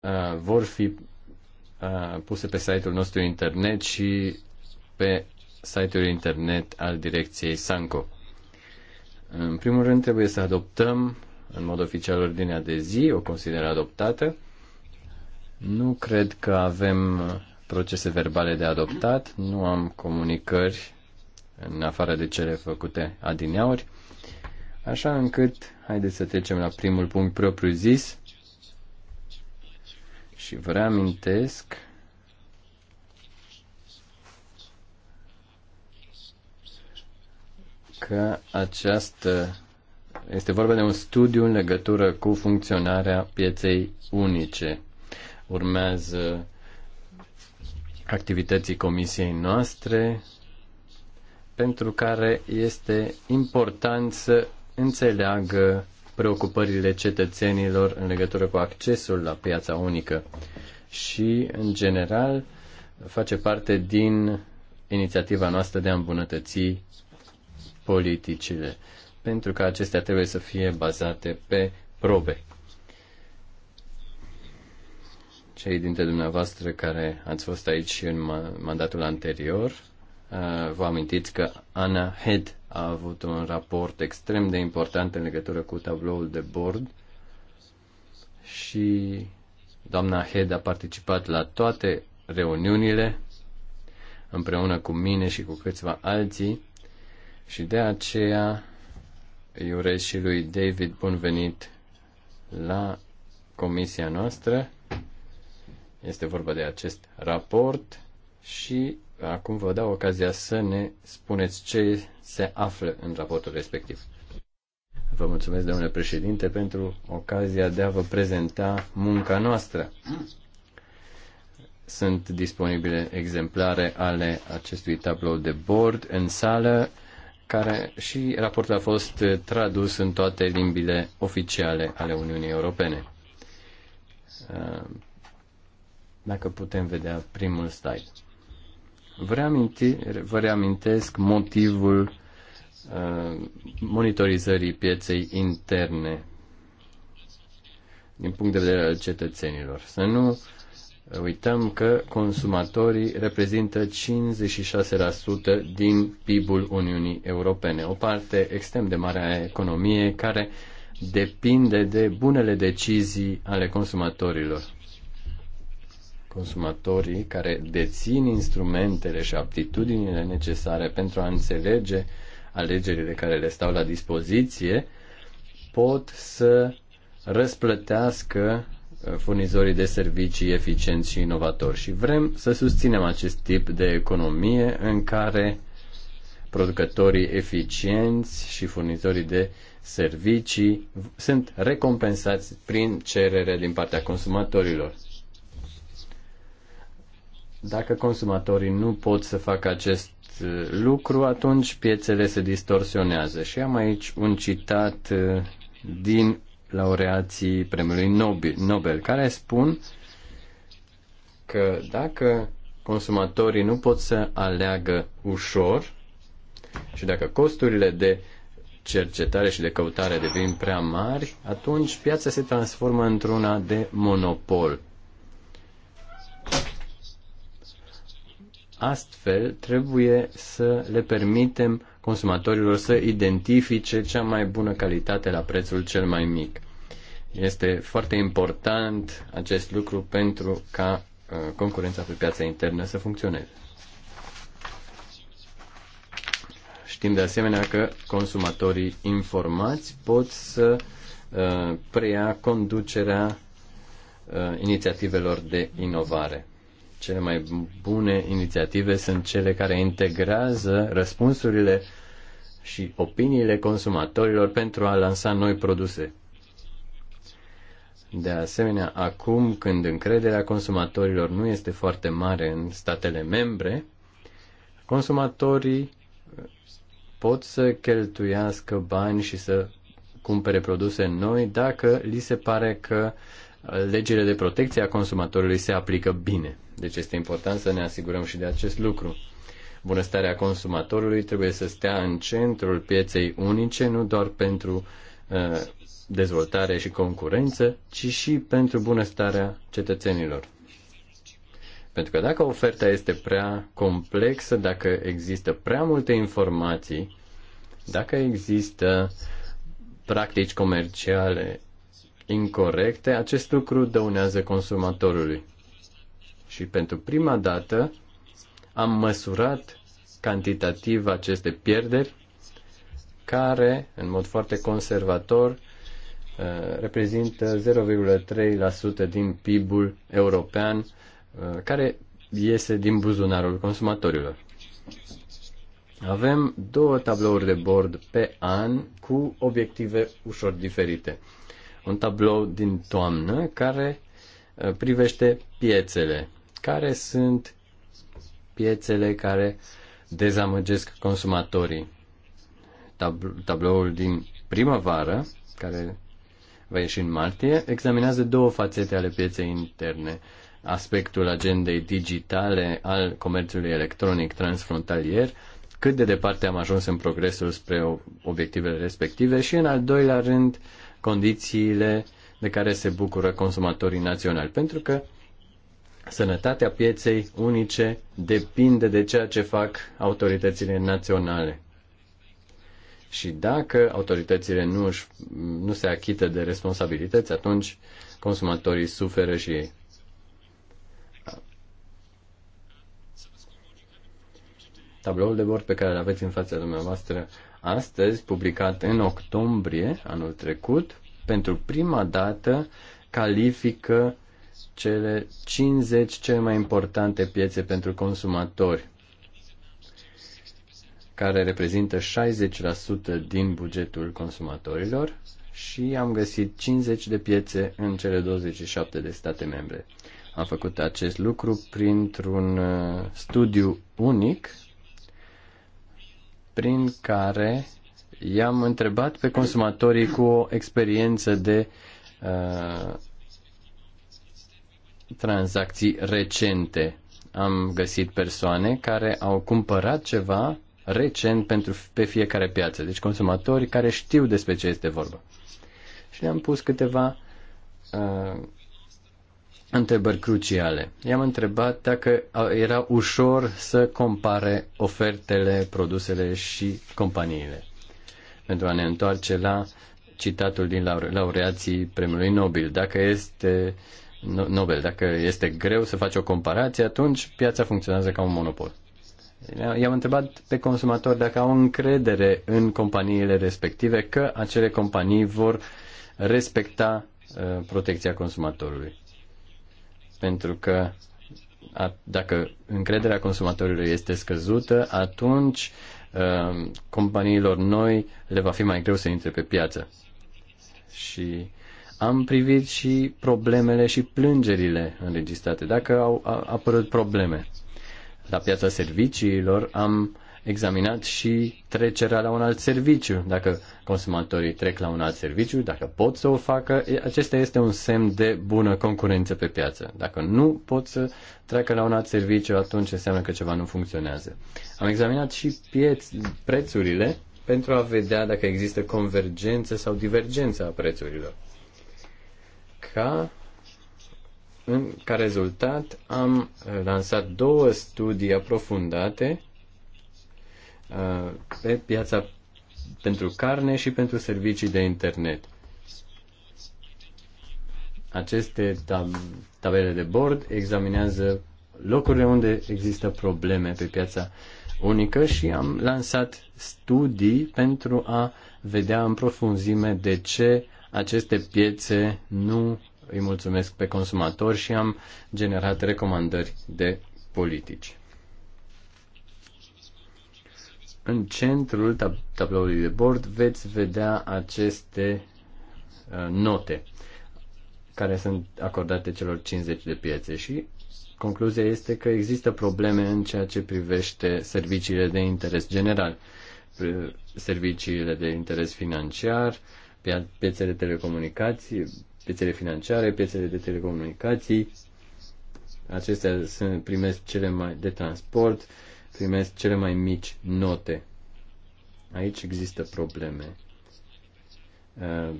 uh, vor fi uh, puse pe site-ul nostru internet și pe site-ul internet al direcției Sanco. În primul rând trebuie să adoptăm în mod oficial ordinea de zi, o consider adoptată. Nu cred că avem procese verbale de adoptat, nu am comunicări în afară de cele făcute adineauri, așa încât haideți să trecem la primul punct propriu zis, și vă reamintesc că această este vorba de un studiu în legătură cu funcționarea pieței unice. Urmează activității comisiei noastre, pentru care este important să înțeleagă preocupările cetățenilor în legătură cu accesul la piața unică și, în general, face parte din inițiativa noastră de a îmbunătăți politicile, pentru că acestea trebuie să fie bazate pe probe. Cei dintre dumneavoastră care ați fost aici în mandatul anterior Uh, vă amintiți că Anna Head a avut un raport extrem de important în legătură cu tabloul de bord și doamna Head a participat la toate reuniunile împreună cu mine și cu câțiva alții și de aceea îi urez și lui David bun venit la comisia noastră. Este vorba de acest raport și acum vă dau ocazia să ne spuneți ce se află în raportul respectiv. Vă mulțumesc, domnule președinte, pentru ocazia de a vă prezenta munca noastră. Sunt disponibile exemplare ale acestui tablou de bord în sală, care și raportul a fost tradus în toate limbile oficiale ale Uniunii Europene. Dacă putem vedea primul slide. Vă, reaminti, vă reamintesc motivul uh, monitorizării pieței interne din punct de vedere al cetățenilor. Să nu uităm că consumatorii reprezintă 56% din PIB-ul Uniunii Europene, o parte extrem de mare a economiei care depinde de bunele decizii ale consumatorilor consumatorii care dețin instrumentele și aptitudinile necesare pentru a înțelege alegerile care le stau la dispoziție pot să răsplătească uh, furnizorii de servicii eficienți și inovatori. Și vrem să susținem acest tip de economie în care producătorii eficienți și furnizorii de servicii sunt recompensați prin cerere din partea consumatorilor. Dacă consumatorii nu pot să facă acest uh, lucru, atunci piețele se distorsionează. Și am aici un citat uh, din laureații premiului Nobel, care spun că dacă consumatorii nu pot să aleagă ușor și dacă costurile de cercetare și de căutare devin prea mari, atunci piața se transformă într-una de monopol. Astfel, trebuie să le permitem consumatorilor să identifice cea mai bună calitate la prețul cel mai mic. Este foarte important acest lucru pentru ca uh, concurența pe piața internă să funcționeze. Știm de asemenea că consumatorii informați pot să uh, preia conducerea uh, inițiativelor de inovare. Cele mai bune inițiative sunt cele care integrează răspunsurile și opiniile consumatorilor pentru a lansa noi produse. De asemenea, acum când încrederea consumatorilor nu este foarte mare în statele membre, consumatorii pot să cheltuiască bani și să cumpere produse noi dacă li se pare că legile de protecție a consumatorului se aplică bine. Deci este important să ne asigurăm și de acest lucru. Bunăstarea consumatorului trebuie să stea în centrul pieței unice, nu doar pentru uh, dezvoltare și concurență, ci și pentru bunăstarea cetățenilor. Pentru că dacă oferta este prea complexă, dacă există prea multe informații, dacă există practici comerciale incorrecte, acest lucru dăunează consumatorului și pentru prima dată am măsurat cantitativ aceste pierderi care, în mod foarte conservator, uh, reprezintă 0,3% din PIB-ul european uh, care iese din buzunarul consumatorilor. Avem două tablouri de bord pe an cu obiective ușor diferite. Un tablou din toamnă care uh, privește piețele care sunt piețele care dezamăgesc consumatorii. tabloul din primăvară, care va ieși în martie, examinează două fațete ale pieței interne. Aspectul agendei digitale al comerțului electronic transfrontalier, cât de departe am ajuns în progresul spre obiectivele respective și, în al doilea rând, condițiile de care se bucură consumatorii naționali. Pentru că sănătatea pieței unice depinde de ceea ce fac autoritățile naționale. Și dacă autoritățile nu, își, nu se achită de responsabilități, atunci consumatorii suferă și ei. Tabloul de bord pe care îl aveți în fața dumneavoastră astăzi, publicat în octombrie anul trecut, pentru prima dată califică cele 50 cele mai importante piețe pentru consumatori, care reprezintă 60% din bugetul consumatorilor și am găsit 50 de piețe în cele 27 de state membre. Am făcut acest lucru printr-un uh, studiu unic prin care i-am întrebat pe consumatorii cu o experiență de uh, tranzacții recente. Am găsit persoane care au cumpărat ceva recent pentru, pe fiecare piață, deci consumatori care știu despre ce este vorba. Și le-am pus câteva uh, întrebări cruciale. I-am întrebat dacă era ușor să compare ofertele, produsele și companiile. Pentru a ne întoarce la citatul din laureații premiului Nobel, dacă este uh, Nobel. Dacă este greu să faci o comparație, atunci piața funcționează ca un monopol. I-am întrebat pe consumatori dacă au încredere în companiile respective că acele companii vor respecta uh, protecția consumatorului. Pentru că a, dacă încrederea consumatorului este scăzută, atunci uh, companiilor noi le va fi mai greu să intre pe piață. Și am privit și problemele și plângerile înregistrate, dacă au apărut probleme. La piața serviciilor am examinat și trecerea la un alt serviciu. Dacă consumatorii trec la un alt serviciu, dacă pot să o facă, acesta este un semn de bună concurență pe piață. Dacă nu pot să treacă la un alt serviciu, atunci înseamnă că ceva nu funcționează. Am examinat și pieț- prețurile pentru a vedea dacă există convergență sau divergență a prețurilor ca în, ca rezultat am lansat două studii aprofundate uh, pe piața pentru carne și pentru servicii de internet. Aceste tab- tabele de bord examinează locurile unde există probleme pe piața unică și am lansat studii pentru a vedea în profunzime de ce aceste piețe nu îi mulțumesc pe consumatori și am generat recomandări de politici. În centrul tab- tabloului de bord veți vedea aceste uh, note care sunt acordate celor 50 de piețe și concluzia este că există probleme în ceea ce privește serviciile de interes general, uh, serviciile de interes financiar, uh, piețele telecomunicații, piețele financiare, piețele de telecomunicații, acestea sunt, primesc cele mai de transport, primesc cele mai mici note. Aici există probleme. Uh,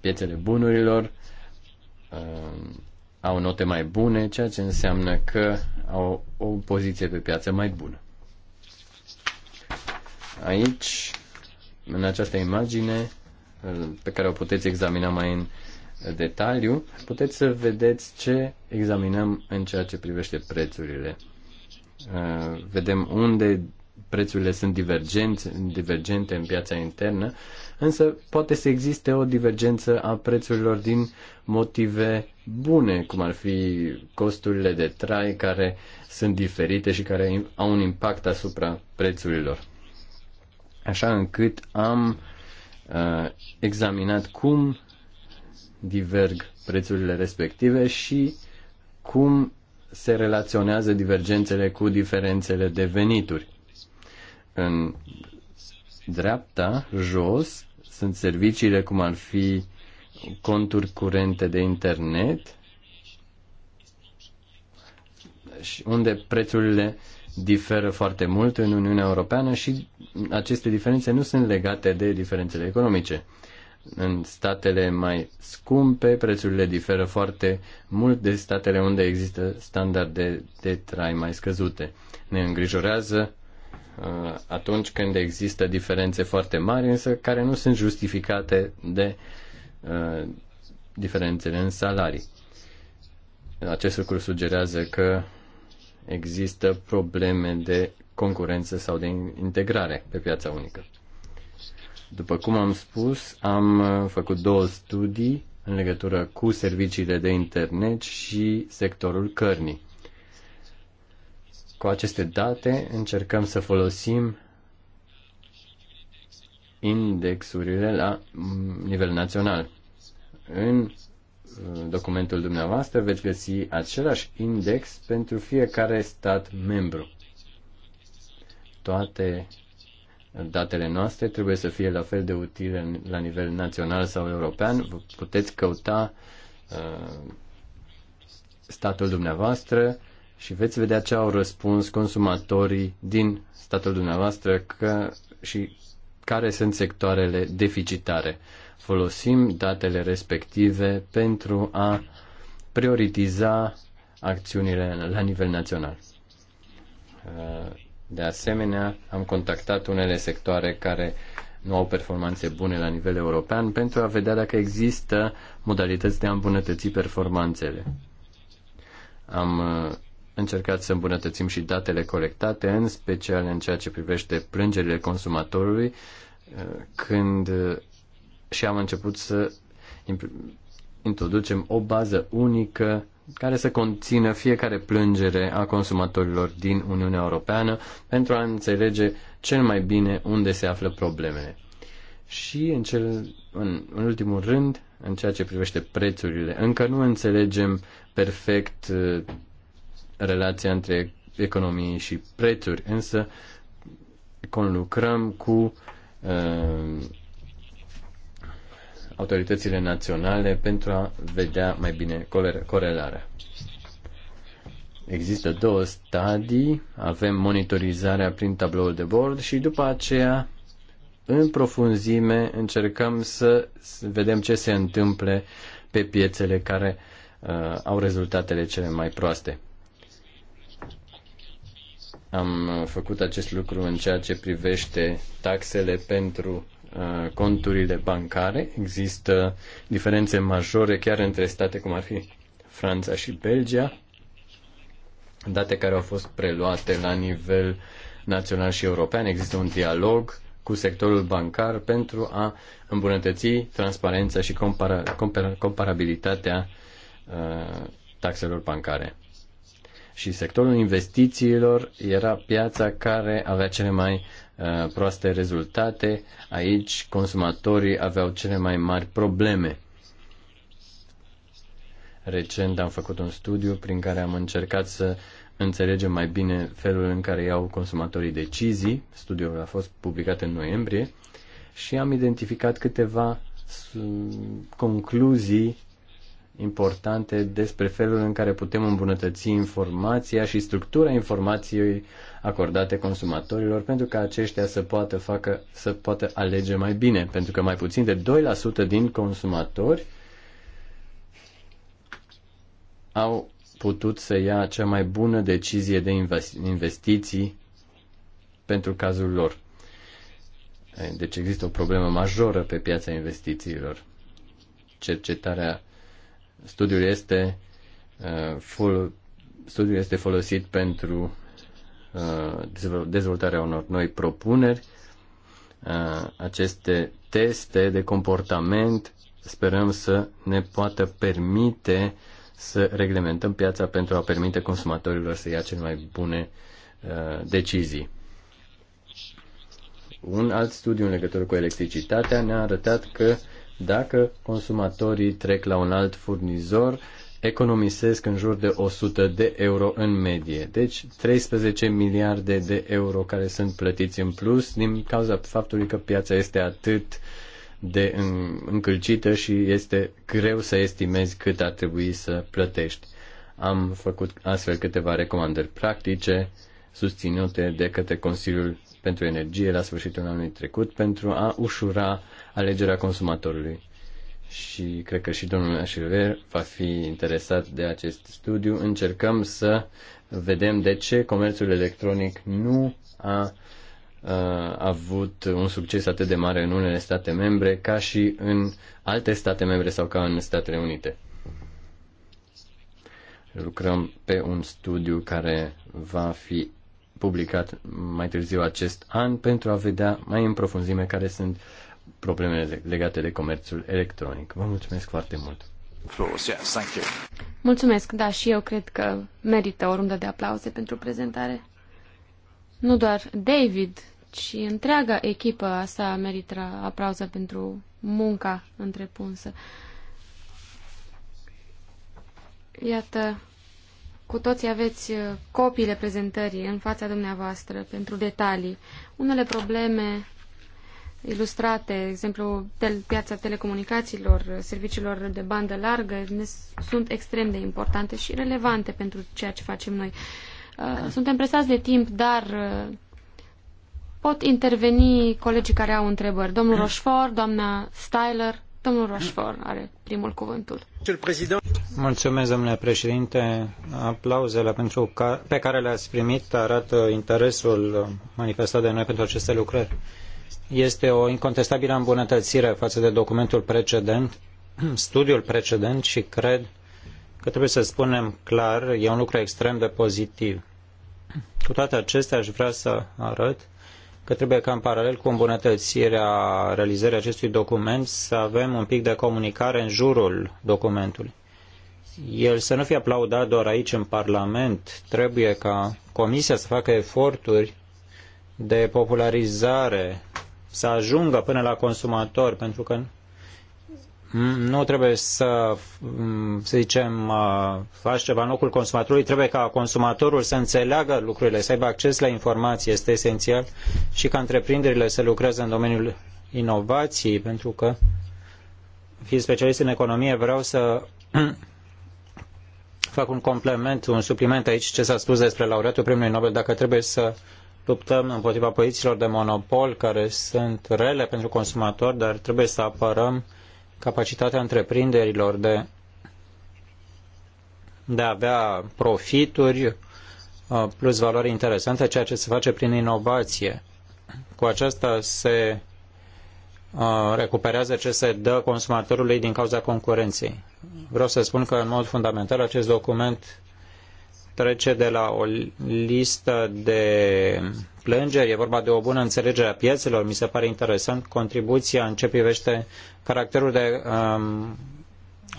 piețele bunurilor uh, au note mai bune, ceea ce înseamnă că au o poziție pe piață mai bună. Aici, în această imagine, pe care o puteți examina mai în detaliu, puteți să vedeți ce examinăm în ceea ce privește prețurile. Uh, vedem unde prețurile sunt divergente, divergente în piața internă, însă poate să existe o divergență a prețurilor din motive bune, cum ar fi costurile de trai care sunt diferite și care au un impact asupra prețurilor. Așa încât am uh, examinat cum diverg prețurile respective și cum se relaționează divergențele cu diferențele de venituri. În dreapta, jos, sunt serviciile cum ar fi conturi curente de internet și unde prețurile diferă foarte mult în Uniunea Europeană și aceste diferențe nu sunt legate de diferențele economice. În statele mai scumpe, prețurile diferă foarte mult de statele unde există standarde de trai mai scăzute. Ne îngrijorează uh, atunci când există diferențe foarte mari, însă care nu sunt justificate de uh, diferențele în salarii. Acest lucru sugerează că există probleme de concurență sau de integrare pe piața unică. După cum am spus, am uh, făcut două studii în legătură cu serviciile de internet și sectorul cărnii. Cu aceste date încercăm să folosim indexurile la mm, nivel național. În documentul dumneavoastră veți găsi același index pentru fiecare stat membru. Toate datele noastre trebuie să fie la fel de utile la nivel național sau european. Puteți căuta uh, statul dumneavoastră și veți vedea ce au răspuns consumatorii din statul dumneavoastră că, și care sunt sectoarele deficitare. Uh, folosim datele respective pentru a prioritiza acțiunile la nivel național. De asemenea, am contactat unele sectoare care nu au performanțe bune la nivel european pentru a vedea dacă există modalități de a îmbunătăți performanțele. Am uh, încercat să îmbunătățim și datele colectate, în special în ceea ce privește plângerile consumatorului, uh, când și am început să introducem o bază unică care să conțină fiecare plângere a consumatorilor din Uniunea Europeană pentru a înțelege cel mai bine unde se află problemele. Și în, cel, în, în ultimul rând, în ceea ce privește prețurile, încă nu înțelegem perfect uh, relația între economie și prețuri, însă conlucrăm cu uh, autoritățile naționale pentru a vedea mai bine corelarea. Există două stadii, avem monitorizarea prin tabloul de bord și după aceea, în profunzime, încercăm să vedem ce se întâmple pe piețele care uh, au rezultatele cele mai proaste. Am uh, făcut acest lucru în ceea ce privește taxele pentru Uh, conturile bancare. Există diferențe majore chiar între state cum ar fi Franța și Belgia, date care au fost preluate la nivel național și european. Există un dialog cu sectorul bancar pentru a îmbunătăți transparența și compara, compara, comparabilitatea uh, taxelor bancare. Și sectorul investițiilor era piața care avea cele mai Uh, proaste rezultate, aici consumatorii aveau cele mai mari probleme. Recent am făcut un studiu prin care am încercat să înțelegem mai bine felul în care iau consumatorii decizii. Studiul a fost publicat în noiembrie și am identificat câteva concluzii importante despre felul în care putem îmbunătăți informația și structura informației acordate consumatorilor pentru ca aceștia să poată, facă, să poată alege mai bine, pentru că mai puțin de 2% din consumatori au putut să ia cea mai bună decizie de investiții pentru cazul lor. Deci există o problemă majoră pe piața investițiilor. Cercetarea Studiul este, uh, full, studiul este folosit pentru uh, dezvoltarea unor noi propuneri. Uh, aceste teste de comportament sperăm să ne poată permite să reglementăm piața pentru a permite consumatorilor să ia cele mai bune decizii. Un alt studiu în legătură cu electricitatea ne-a arătat că dacă consumatorii trec la un alt furnizor, economisesc în jur de 100 de euro în medie. Deci 13 miliarde de euro care sunt plătiți în plus din cauza faptului că piața este atât de încălcită și este greu să estimezi cât ar trebui să plătești. Am făcut astfel câteva recomandări practice susținute de către Consiliul pentru energie la sfârșitul anului trecut pentru a ușura alegerea consumatorului. Și cred că și domnul Așilver va fi interesat de acest studiu. Încercăm să vedem de ce comerțul electronic nu a a avut un succes atât de mare în unele state membre ca și în alte state membre sau ca în Statele Unite. Lucrăm pe un studiu care va fi publicat mai târziu acest an pentru a vedea mai în profunzime care sunt problemele legate de comerțul electronic. Vă mulțumesc foarte mult! Mulțumesc, da, și eu cred că merită o rundă de aplauze pentru prezentare. Nu doar David, ci întreaga echipă a sa merită aplauze pentru munca întrepunsă. Iată, cu toții aveți uh, copiile prezentării în fața dumneavoastră pentru detalii. Unele probleme ilustrate, de exemplu, tel, piața telecomunicațiilor, serviciilor de bandă largă, ne, sunt extrem de importante și relevante pentru ceea ce facem noi. Uh, suntem presați de timp, dar uh, pot interveni colegii care au întrebări. Domnul Roșfor, doamna Styler. Domnul Roșfor are primul cuvântul. Mulțumesc, domnule președinte. Aplauzele pentru ca, pe care le-ați primit arată interesul manifestat de noi pentru aceste lucrări. Este o incontestabilă îmbunătățire față de documentul precedent, studiul precedent și cred că trebuie să spunem clar, e un lucru extrem de pozitiv. Cu toate acestea aș vrea să arăt că trebuie ca în paralel cu îmbunătățirea realizării acestui document să avem un pic de comunicare în jurul documentului. El să nu fie aplaudat doar aici în Parlament, trebuie ca Comisia să facă eforturi de popularizare, să ajungă până la consumator, pentru că Mm, nu trebuie să, mm, să zicem, uh, faci ceva în locul consumatorului, trebuie ca consumatorul să înțeleagă lucrurile, să aibă acces la informații, este esențial și ca întreprinderile să lucreze în domeniul inovației, pentru că, fiind specialist în economie, vreau să fac un complement, un supliment aici ce s-a spus despre laureatul Premiului Nobel, dacă trebuie să luptăm împotriva pozițiilor de monopol care sunt rele pentru consumatori, dar trebuie să apărăm capacitatea întreprinderilor de, de a avea profituri uh, plus valori interesante ceea ce se face prin inovație. Cu aceasta se uh, recuperează ce se dă consumatorului din cauza concurenței. Vreau să spun că, în mod fundamental, acest document trece de la o listă de plângeri, e vorba de o bună înțelegere a piețelor, mi se pare interesant contribuția în ce privește caracterul de um,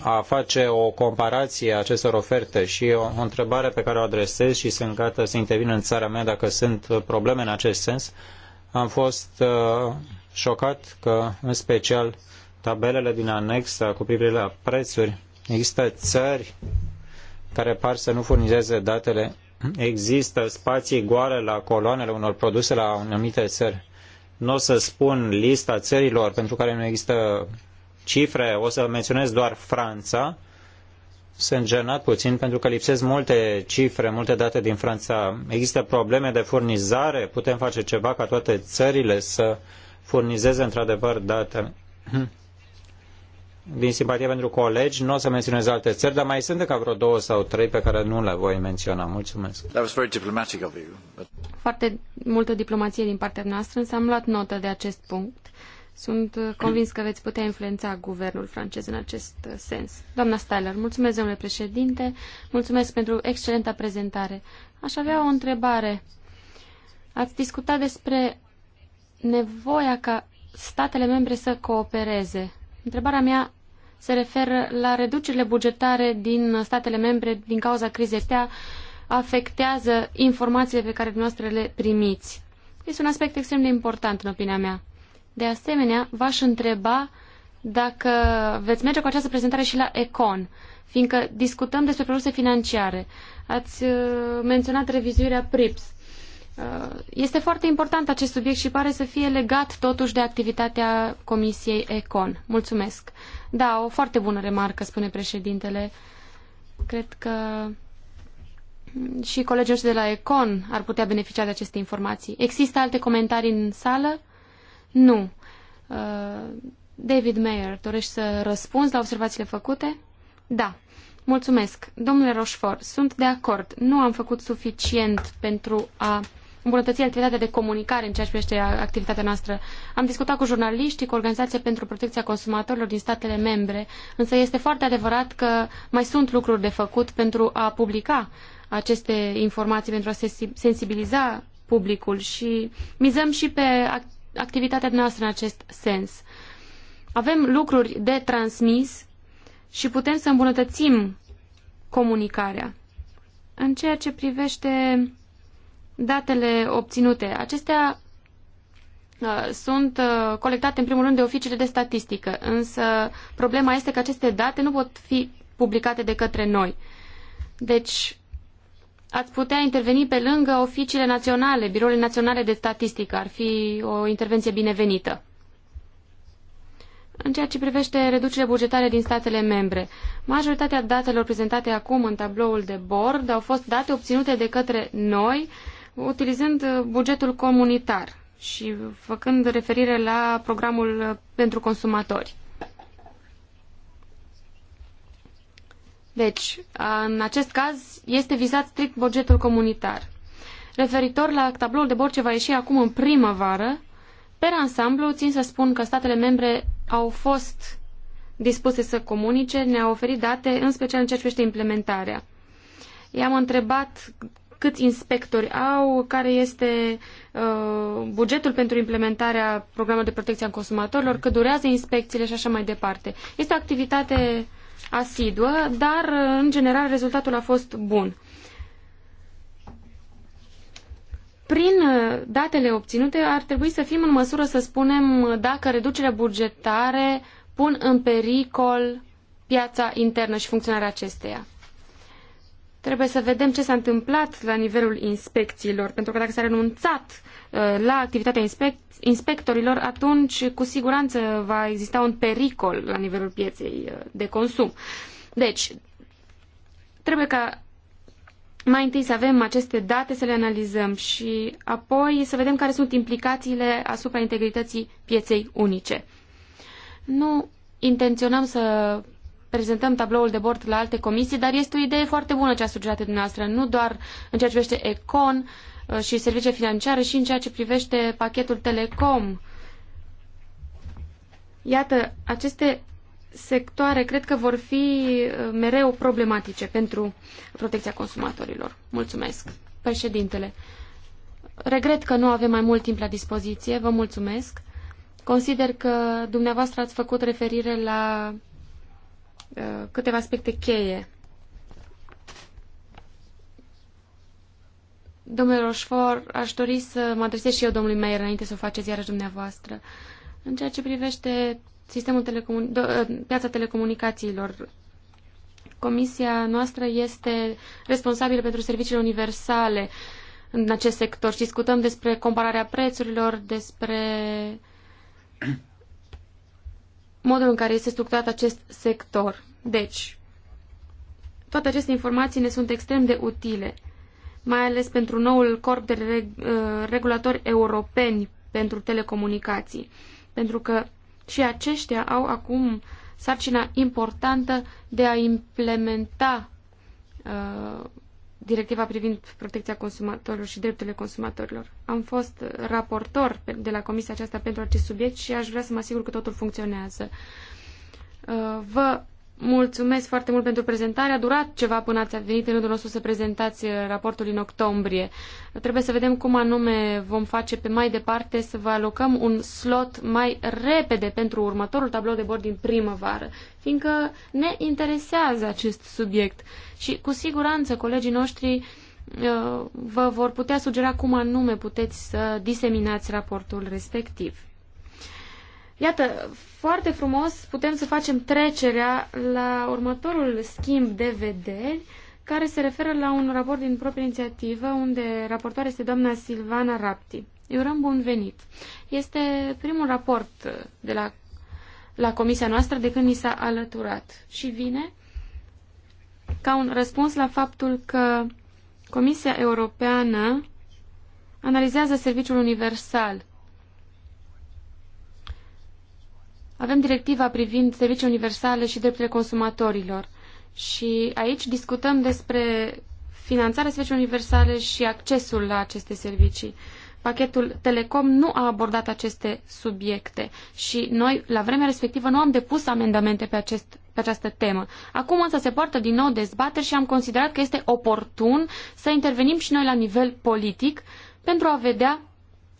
a face o comparație a acestor oferte și o, o întrebare pe care o adresez și sunt gata să intervin în țara mea dacă sunt probleme în acest sens. Am fost uh, șocat că, în special, tabelele din anexă cu privire la prețuri, există țări care par să nu furnizeze datele există spații goale la coloanele unor produse la anumite țări. Nu o să spun lista țărilor pentru care nu există cifre, o să menționez doar Franța. Sunt genat puțin pentru că lipsesc multe cifre, multe date din Franța. Există probleme de furnizare, putem face ceva ca toate țările să furnizeze într-adevăr date. din simpatie pentru colegi, nu o să menționez alte țări, dar mai sunt ca vreo două sau trei pe care nu le voi menționa. Mulțumesc. Foarte multă diplomație din partea noastră, însă am luat notă de acest punct. Sunt convins că veți putea influența guvernul francez în acest sens. Doamna Steiler, mulțumesc, domnule președinte, mulțumesc pentru excelenta prezentare. Aș avea o întrebare. Ați discutat despre nevoia ca statele membre să coopereze. Întrebarea mea se referă la reducerile bugetare din statele membre din cauza crizei. Astea afectează informațiile pe care dumneavoastră le primiți. Este un aspect extrem de important, în opinia mea. De asemenea, v-aș întreba dacă veți merge cu această prezentare și la Econ, fiindcă discutăm despre produse financiare. Ați uh, menționat revizuirea PRIPS. Uh, este foarte important acest subiect și pare să fie legat totuși de activitatea Comisiei Econ. Mulțumesc. Da, o foarte bună remarcă, spune președintele. Cred că și colegii noștri de la Econ ar putea beneficia de aceste informații. Există alte comentarii în sală? Nu. Uh, David Mayer, dorești să răspunzi la observațiile făcute? Da. Mulțumesc. Domnule Rochefort, sunt de acord. Nu am făcut suficient pentru a îmbunătăți activitatea de comunicare în ceea ce privește activitatea noastră. Am discutat cu jurnaliștii, cu organizația pentru protecția consumatorilor din statele membre, însă este foarte adevărat că mai sunt lucruri de făcut pentru a publica aceste informații, pentru a sensibiliza publicul și mizăm și pe activitatea noastră în acest sens. Avem lucruri de transmis și putem să îmbunătățim comunicarea. În ceea ce privește datele obținute. Acestea uh, sunt uh, colectate în primul rând de oficiile de statistică, însă problema este că aceste date nu pot fi publicate de către noi. Deci, ați putea interveni pe lângă oficiile naționale, birourile naționale de statistică. Ar fi o intervenție binevenită. În ceea ce privește reducerea bugetare din statele membre, majoritatea datelor prezentate acum în tabloul de bord au fost date obținute de către noi uh, utilizând uh, bugetul comunitar și făcând referire la programul uh, pentru consumatori. Deci, în acest caz, este vizat strict bugetul comunitar. Referitor la tabloul de bord ce va ieși acum în primăvară, per ansamblu, țin să spun că statele membre au fost dispuse să comunice, ne-au oferit date, în special în ceea ce privește implementarea. I-am întrebat câți inspectori au, care este uh, bugetul pentru implementarea programelor de protecție a consumatorilor, cât durează inspecțiile și așa mai departe. Este o activitate asiduă, dar uh, în general rezultatul a fost bun. Prin uh, datele obținute ar trebui să fim în măsură să spunem dacă reducerea bugetare pun în pericol piața internă și funcționarea acesteia. Trebuie să vedem ce s-a întâmplat la nivelul inspecțiilor, pentru că dacă s-a renunțat uh, la activitatea inspectorilor, atunci cu siguranță va exista un pericol la nivelul pieței uh, de consum. Deci, trebuie ca mai întâi să avem aceste date, să le analizăm și apoi să vedem care sunt implicațiile asupra integrității pieței unice. Nu intenționăm să prezentăm tabloul de bord la alte comisii, dar este o idee foarte bună ce a sugerat dumneavoastră, nu doar în ceea ce privește Econ uh, și servicii financiare, și în ceea ce privește pachetul Telecom. Iată, aceste sectoare cred că vor fi uh, mereu problematice pentru protecția consumatorilor. Mulțumesc. Președintele, regret că nu avem mai mult timp la dispoziție. Vă mulțumesc. Consider că dumneavoastră ați făcut referire la Eh, câteva aspecte cheie. Domnule Roșfor, aș dori să mă adresez și eu domnului Meier înainte să o faceți iarăși dumneavoastră. În ceea ce privește sistemul telecomun... Eh, piața telecomunicațiilor, comisia noastră este responsabilă pentru serviciile universale în acest sector. Și discutăm despre compararea prețurilor, despre modul în care este structurat acest sector. Deci, toate aceste informații ne sunt extrem de utile, mai ales pentru noul corp de reg uh, regulatori europeni pentru telecomunicații, pentru că și aceștia au acum sarcina importantă de a implementa uh, directiva privind protecția consumatorilor și drepturile consumatorilor. Am fost raportor de la comisia aceasta pentru acest subiect și aș vrea să mă asigur că totul funcționează. Uh, vă Mulțumesc foarte mult pentru prezentare. A durat ceva până ați venit în rândul nostru să prezentați uh, raportul în octombrie. Trebuie să vedem cum anume vom face pe mai departe să vă alocăm un slot mai repede pentru următorul tablou de bord din primăvară, fiindcă ne interesează acest subiect și cu siguranță colegii noștri uh, vă vor putea sugera cum anume puteți să diseminați raportul respectiv. Iată, foarte frumos putem să facem trecerea la următorul schimb de vederi care se referă la un raport din proprie inițiativă unde raportoare este doamna Silvana Rapti. Eu răm bun venit. Este primul raport de la, la comisia noastră de când ni s-a alăturat și vine ca un răspuns la faptul că Comisia Europeană analizează serviciul universal Avem directiva privind servicii universale și drepturile consumatorilor. Și aici discutăm despre finanțarea serviciilor universale și accesul la aceste servicii. Pachetul Telecom nu a abordat aceste subiecte și noi, la vremea respectivă, nu am depus amendamente pe, acest, pe această temă. Acum însă se poartă din nou dezbateri și am considerat că este oportun să intervenim și noi la nivel politic pentru a vedea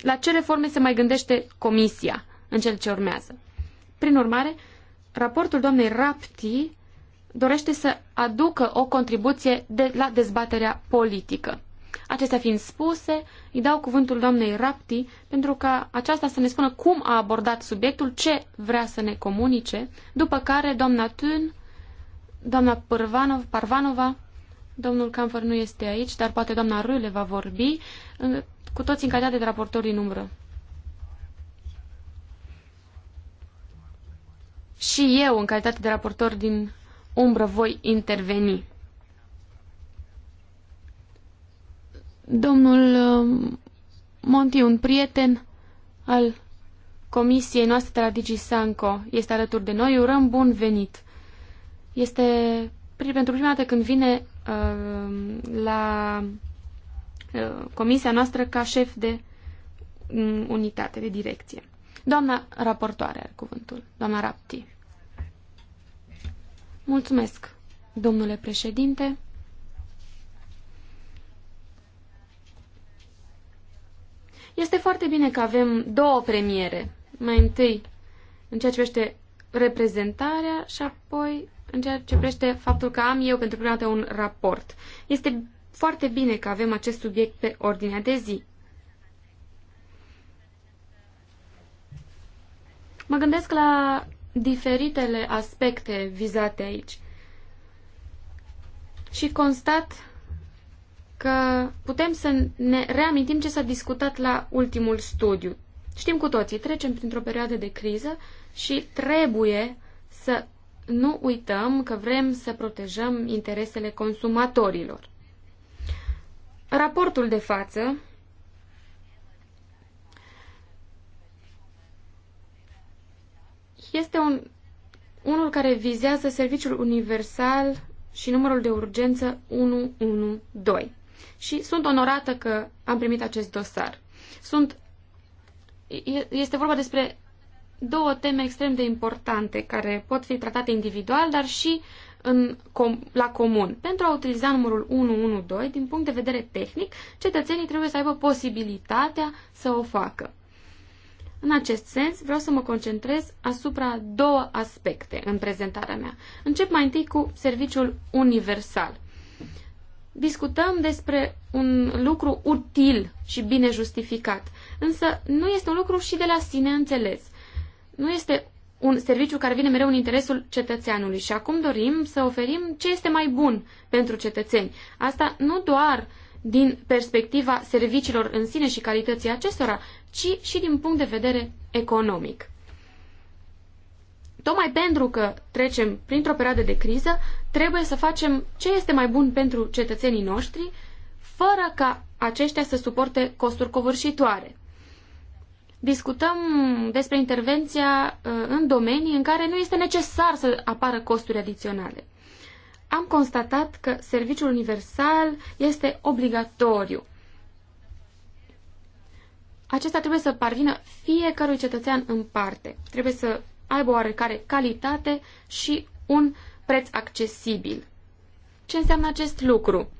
la ce reforme se mai gândește Comisia în cel ce urmează. Prin urmare, raportul doamnei Rapti dorește să aducă o contribuție de la dezbaterea politică. Acestea fiind spuse, îi dau cuvântul doamnei Rapti pentru ca aceasta să ne spună cum a abordat subiectul, ce vrea să ne comunice, după care doamna Tun, doamna Parvanov, Parvanova, domnul Camfer nu este aici, dar poate doamna Râle va vorbi, cu toți în calitate de raportori în umbră. și eu, în calitate de raportor din umbră, voi interveni. Domnul um, Monti, un prieten al comisiei noastre de la DigiSanco, este alături de noi. Urăm bun venit! Este pentru prima dată când vine uh, la uh, comisia noastră ca șef de um, unitate, de direcție. Doamna raportoare are cuvântul, doamna Rapti. Mulțumesc, domnule președinte. Este foarte bine că avem două premiere. Mai întâi în ceea ce privește reprezentarea și apoi în ceea ce privește faptul că am eu pentru prima dată un raport. Este foarte bine că avem acest subiect pe ordinea de zi. Mă gândesc la diferitele aspecte vizate aici și constat că putem să ne reamintim ce s-a discutat la ultimul studiu. Știm cu toții, trecem printr-o perioadă de criză și trebuie să nu uităm că vrem să protejăm interesele consumatorilor. Raportul de față este un, unul care vizează serviciul universal și numărul de urgență 112. Și sunt onorată că am primit acest dosar. Sunt, este vorba despre două teme extrem de importante care pot fi tratate individual, dar și în, com, la comun. Pentru a utiliza numărul 112, din punct de vedere tehnic, cetățenii trebuie să aibă posibilitatea să o facă. În acest sens, vreau să mă concentrez asupra două aspecte în prezentarea mea. Încep mai întâi cu serviciul universal. Discutăm despre un lucru util și bine justificat, însă nu este un lucru și de la sine înțeles. Nu este un serviciu care vine mereu în interesul cetățeanului și acum dorim să oferim ce este mai bun pentru cetățeni. Asta nu doar din perspectiva serviciilor în sine și calității acestora, ci și din punct de vedere economic. Tocmai pentru că trecem printr-o perioadă de criză, trebuie să facem ce este mai bun pentru cetățenii noștri, fără ca aceștia să suporte costuri covârșitoare. Discutăm despre intervenția uh, în domenii în care nu este necesar să apară costuri adiționale. Am constatat că serviciul universal este obligatoriu acesta trebuie să parvină fiecărui cetățean în parte. Trebuie să aibă oarecare calitate și un preț accesibil. Ce înseamnă acest lucru?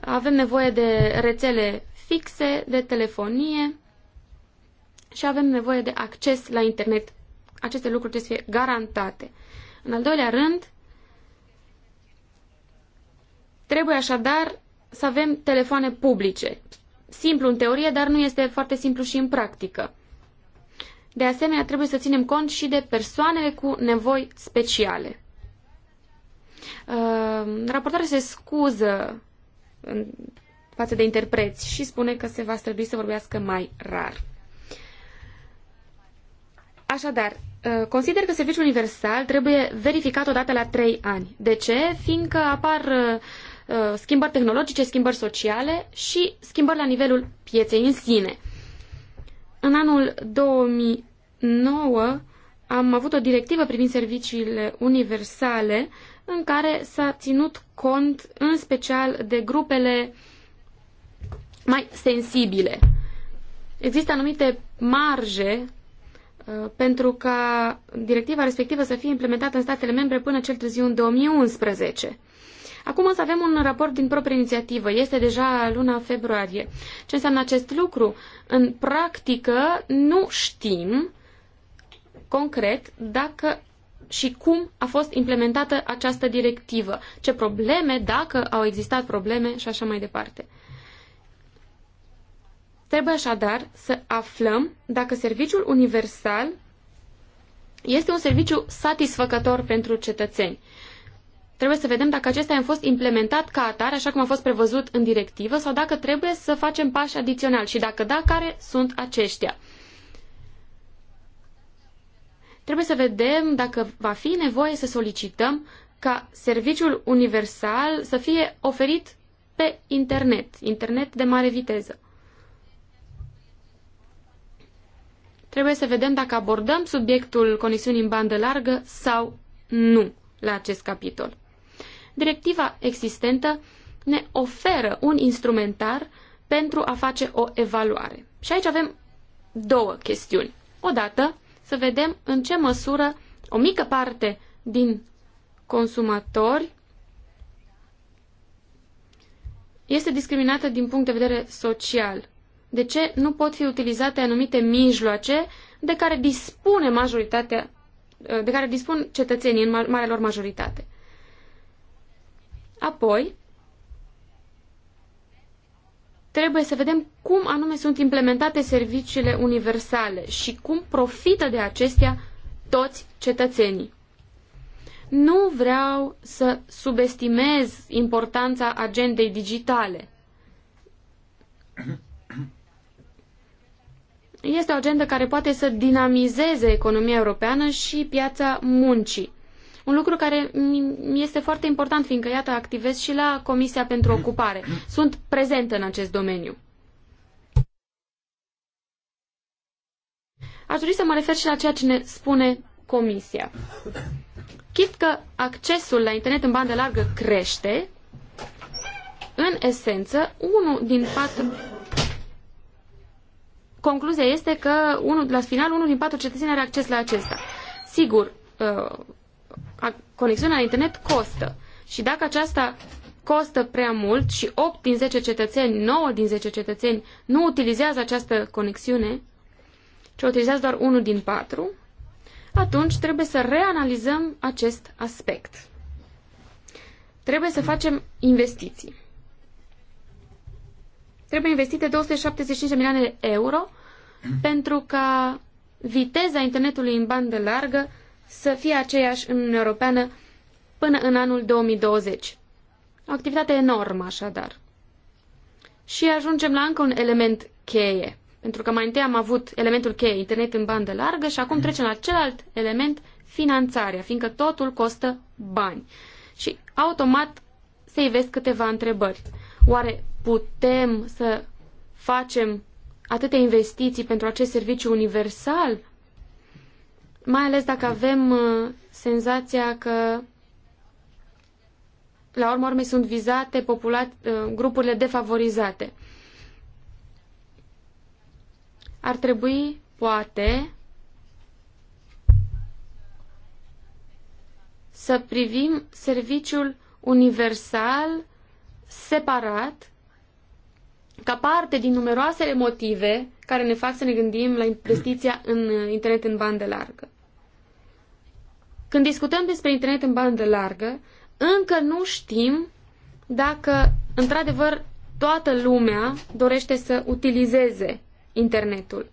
Avem nevoie de rețele fixe, de telefonie și avem nevoie de acces la internet. Aceste lucruri trebuie să fie garantate. În al doilea rând, trebuie așadar să avem telefoane publice simplu în teorie, dar nu este foarte simplu și în practică. De asemenea, trebuie să ținem cont și de persoanele cu nevoi speciale. Uh, raportarea se scuză în față de interpreți și spune că se va strădui să vorbească mai rar. Așadar, uh, consider că serviciul universal trebuie verificat odată la trei ani. De ce? Fiindcă apar uh, Uh, schimbări tehnologice, schimbări sociale și schimbări la nivelul pieței în sine. În anul 2009 am avut o directivă privind serviciile universale în care s-a ținut cont în special de grupele mai sensibile. Există anumite marje uh, pentru ca directiva respectivă să fie implementată în statele membre până cel târziu în 2011. Acum însă avem un raport din proprie inițiativă. Este deja luna februarie. Ce înseamnă acest lucru? În practică nu știm concret dacă și cum a fost implementată această directivă, ce probleme, dacă au existat probleme și așa mai departe. Trebuie așadar să aflăm dacă serviciul universal este un serviciu satisfăcător pentru cetățeni. Trebuie să vedem dacă acesta a fost implementat ca atare, așa cum a fost prevăzut în directivă, sau dacă trebuie să facem pași adiționali și dacă da, care sunt aceștia. Trebuie să vedem dacă va fi nevoie să solicităm ca serviciul universal să fie oferit pe internet, internet de mare viteză. Trebuie să vedem dacă abordăm subiectul conexiunii în bandă largă sau nu la acest capitol directiva existentă ne oferă un instrumentar pentru a face o evaluare. Și aici avem două chestiuni. Odată, să vedem în ce măsură o mică parte din consumatori este discriminată din punct de vedere social. De ce nu pot fi utilizate anumite mijloace de care dispune majoritatea, de care dispun cetățenii în marea lor majoritate? Apoi, trebuie să vedem cum anume sunt implementate serviciile universale și cum profită de acestea toți cetățenii. Nu vreau să subestimez importanța agendei digitale. Este o agendă care poate să dinamizeze economia europeană și piața muncii. Un lucru care mi este foarte important, fiindcă, iată, activez și la Comisia pentru Ocupare. Sunt prezentă în acest domeniu. Aș dori să mă refer și la ceea ce ne spune Comisia. Chit că accesul la internet în bandă largă crește, în esență, unul din patru... Concluzia este că unul, la final unul din patru cetățeni are acces la acesta. Sigur, uh, conexiunea la internet costă. Și dacă aceasta costă prea mult și 8 din 10 cetățeni, 9 din 10 cetățeni nu utilizează această conexiune, ci o utilizează doar 1 din 4, atunci trebuie să reanalizăm acest aspect. Trebuie să facem investiții. Trebuie investite 275 de milioane de euro pentru ca viteza internetului în bandă largă să fie aceeași în Uniunea Europeană până în anul 2020. O activitate enormă, așadar. Și ajungem la încă un element cheie. Pentru că mai întâi am avut elementul cheie, internet în bandă largă, și acum trecem la celălalt element, finanțarea, fiindcă totul costă bani. Și automat se ivesc câteva întrebări. Oare putem să facem atâtea investiții pentru acest serviciu universal? Mai ales dacă avem uh, senzația că la urma urmei sunt vizate populat, uh, grupurile defavorizate. Ar trebui, poate, să privim serviciul universal separat ca parte din numeroasele motive care ne fac să ne gândim la investiția în uh, internet în bandă largă. Când discutăm despre internet în bandă largă, încă nu știm dacă, într-adevăr, toată lumea dorește să utilizeze internetul.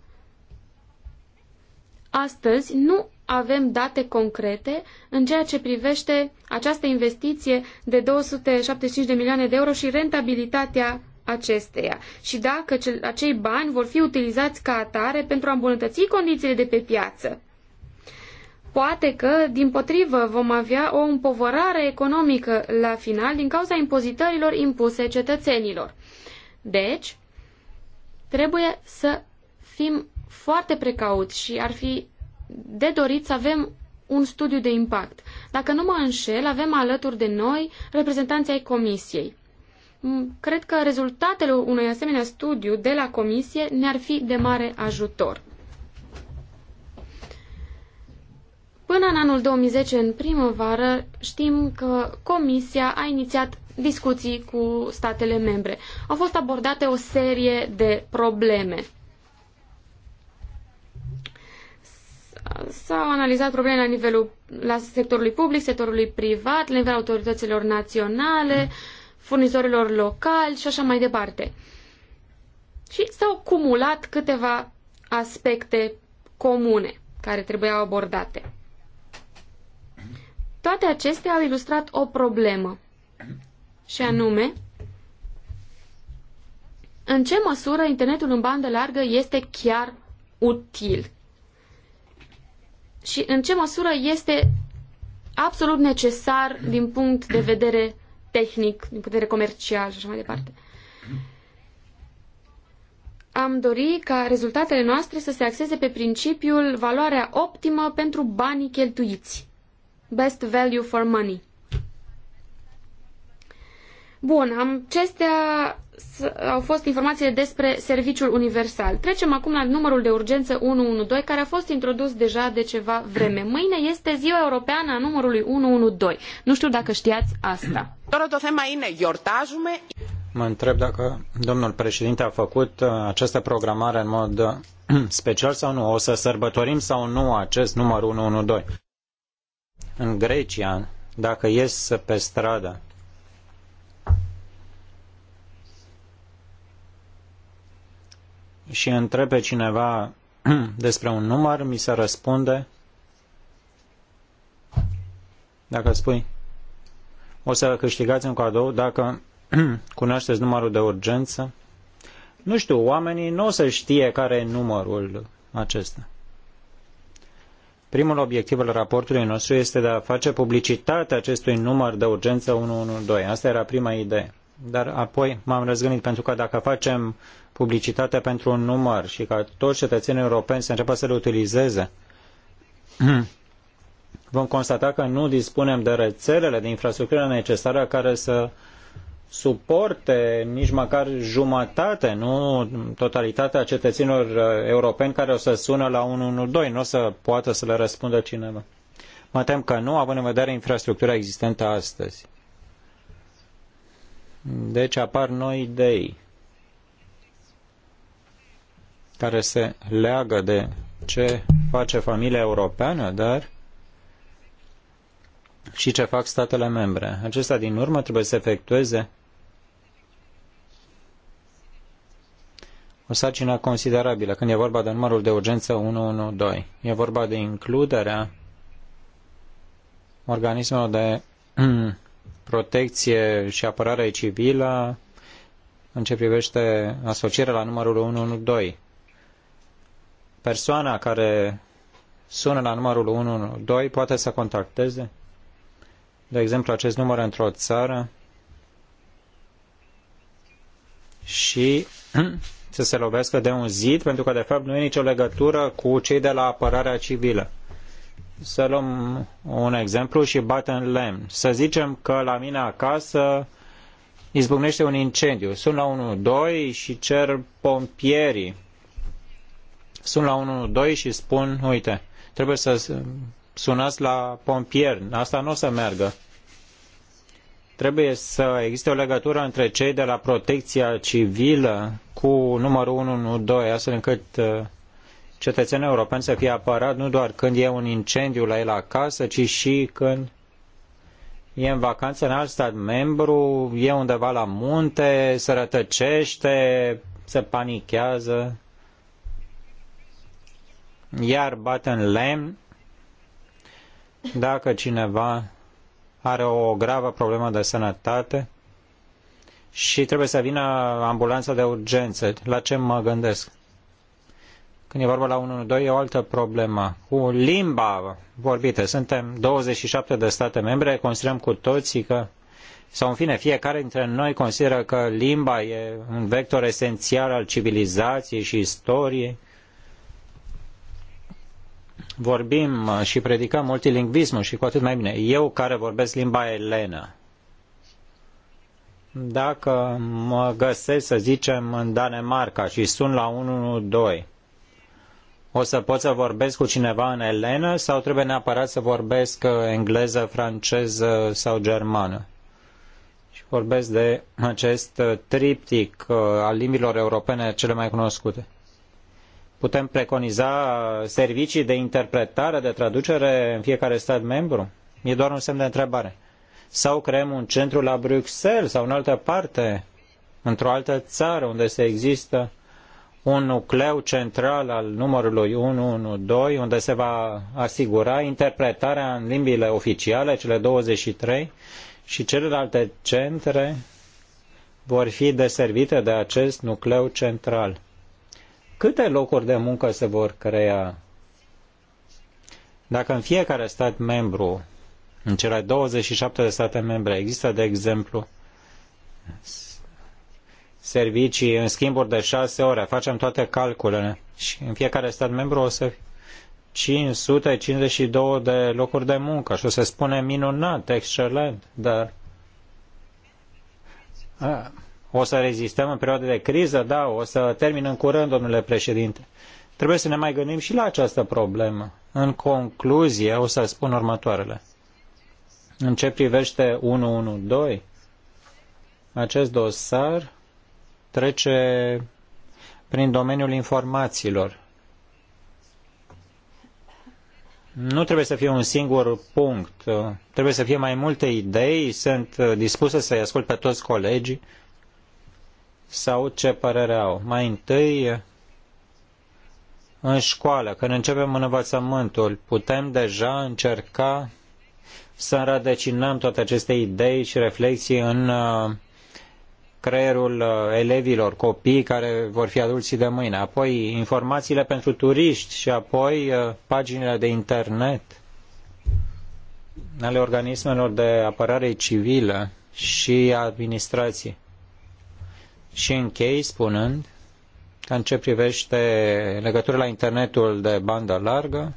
Astăzi nu avem date concrete în ceea ce privește această investiție de 275 de milioane de euro și rentabilitatea acesteia și dacă acei bani vor fi utilizați ca atare pentru a îmbunătăți condițiile de pe piață. Poate că, din potrivă, vom avea o împovărare economică la final din cauza impozitărilor impuse cetățenilor. Deci, trebuie să fim foarte precauți și ar fi de dorit să avem un studiu de impact. Dacă nu mă înșel, avem alături de noi reprezentanții ai Comisiei. Mm, cred că rezultatele unui asemenea studiu de la Comisie ne-ar fi de mare ajutor. Până în anul 2010, în primăvară, știm că Comisia a inițiat discuții cu statele membre. Au fost abordate o serie de probleme. S-au analizat probleme la nivelul la sectorului public, sectorului privat, la nivelul autorităților naționale, furnizorilor locali și așa mai departe. Și s-au cumulat câteva aspecte comune care trebuiau abordate. Toate acestea au ilustrat o problemă, și anume, în ce măsură internetul în bandă largă este chiar util și în ce măsură este absolut necesar din punct de vedere tehnic, din punct de vedere comercial și așa mai departe. Am dori ca rezultatele noastre să se axeze pe principiul valoarea optimă pentru banii cheltuiți best value for money. Bun, am, acestea au fost informațiile despre serviciul universal. Trecem acum la numărul de urgență 112, care a fost introdus deja de ceva vreme. Mâine este ziua europeană a numărului 112. Nu știu dacă știați asta. Mă întreb dacă domnul președinte a făcut uh, această programare în mod uh, special sau nu. O să sărbătorim sau nu acest număr 112 în Grecia, dacă ies pe stradă, și întrebe cineva despre un număr, mi se răspunde dacă spui o să câștigați un cadou dacă cunoașteți numărul de urgență. Nu știu, oamenii nu o să știe care e numărul acesta. Primul obiectiv al raportului nostru este de a face publicitate acestui număr de urgență 112. Asta era prima idee. Dar apoi m-am răzgândit pentru că dacă facem publicitate pentru un număr și ca toți cetățenii europeni să înceapă să le utilizeze, vom constata că nu dispunem de rețelele de infrastructură necesară care să suporte nici măcar jumătate, nu totalitatea cetățenilor uh, europeni care o să sună la 112, nu o să poată să le răspundă cineva. Mă tem că nu, având în vedere infrastructura existentă astăzi. Deci apar noi idei care se leagă de ce face familia europeană, dar și ce fac statele membre. Acesta din urmă trebuie să efectueze o sarcină considerabilă când e vorba de numărul de urgență 112. E vorba de includerea organismelor de protecție și apărare civilă în ce privește asocierea la numărul 112. Persoana care sună la numărul 112 poate să contacteze, de exemplu, acest număr într-o țară și să se lovească de un zid, pentru că de fapt nu e nicio legătură cu cei de la apărarea civilă. Să luăm un exemplu și bat în lemn. Să zicem că la mine acasă izbucnește un incendiu. Sun la 112 și cer pompierii. Sun la 112 și spun, uite, trebuie să sunați la pompieri. Asta nu o să meargă trebuie să existe o legătură între cei de la protecția civilă cu numărul 112, astfel încât uh, cetățenii europeni să fie apărat nu doar când e un incendiu la el acasă, ci și când e în vacanță în alt stat membru, e undeva la munte, se rătăcește, se panichează, iar bate în lemn dacă cineva are o gravă problemă de sănătate și trebuie să vină ambulanța de urgență. La ce mă gândesc? Când e vorba la 112 e o altă problemă. Cu limba vorbită. Suntem 27 de state membre, considerăm cu toții că sau în fine, fiecare dintre noi consideră că limba e un vector esențial al civilizației și istoriei vorbim și predicăm multilingvismul și cu atât mai bine. Eu care vorbesc limba elenă, dacă mă găsesc, să zicem, în Danemarca și sun la 112, o să pot să vorbesc cu cineva în elenă sau trebuie neapărat să vorbesc engleză, franceză sau germană? Și vorbesc de acest triptic uh, al limbilor europene cele mai cunoscute. Putem preconiza servicii de interpretare, de traducere în fiecare stat membru? E doar un semn de întrebare. Sau creăm un centru la Bruxelles sau în altă parte, într-o altă țară unde se există un nucleu central al numărului 112, unde se va asigura interpretarea în limbile oficiale, cele 23, și celelalte centre vor fi deservite de acest nucleu central câte locuri de muncă se vor crea dacă în fiecare stat membru, în cele 27 de state membre, există, de exemplu, servicii în schimburi de 6 ore, facem toate calculele și în fiecare stat membru o să fie 552 de locuri de muncă și o să spune minunat, excelent, dar a, o să rezistăm în perioada de criză? Da, o să termin în curând, domnule președinte. Trebuie să ne mai gândim și la această problemă. În concluzie, o să spun următoarele. În ce privește 112, acest dosar trece prin domeniul informațiilor. Nu trebuie să fie un singur punct, trebuie să fie mai multe idei, sunt dispusă să-i ascult pe toți colegii sau ce părere au. Mai întâi, în școală, când începem în învățământul, putem deja încerca să înrădăcinăm toate aceste idei și reflexii în uh, creierul uh, elevilor, copii care vor fi adulții de mâine, apoi informațiile pentru turiști și apoi uh, paginile de internet ale organismelor de apărare civilă și administrații. Și închei spunând că în ce privește legătura la internetul de bandă largă,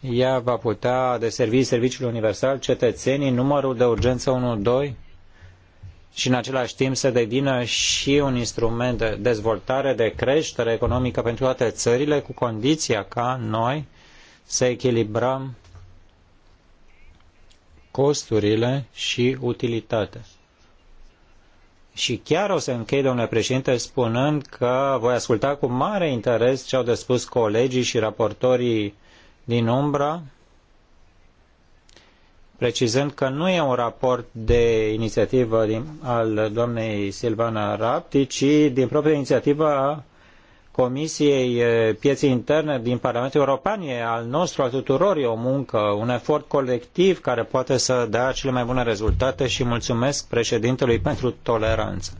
ea va putea deservi serviciul universal cetățenii numărul de urgență 112 și în același timp să devină și un instrument de dezvoltare, de creștere economică pentru toate țările, cu condiția ca noi să echilibrăm costurile și utilitatea. Și chiar o să închei, domnule președinte, spunând că voi asculta cu mare interes ce au de spus colegii și raportorii din umbra, precizând că nu e un raport de inițiativă din, al doamnei Silvana Rapti, ci din propria inițiativă a Comisiei Pieței Interne din Parlamentul European, e al nostru, al tuturor, e o muncă, un efort colectiv care poate să dea cele mai bune rezultate și mulțumesc președintelui pentru toleranță.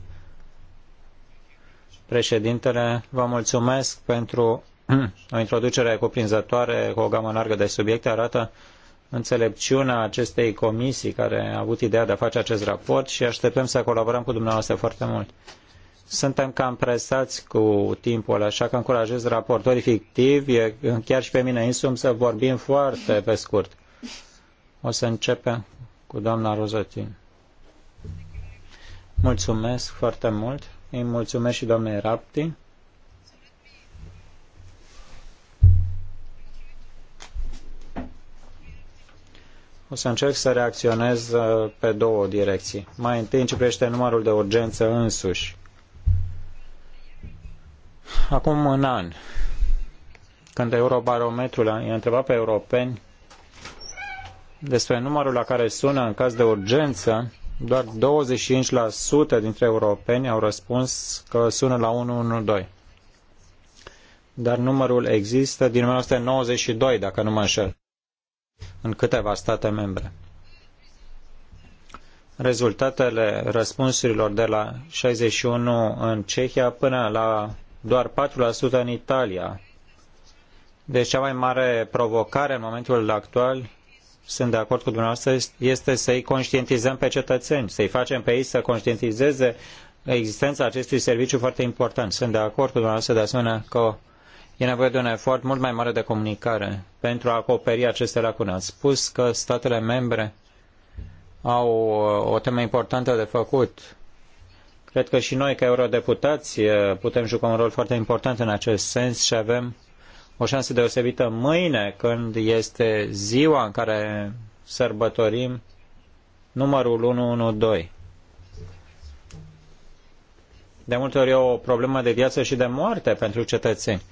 Președintele, vă mulțumesc pentru o introducere cuprinzătoare cu o gamă largă de subiecte, arată înțelepciunea acestei comisii care a avut ideea de a face acest raport și așteptăm să colaborăm cu dumneavoastră foarte mult. Suntem cam presați cu timpul, așa că încurajez raportorii fictivi, chiar și pe mine însumi, să vorbim foarte pe scurt. O să începem cu doamna Rozotin. Mulțumesc foarte mult. Îi mulțumesc și doamnei Rapti. O să încerc să reacționez uh, pe două direcții. Mai întâi în ce privește numărul de urgență însuși. Acum un an, când Eurobarometrul i-a întrebat pe europeni despre numărul la care sună în caz de urgență, doar 25% dintre europeni au răspuns că sună la 112. Dar numărul există din 1992, dacă nu mă înșel, în câteva state membre. Rezultatele răspunsurilor de la 61 în Cehia până la doar 4% în Italia. Deci cea mai mare provocare în momentul actual, sunt de acord cu dumneavoastră, este să-i conștientizăm pe cetățeni, să-i facem pe ei să conștientizeze existența acestui serviciu foarte important. Sunt de acord cu dumneavoastră de asemenea că e nevoie de un efort mult mai mare de comunicare pentru a acoperi aceste lacune. Ați spus că statele membre au uh, o temă importantă de făcut Cred că și noi, ca eurodeputați, putem juca un rol foarte important în acest sens și avem o șansă deosebită mâine, când este ziua în care sărbătorim numărul 112. De multe ori e o problemă de viață și de moarte pentru cetățeni.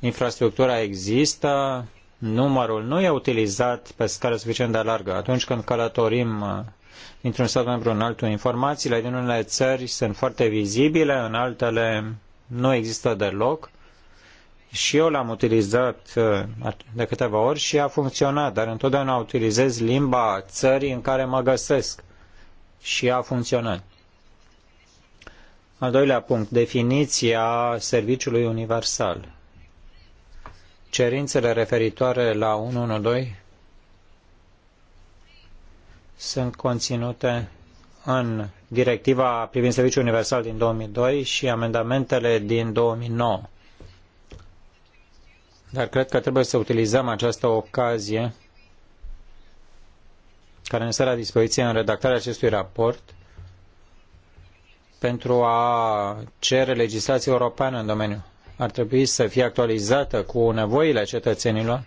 Infrastructura există, numărul nu e utilizat pe scară suficient de largă. Atunci când călătorim dintr-un stat membru în altul. Informațiile din unele țări sunt foarte vizibile, în altele nu există deloc. Și eu l-am utilizat uh, de câteva ori și a funcționat, dar întotdeauna utilizez limba țării în care mă găsesc și a funcționat. Al doilea punct, definiția serviciului universal. Cerințele referitoare la 112 sunt conținute în directiva privind serviciul universal din 2002 și amendamentele din 2009. Dar cred că trebuie să utilizăm această ocazie care ne stă la dispoziție în redactarea acestui raport pentru a cere legislație europeană în domeniu. Ar trebui să fie actualizată cu nevoile cetățenilor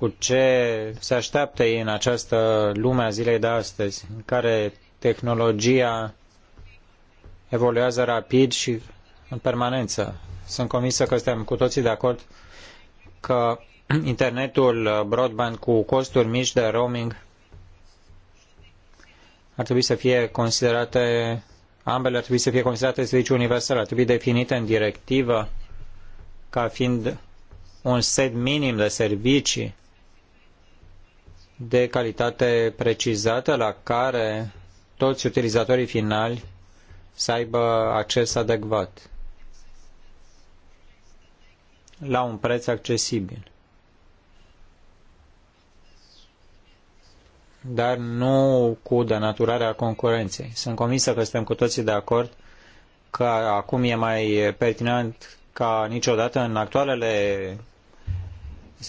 cu ce se așteaptă ei în această lume a zilei de astăzi, în care tehnologia evoluează rapid și în permanență. Sunt convinsă că suntem cu toții de acord că internetul broadband cu costuri mici de roaming ar trebui să fie considerate, ambele ar trebui să fie considerate serviciu universal, ar trebui definite în directivă ca fiind un set minim de servicii de calitate precizată la care toți utilizatorii finali să aibă acces adecvat la un preț accesibil. Dar nu cu denaturarea concurenței. Sunt convinsă că suntem cu toții de acord că acum e mai pertinent ca niciodată în actualele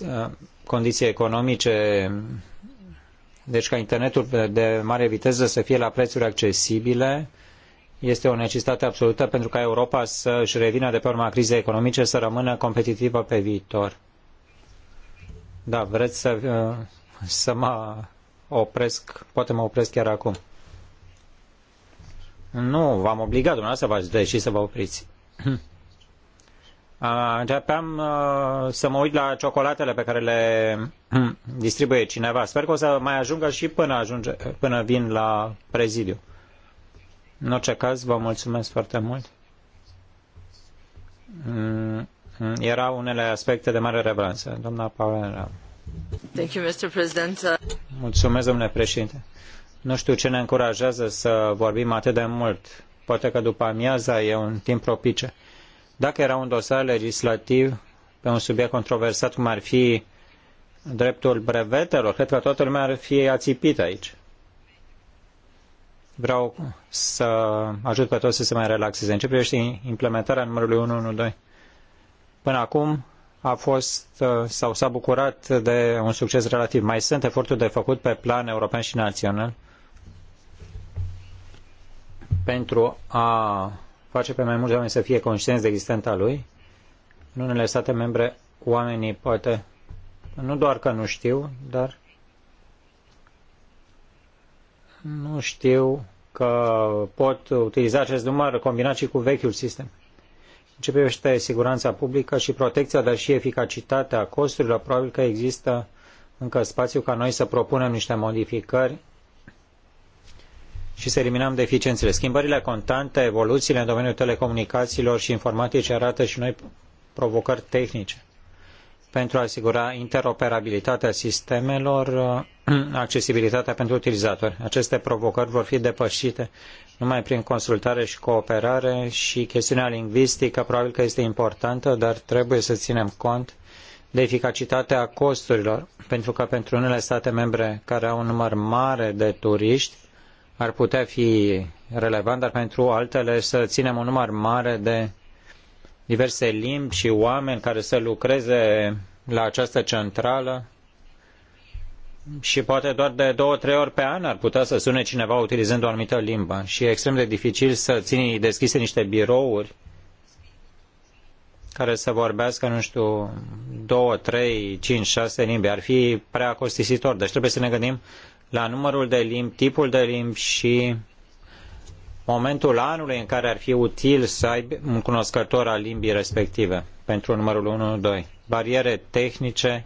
uh, condiții economice deci ca internetul de mare viteză să fie la prețuri accesibile este o necesitate absolută pentru ca Europa să își revină de pe urma crizei economice să rămână competitivă pe viitor. Da, vreți să, să mă opresc, poate mă opresc chiar acum. Nu, v-am obligat dumneavoastră, v-ați deși să vă opriți. Începeam să mă uit la ciocolatele pe care le distribuie cineva. Sper că o să mai ajungă și până, ajunge, până vin la prezidiu. În orice caz, vă mulțumesc foarte mult. Mm, Erau unele aspecte de mare relevanță. Doamna Paulina. Thank you, Mr. President. Mulțumesc, domnule președinte. Nu știu ce ne încurajează să vorbim atât de mult. Poate că după amiaza e un timp propice dacă era un dosar legislativ pe un subiect controversat, cum ar fi dreptul brevetelor, cred că toată lumea ar fi ațipit aici. Vreau să ajut pe toți să se mai relaxeze. În ce privește implementarea numărului 112? Până acum a fost sau s-a bucurat de un succes relativ. Mai sunt eforturi de făcut pe plan european și național pentru a face pe mai mulți oameni să fie conștienți de existența lui. În unele state membre, oamenii poate nu doar că nu știu, dar nu știu că pot utiliza acest număr combinat și cu vechiul sistem. În ce privește siguranța publică și protecția, dar și eficacitatea costurilor, probabil că există încă spațiu ca noi să propunem niște modificări și să eliminăm deficiențele. Schimbările constante, evoluțiile în domeniul telecomunicațiilor și informaticii arată și noi provocări tehnice pentru a asigura interoperabilitatea sistemelor, accesibilitatea pentru utilizatori. Aceste provocări vor fi depășite numai prin consultare și cooperare și chestiunea lingvistică probabil că este importantă, dar trebuie să ținem cont de eficacitatea costurilor, pentru că pentru unele state membre care au un număr mare de turiști, ar putea fi relevant, dar pentru altele să ținem un număr mare de diverse limbi și oameni care să lucreze la această centrală și poate doar de două, trei ori pe an ar putea să sune cineva utilizând o anumită limbă și e extrem de dificil să ții deschise niște birouri care să vorbească, nu știu, două, trei, cinci, șase limbi. Ar fi prea costisitor. Deci trebuie să ne gândim la numărul de limbi, tipul de limbi și momentul anului în care ar fi util să ai un cunoscător al limbii respective pentru numărul 1-2. Bariere tehnice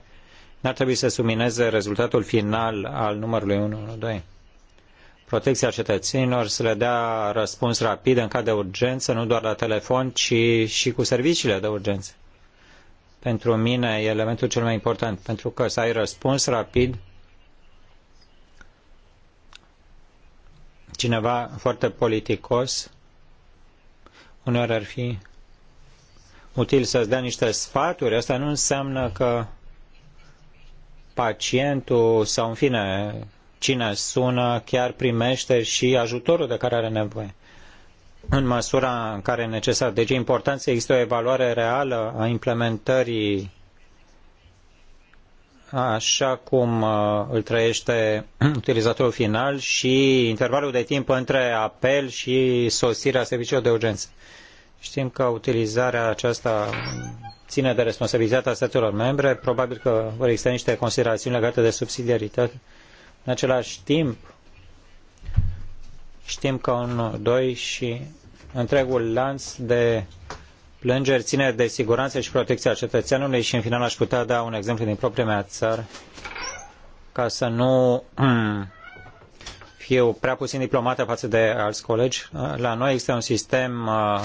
n-ar trebui să sumineze rezultatul final al numărului 112. Protecția cetățenilor să le dea răspuns rapid în caz de urgență, nu doar la telefon, ci și cu serviciile de urgență. Pentru mine e elementul cel mai important, pentru că să ai răspuns rapid cineva foarte politicos, uneori ar fi util să-ți dea niște sfaturi, asta nu înseamnă că pacientul sau, în fine, cine sună chiar primește și ajutorul de care are nevoie. În măsura în care e necesar. Deci e important să existe o evaluare reală a implementării așa cum uh, îl trăiește utilizatorul final și intervalul de timp între apel și sosirea serviciilor de urgență. Știm că utilizarea aceasta ține de responsabilitatea statelor membre, probabil că vor exista niște considerațiuni legate de subsidiaritate. În același timp, știm că un, doi și întregul lanț de plângeri ține de siguranță și protecția cetățeanului și în final aș putea da un exemplu din propria mea țară ca să nu hmm, fiu prea puțin diplomată față de alți colegi. La noi există un sistem uh,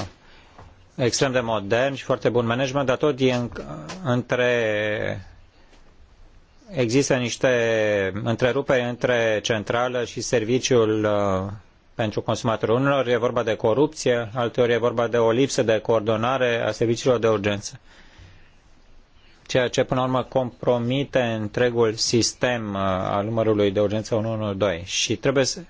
extrem de modern și foarte bun management, dar tot între există niște întreruperi între centrală și serviciul uh, pentru consumatori. Unor e vorba de corupție, alteori e vorba de o lipsă de coordonare a serviciilor de urgență. Ceea ce până la urmă compromite întregul sistem uh, al numărului de urgență 112 și trebuie să,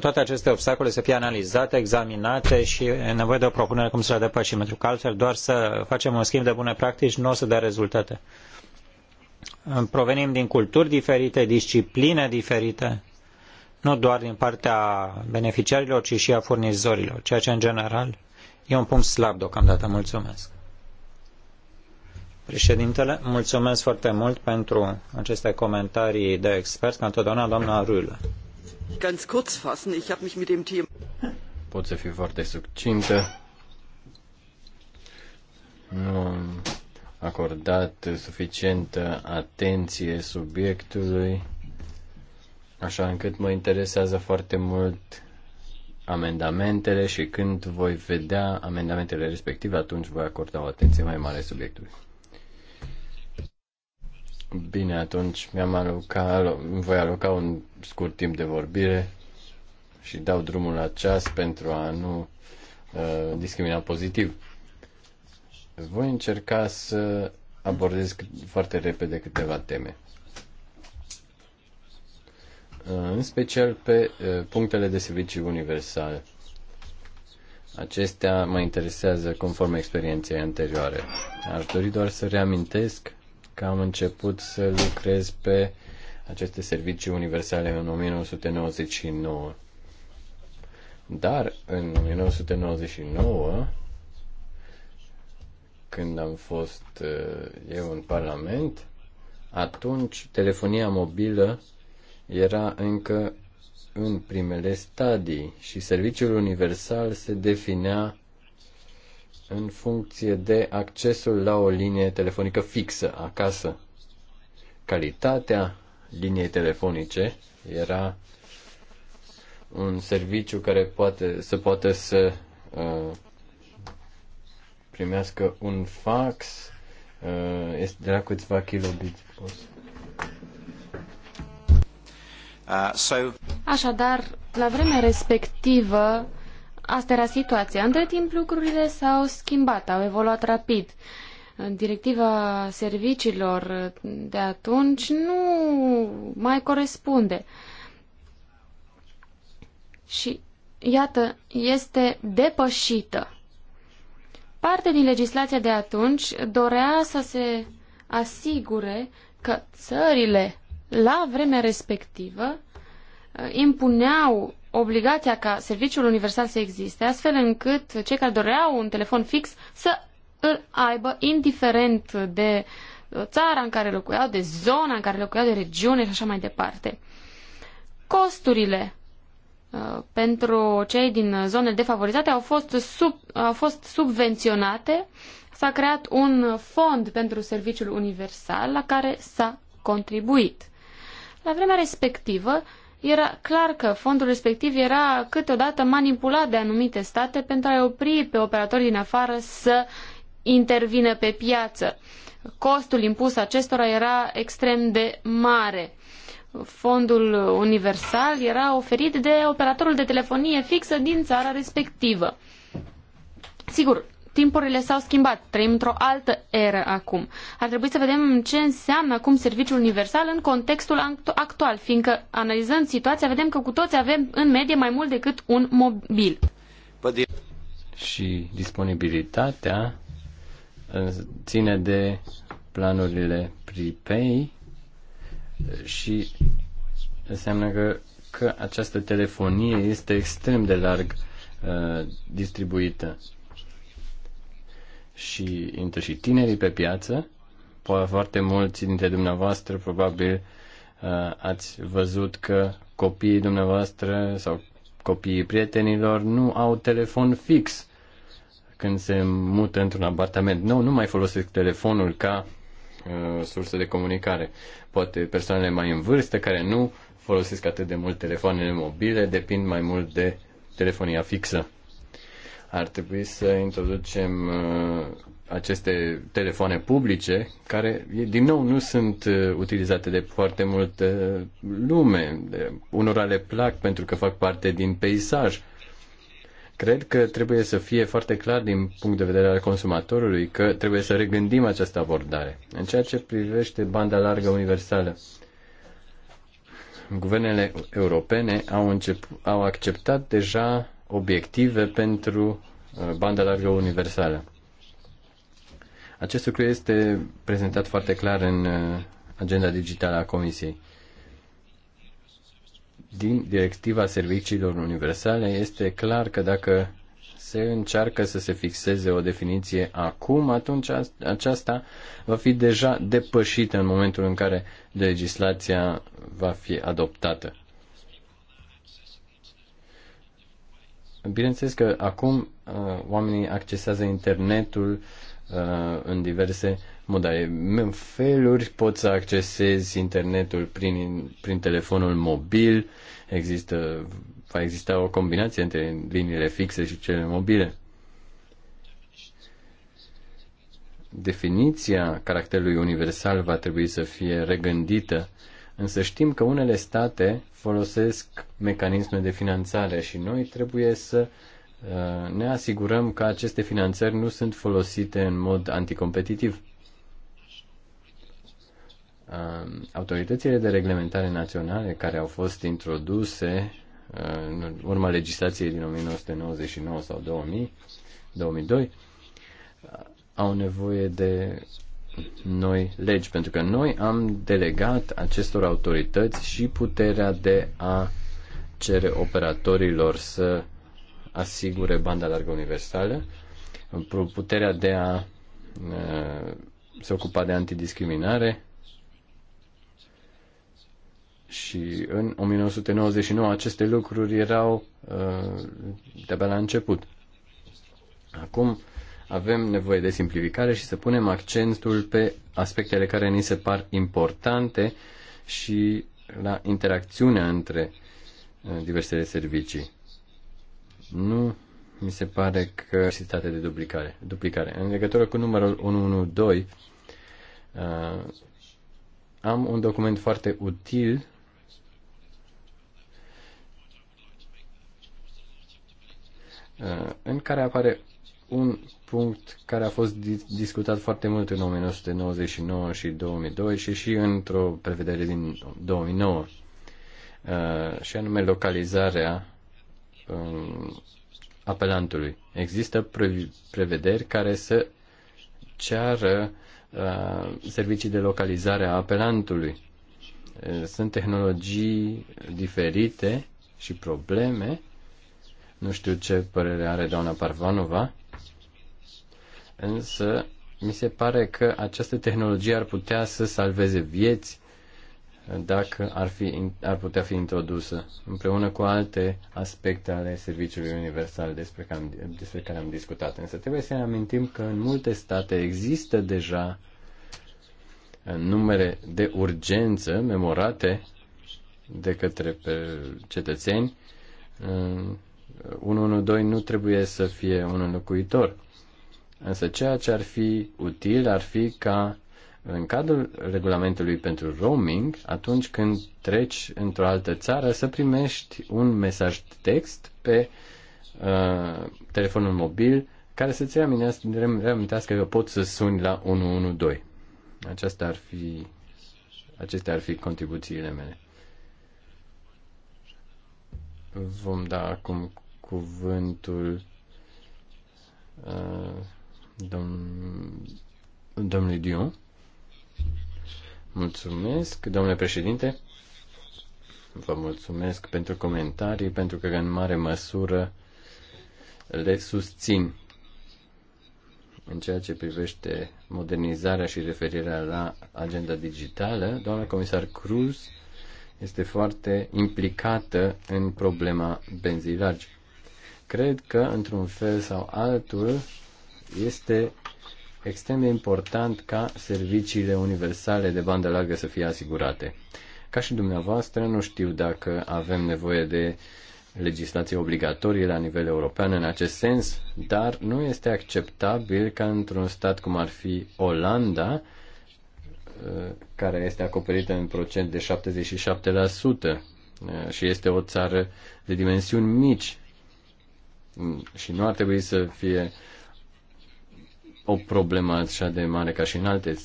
toate aceste obstacole să fie analizate, examinate și e nevoie de o propunere cum să le depășim, pentru că altfel doar să facem un schimb de bune practici nu o să dea rezultate. Provenim din culturi diferite, discipline diferite nu doar din partea beneficiarilor, ci și a furnizorilor, ceea ce în general e un punct slab deocamdată. Mulțumesc. Președintele, mulțumesc foarte mult pentru aceste comentarii de expert, ca întotdeauna doamna Rulă. Ganz kurz fassen, ich habe mich mit dem Pot să fiu foarte succintă. Nu am acordat suficientă atenție subiectului așa încât mă interesează foarte mult amendamentele și când voi vedea amendamentele respective, atunci voi acorda o atenție mai mare subiectului. Bine, atunci mi-am aloca, voi aloca un scurt timp de vorbire și dau drumul la ceas pentru a nu uh, discrimina pozitiv. Voi încerca să abordez foarte repede câteva teme în special pe punctele de servicii universale. Acestea mă interesează conform experienței anterioare. Aș dori doar să reamintesc că am început să lucrez pe aceste servicii universale în 1999. Dar în 1999, când am fost eu în Parlament, atunci telefonia mobilă era încă în primele stadii și serviciul universal se definea în funcție de accesul la o linie telefonică fixă acasă. Calitatea liniei telefonice era un serviciu care poate să poate să uh, primească un fax uh, este de la câțiva kilobits Uh, Așadar, la vremea respectivă, asta era situația. Între timp, lucrurile s-au schimbat, au evoluat rapid. Directiva serviciilor de atunci nu mai corespunde. Și, iată, este depășită. Parte din legislația de atunci dorea să se asigure că țările la vremea respectivă uh, impuneau obligația ca serviciul universal să existe, astfel încât cei care doreau un telefon fix să îl aibă, indiferent de uh, țara în care locuiau, de zona în care locuiau, de regiune și așa mai departe. Costurile uh, pentru cei din zonele defavorizate au fost, sub, au fost subvenționate. S-a creat un fond pentru serviciul universal la care s-a contribuit. La vremea respectivă, era clar că fondul respectiv era câteodată manipulat de anumite state pentru a opri pe operatori din afară să intervină pe piață. Costul impus acestora era extrem de mare. Fondul universal era oferit de operatorul de telefonie fixă din țara respectivă. Sigur, timpurile s-au schimbat, trăim într-o altă eră acum. Ar trebui să vedem ce înseamnă acum serviciul universal în contextul actual, fiindcă analizând situația vedem că cu toți avem în medie mai mult decât un mobil. Și disponibilitatea uh, ține de planurile prepay și înseamnă că, că această telefonie este extrem de larg uh, distribuită și intră și tinerii pe piață. Poate foarte mulți dintre dumneavoastră probabil uh, ați văzut că copiii dumneavoastră sau copiii prietenilor nu au telefon fix când se mută într-un apartament nou, nu mai folosesc telefonul ca uh, sursă de comunicare. Poate persoanele mai în vârstă care nu folosesc atât de mult telefoanele mobile depind mai mult de telefonia fixă. Ar trebui să introducem uh, aceste telefoane publice, care, din nou, nu sunt uh, utilizate de foarte multă uh, lume. Unora le plac pentru că fac parte din peisaj. Cred că trebuie să fie foarte clar din punct de vedere al consumatorului că trebuie să regândim această abordare. În ceea ce privește banda largă universală, guvernele europene au, început, au acceptat deja obiective pentru uh, banda largă universală. Acest lucru este prezentat foarte clar în uh, agenda digitală a Comisiei. Din directiva serviciilor universale este clar că dacă se încearcă să se fixeze o definiție acum, atunci aceasta va fi deja depășită în momentul în care legislația va fi adoptată. Bineînțeles că acum uh, oamenii accesează internetul uh, în diverse modale. În feluri poți să accesezi internetul prin, prin telefonul mobil. Există, va exista o combinație între liniile fixe și cele mobile. Definiția caracterului universal va trebui să fie regândită Însă știm că unele state folosesc mecanisme de finanțare și noi trebuie să uh, ne asigurăm că aceste finanțări nu sunt folosite în mod anticompetitiv. Uh, autoritățile de reglementare naționale care au fost introduse uh, în urma legislației din 1999 sau 2000, 2002 au nevoie de noi legi, pentru că noi am delegat acestor autorități și puterea de a cere operatorilor să asigure banda largă universală, puterea de a uh, se ocupa de antidiscriminare și în 1999 aceste lucruri erau uh, de-abia la început. Acum avem nevoie de simplificare și să punem accentul pe aspectele care ni se par importante și la interacțiunea între uh, diversele servicii. Nu mi se pare că necesitate de duplicare. duplicare. În legătură cu numărul 112, uh, am un document foarte util uh, în care apare un punct care a fost discutat foarte mult în 1999 și 2002 și și într-o prevedere din 2009, uh, și anume localizarea um, apelantului. Există prevederi care să ceară uh, servicii de localizare a apelantului. Uh, sunt tehnologii diferite și probleme. Nu știu ce părere are doamna Parvanova însă mi se pare că această tehnologie ar putea să salveze vieți dacă ar, fi, ar putea fi introdusă împreună cu alte aspecte ale serviciului universal despre care, am, despre care am discutat. Însă trebuie să ne amintim că în multe state există deja uh, numere de urgență memorate de către cetățeni. Uh, 112 nu trebuie să fie un înlocuitor Însă ceea ce ar fi util ar fi ca în cadrul regulamentului pentru roaming, atunci când treci într-o altă țară, să primești un mesaj text pe uh, telefonul mobil care să-ți reamintească că poți să suni la 112. Acestea ar fi, acestea ar fi contribuțiile mele. Vom da acum cuvântul uh, Domnului Dion. Mulțumesc, domnule președinte. Vă mulțumesc pentru comentarii, pentru că în mare măsură le susțin în ceea ce privește modernizarea și referirea la agenda digitală. Doamna comisar Cruz este foarte implicată în problema benzii largi. Cred că, într-un fel sau altul, este extrem de important ca serviciile universale de bandă largă să fie asigurate. Ca și dumneavoastră, nu știu dacă avem nevoie de legislație obligatorie la nivel european în acest sens, dar nu este acceptabil ca într-un stat cum ar fi Olanda, uh, care este acoperită în procent de 77% uh, și este o țară de dimensiuni mici mm, și nu ar trebui să fie o problemă așa de mare ca și în alte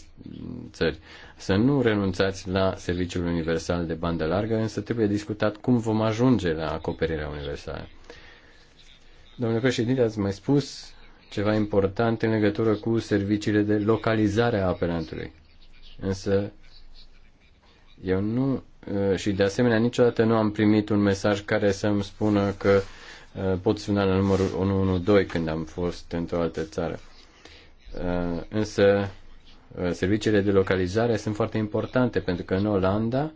țări. Să nu renunțați la serviciul universal de bandă largă, însă trebuie discutat cum vom ajunge la acoperirea universală. Domnule președinte, ați mai spus ceva important în legătură cu serviciile de localizare a apelantului. Însă eu nu eh, și de asemenea niciodată nu am primit un mesaj care să-mi spună că eh, pot suna la numărul 112 când am fost într-o altă țară. Uh, însă uh, serviciile de localizare sunt foarte importante pentru că în Olanda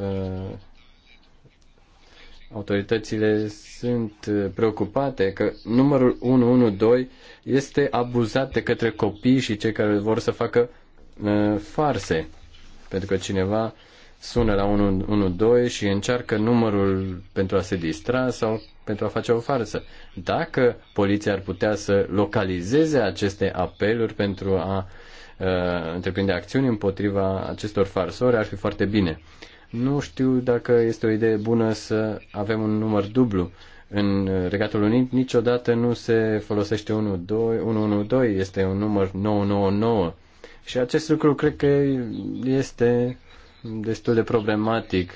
uh, autoritățile sunt preocupate că numărul 112 este abuzat de către copii și cei care vor să facă farse. Pentru că cineva sună la 112 și încearcă numărul pentru a se distra sau pentru a face o farsă. Dacă poliția ar putea să localizeze aceste apeluri pentru a uh, întreprinde acțiuni împotriva acestor farsori, ar fi foarte bine. Nu știu dacă este o idee bună să avem un număr dublu. În Regatul Unit niciodată nu se folosește 112, 112 este un număr 999. Și acest lucru cred că este destul de problematic.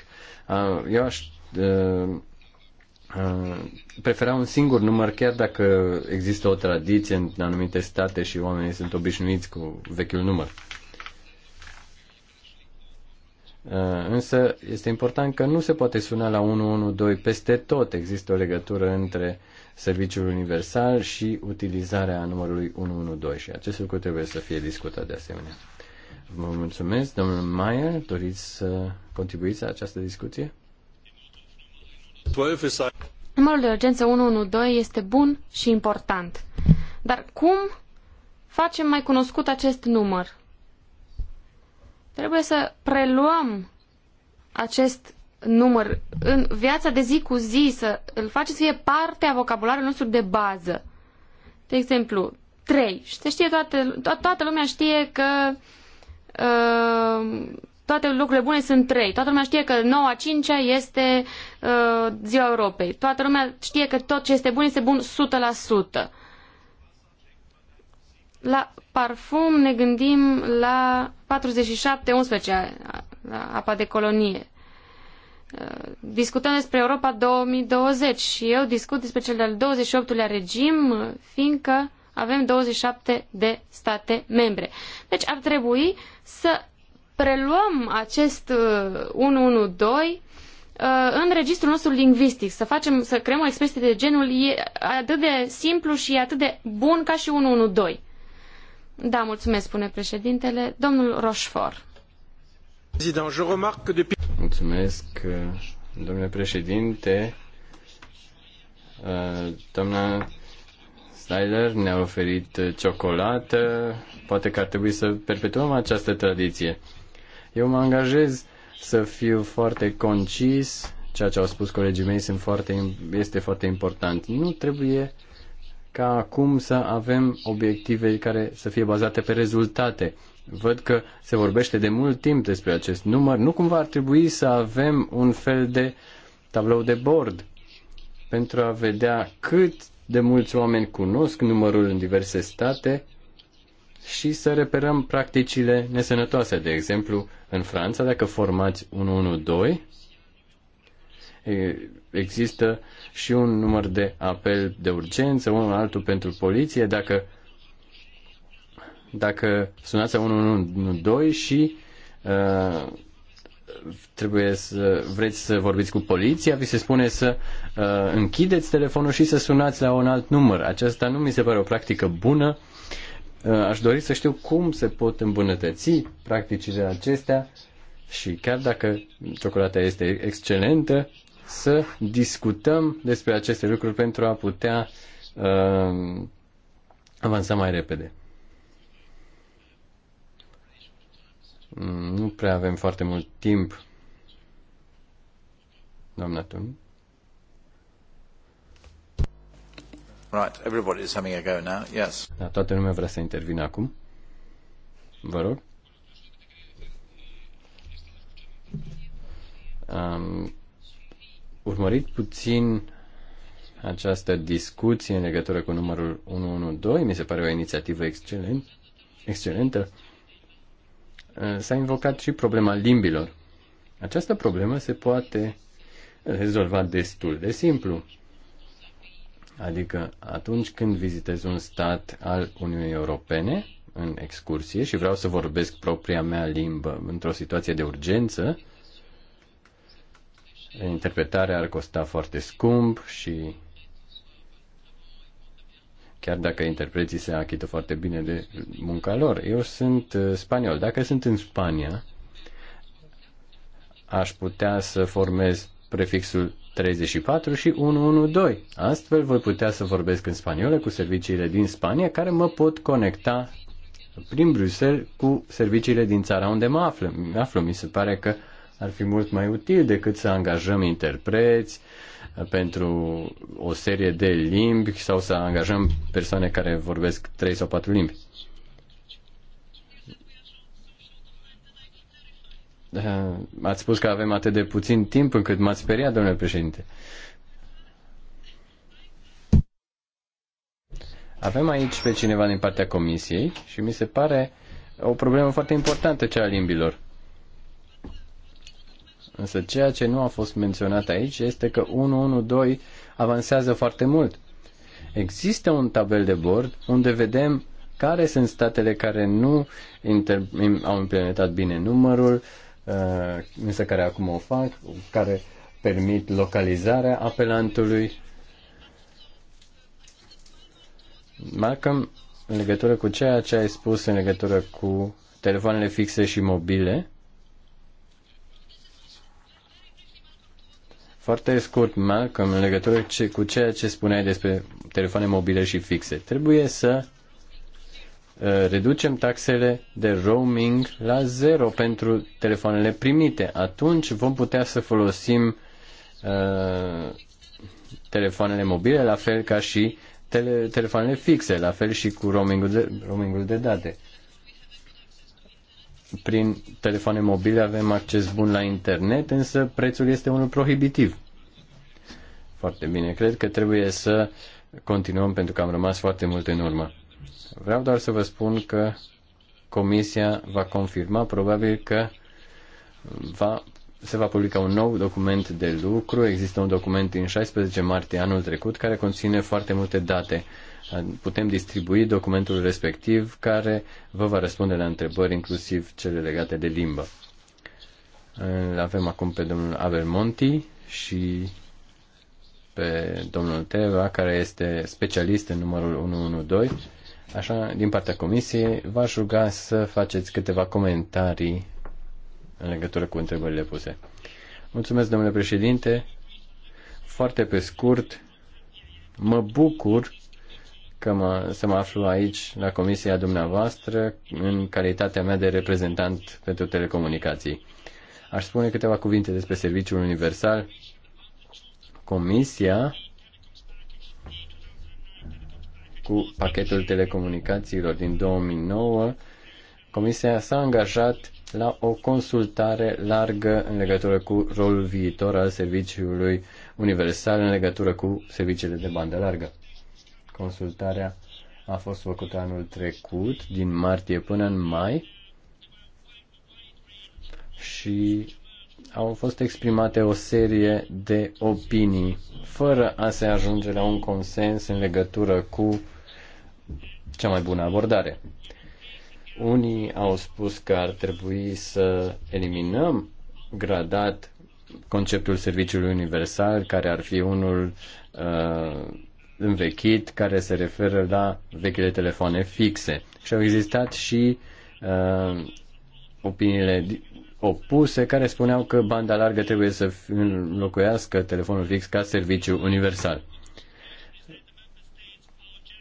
Eu aș uh, prefera un singur număr, chiar dacă există o tradiție în anumite state și oamenii sunt obișnuiți cu vechiul număr. Uh, însă este important că nu se poate suna la 112 peste tot. Există o legătură între serviciul universal și utilizarea numărului 112 și acest lucru trebuie să fie discutat de asemenea. Vă mulțumesc, domnul Maier, doriți să contribuiți la această discuție? Numărul de urgență 112 este bun și important. Dar cum facem mai cunoscut acest număr? Trebuie să preluăm acest număr în viața de zi cu zi, să îl facem să fie parte a vocabularului nostru de bază. De exemplu, 3. știe toată, to- toată lumea știe că uh, toate lucrurile bune sunt trei. Toată lumea știe că 9 5 este uh, ziua Europei. Toată lumea știe că tot ce este bun este bun 100%. La parfum ne gândim la 47-11, la apa de colonie. Uh, discutăm despre Europa 2020 și eu discut despre cel de-al 28-lea regim, fiindcă avem 27 de state membre. Deci ar trebui să preluăm acest 112 uh, uh, în registrul nostru lingvistic, să facem, să creăm o expresie de genul e atât de simplu și e atât de bun ca și 112. Da, mulțumesc, spune președintele. Domnul Rochefort. Mulțumesc, uh, domnule președinte. Doamna Styler ne-a oferit ciocolată. Poate că ar trebui să perpetuăm această tradiție. Eu mă angajez să fiu foarte concis, ceea ce au spus colegii mei sunt foarte, este foarte important. Nu trebuie ca acum să avem obiective care să fie bazate pe rezultate. Văd că se vorbește de mult timp despre acest număr. Nu cumva ar trebui să avem un fel de tablou de bord pentru a vedea cât de mulți oameni cunosc numărul în diverse state și să reperăm practicile nesănătoase. De exemplu, în Franța, dacă formați 112, există și un număr de apel de urgență, unul altul pentru poliție, dacă, dacă sunați 112 și uh, trebuie să vreți să vorbiți cu poliția, vi se spune să uh, închideți telefonul și să sunați la un alt număr. Aceasta nu mi se pare o practică bună Uh, aș dori să știu cum se pot îmbunătăți practicile acestea și chiar dacă ciocolata este excelentă, să discutăm despre aceste lucruri pentru a putea uh, avansa mai repede. Mm, nu prea avem foarte mult timp. Doamna Tun. Right, everybody is having a go now. Yes. Da, toată lumea vrea să intervină acum. Vă rog. Am urmărit puțin această discuție în legătură cu numărul 112. Mi se pare o inițiativă excelent, excelentă. Uh, s-a invocat și problema limbilor. Această problemă se poate rezolva destul de simplu. Adică atunci când vizitez un stat al Uniunii Europene în excursie și vreau să vorbesc propria mea limbă într-o situație de urgență, interpretarea ar costa foarte scump și chiar dacă interpreții se achită foarte bine de munca lor. Eu sunt uh, spaniol. Dacă sunt în Spania, aș putea să formez prefixul 34 și 112. Astfel voi putea să vorbesc în spaniolă cu serviciile din Spania care mă pot conecta prin Bruxelles cu serviciile din țara unde mă aflu. Mă aflu. Mi se pare că ar fi mult mai util decât să angajăm interpreți pentru o serie de limbi sau să angajăm persoane care vorbesc 3 sau 4 limbi. Eh, ați spus că avem atât de puțin timp încât m-ați speriat, domnule președinte. Avem aici pe cineva din partea comisiei și mi se pare o problemă foarte importantă cea a limbilor. Însă ceea ce nu a fost menționat aici este că 112 avansează foarte mult. Există un tabel de bord unde vedem care sunt statele care nu au implementat bine numărul, uh, Uh, însă care acum o fac, care permit localizarea apelantului. Malcolm, în legătură cu ceea ce ai spus în legătură cu telefoanele fixe și mobile, Foarte scurt, Malcolm, în legătură cu ceea ce spuneai despre telefoane mobile și fixe. Trebuie să Uh, reducem taxele de roaming la zero pentru telefoanele primite. Atunci vom putea să folosim uh, telefoanele mobile, la fel ca și tele, telefoanele fixe, la fel și cu roamingul de, roamingul de date. Prin telefoane mobile avem acces bun la internet, însă prețul este unul prohibitiv. Foarte bine, cred că trebuie să continuăm pentru că am rămas foarte mult în urmă. Vreau doar să vă spun că Comisia va confirma probabil că va, se va publica un nou document de lucru. Există un document din 16 martie anul trecut care conține foarte multe date. Putem distribui documentul respectiv care vă va răspunde la întrebări, inclusiv cele legate de limbă. Îl avem acum pe domnul Abel Monti și pe domnul Teva, care este specialist în numărul 112 Așa, din partea comisiei, v-aș ruga să faceți câteva comentarii în legătură cu întrebările puse. Mulțumesc, domnule președinte. Foarte pe scurt, mă bucur că mă, să mă aflu aici, la comisia dumneavoastră, în calitatea mea de reprezentant pentru telecomunicații. Aș spune câteva cuvinte despre serviciul universal. Comisia cu pachetul telecomunicațiilor din 2009, Comisia s-a angajat la o consultare largă în legătură cu rolul viitor al serviciului universal în legătură cu serviciile de bandă largă. Consultarea a fost făcută anul trecut, din martie până în mai, și au fost exprimate o serie de opinii, fără a se ajunge la un consens în legătură cu cea mai bună abordare. Unii au spus că ar trebui să eliminăm gradat conceptul serviciului universal, care ar fi unul uh, învechit, care se referă la vechile telefoane fixe. Și au existat și uh, opiniile opuse care spuneau că banda largă trebuie să înlocuiască telefonul fix ca serviciu universal.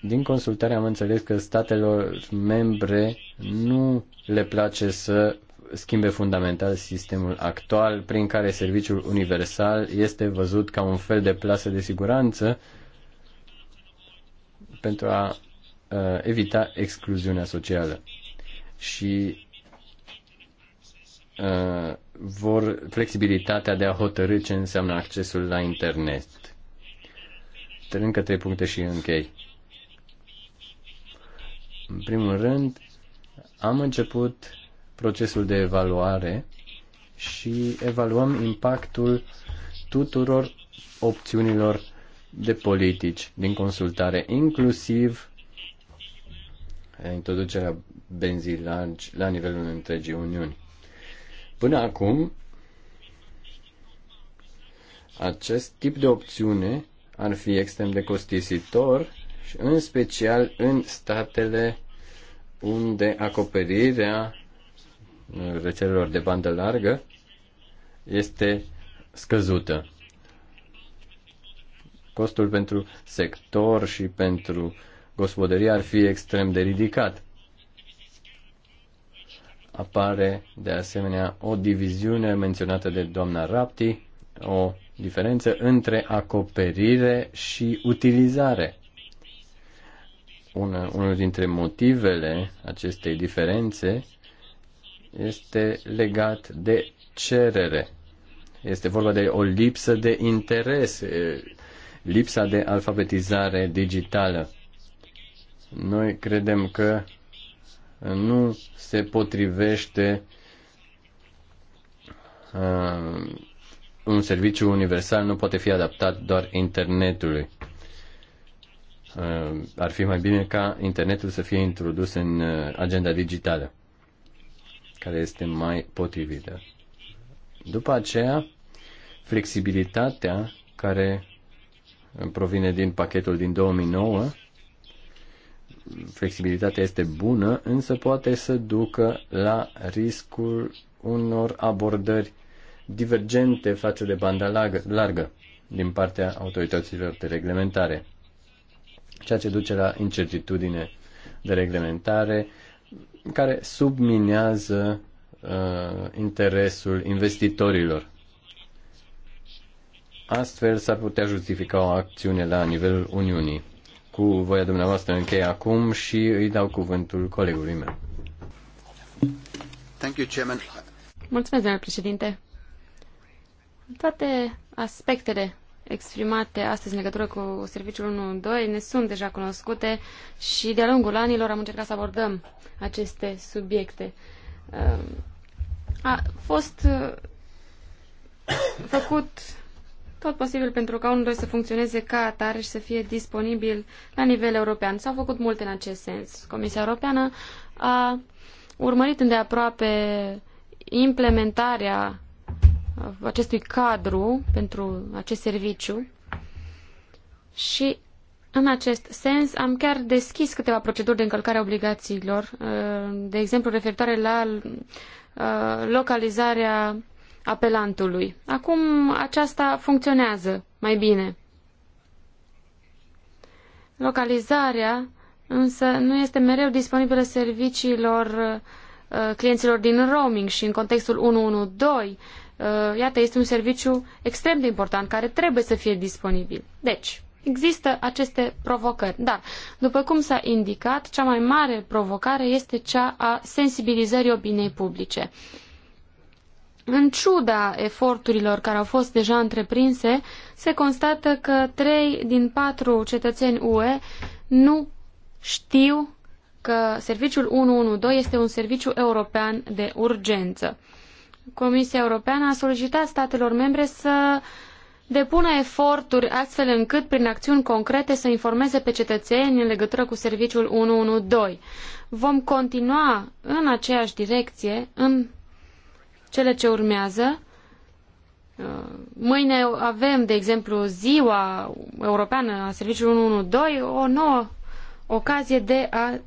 Din consultare am înțeles că statelor membre nu le place să schimbe fundamental sistemul actual prin care serviciul universal este văzut ca un fel de plasă de siguranță pentru a uh, evita excluziunea socială. Și Uh, vor flexibilitatea de a hotărâ ce înseamnă accesul la internet. Trebuie Încă trei puncte și închei. În primul rând, am început procesul de evaluare și evaluăm impactul tuturor opțiunilor de politici din consultare, inclusiv introducerea benzii largi la nivelul întregii Uniuni. Până acum, acest tip de opțiune ar fi extrem de costisitor, în special în statele unde acoperirea uh, rețelelor de bandă largă este scăzută. Costul pentru sector și pentru gospodărie ar fi extrem de ridicat apare de asemenea o diviziune menționată de doamna Rapti, o diferență între acoperire și utilizare. Una, unul dintre motivele acestei diferențe este legat de cerere. Este vorba de o lipsă de interes, lipsa de alfabetizare digitală. Noi credem că nu se potrivește uh, un serviciu universal nu poate fi adaptat doar internetului. Uh, ar fi mai bine ca internetul să fie introdus în uh, agenda digitală, care este mai potrivită. După aceea, flexibilitatea care provine din pachetul din 2009 flexibilitatea este bună, însă poate să ducă la riscul unor abordări divergente față de banda largă din partea autorităților de reglementare, ceea ce duce la incertitudine de reglementare care subminează uh, interesul investitorilor. Astfel s-ar putea justifica o acțiune la nivelul Uniunii cu voia dumneavoastră închei acum și îi dau cuvântul colegului meu. Thank you, Chairman. Mulțumesc, domnule președinte. Toate aspectele exprimate astăzi în legătură cu serviciul 112 ne sunt deja cunoscute și de-a lungul anilor am încercat să abordăm aceste subiecte. A fost uh, făcut tot posibil pentru ca unul să funcționeze ca atare și să fie disponibil la nivel european. S-au făcut multe în acest sens. Comisia Europeană a urmărit îndeaproape implementarea acestui cadru pentru acest serviciu și în acest sens am chiar deschis câteva proceduri de încălcare a obligațiilor, uh, de exemplu referitoare la uh, localizarea apelantului. Acum aceasta funcționează mai bine. Localizarea însă nu este mereu disponibilă serviciilor uh, clienților din roaming și în contextul 112 uh, iată, este un serviciu extrem de important care trebuie să fie disponibil. Deci, există aceste provocări, dar, după cum s-a indicat, cea mai mare provocare este cea a sensibilizării opiniei publice. În ciuda eforturilor care au fost deja întreprinse, se constată că trei din patru cetățeni UE nu știu că serviciul 112 este un serviciu european de urgență. Comisia Europeană a solicitat statelor membre să depună eforturi astfel încât, prin acțiuni concrete, să informeze pe cetățeni în legătură cu serviciul 112. Vom continua în aceeași direcție în cele ce urmează. Mâine avem, de exemplu, Ziua Europeană a Serviciului 112, o nouă ocazie de a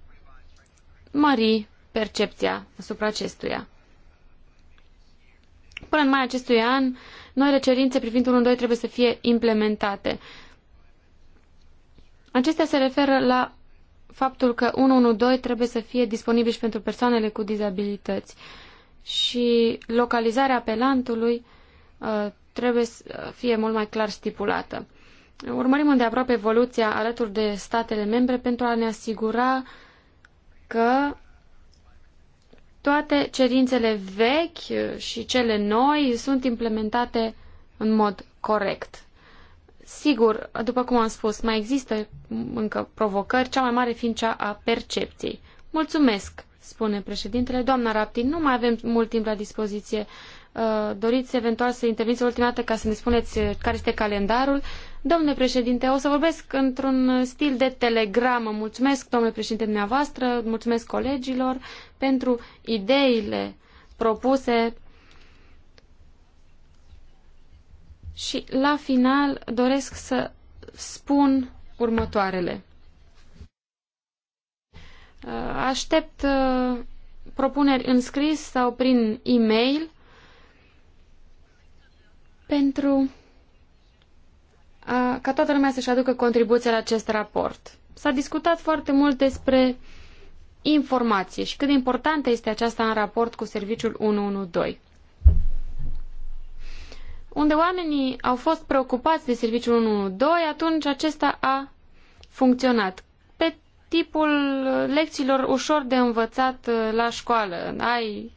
mări percepția asupra acestuia. Până în mai acestui an, noile cerințe privind 112 trebuie să fie implementate. Acestea se referă la faptul că 112 trebuie să fie disponibil și pentru persoanele cu dizabilități. Uh, și localizarea apelantului uh, trebuie să fie mult mai clar stipulată. Urmărim îndeaproape evoluția alături de statele membre pentru a ne asigura că toate cerințele vechi și cele noi sunt implementate în mod corect. Sigur, după cum am spus, mai există încă provocări, cea mai mare fiind cea a percepției. Mulțumesc! spune președintele. Doamna Raptin, nu mai avem mult timp la dispoziție. Uh, doriți eventual să interveniți ultima dată ca să ne spuneți uh, care este calendarul. Domnule președinte, o să vorbesc într-un stil de telegramă. Mulțumesc, domnule președinte, dumneavoastră, mulțumesc colegilor pentru ideile propuse și la final doresc să spun următoarele. Uh, aștept uh, propuneri în scris sau prin e-mail pentru a, uh, ca toată lumea să-și aducă contribuția la acest raport. S-a discutat foarte mult despre informație și cât de importantă este aceasta în raport cu serviciul 112. Unde oamenii au fost preocupați de serviciul 112, atunci acesta a funcționat tipul lecțiilor ușor de învățat uh, la școală. Ai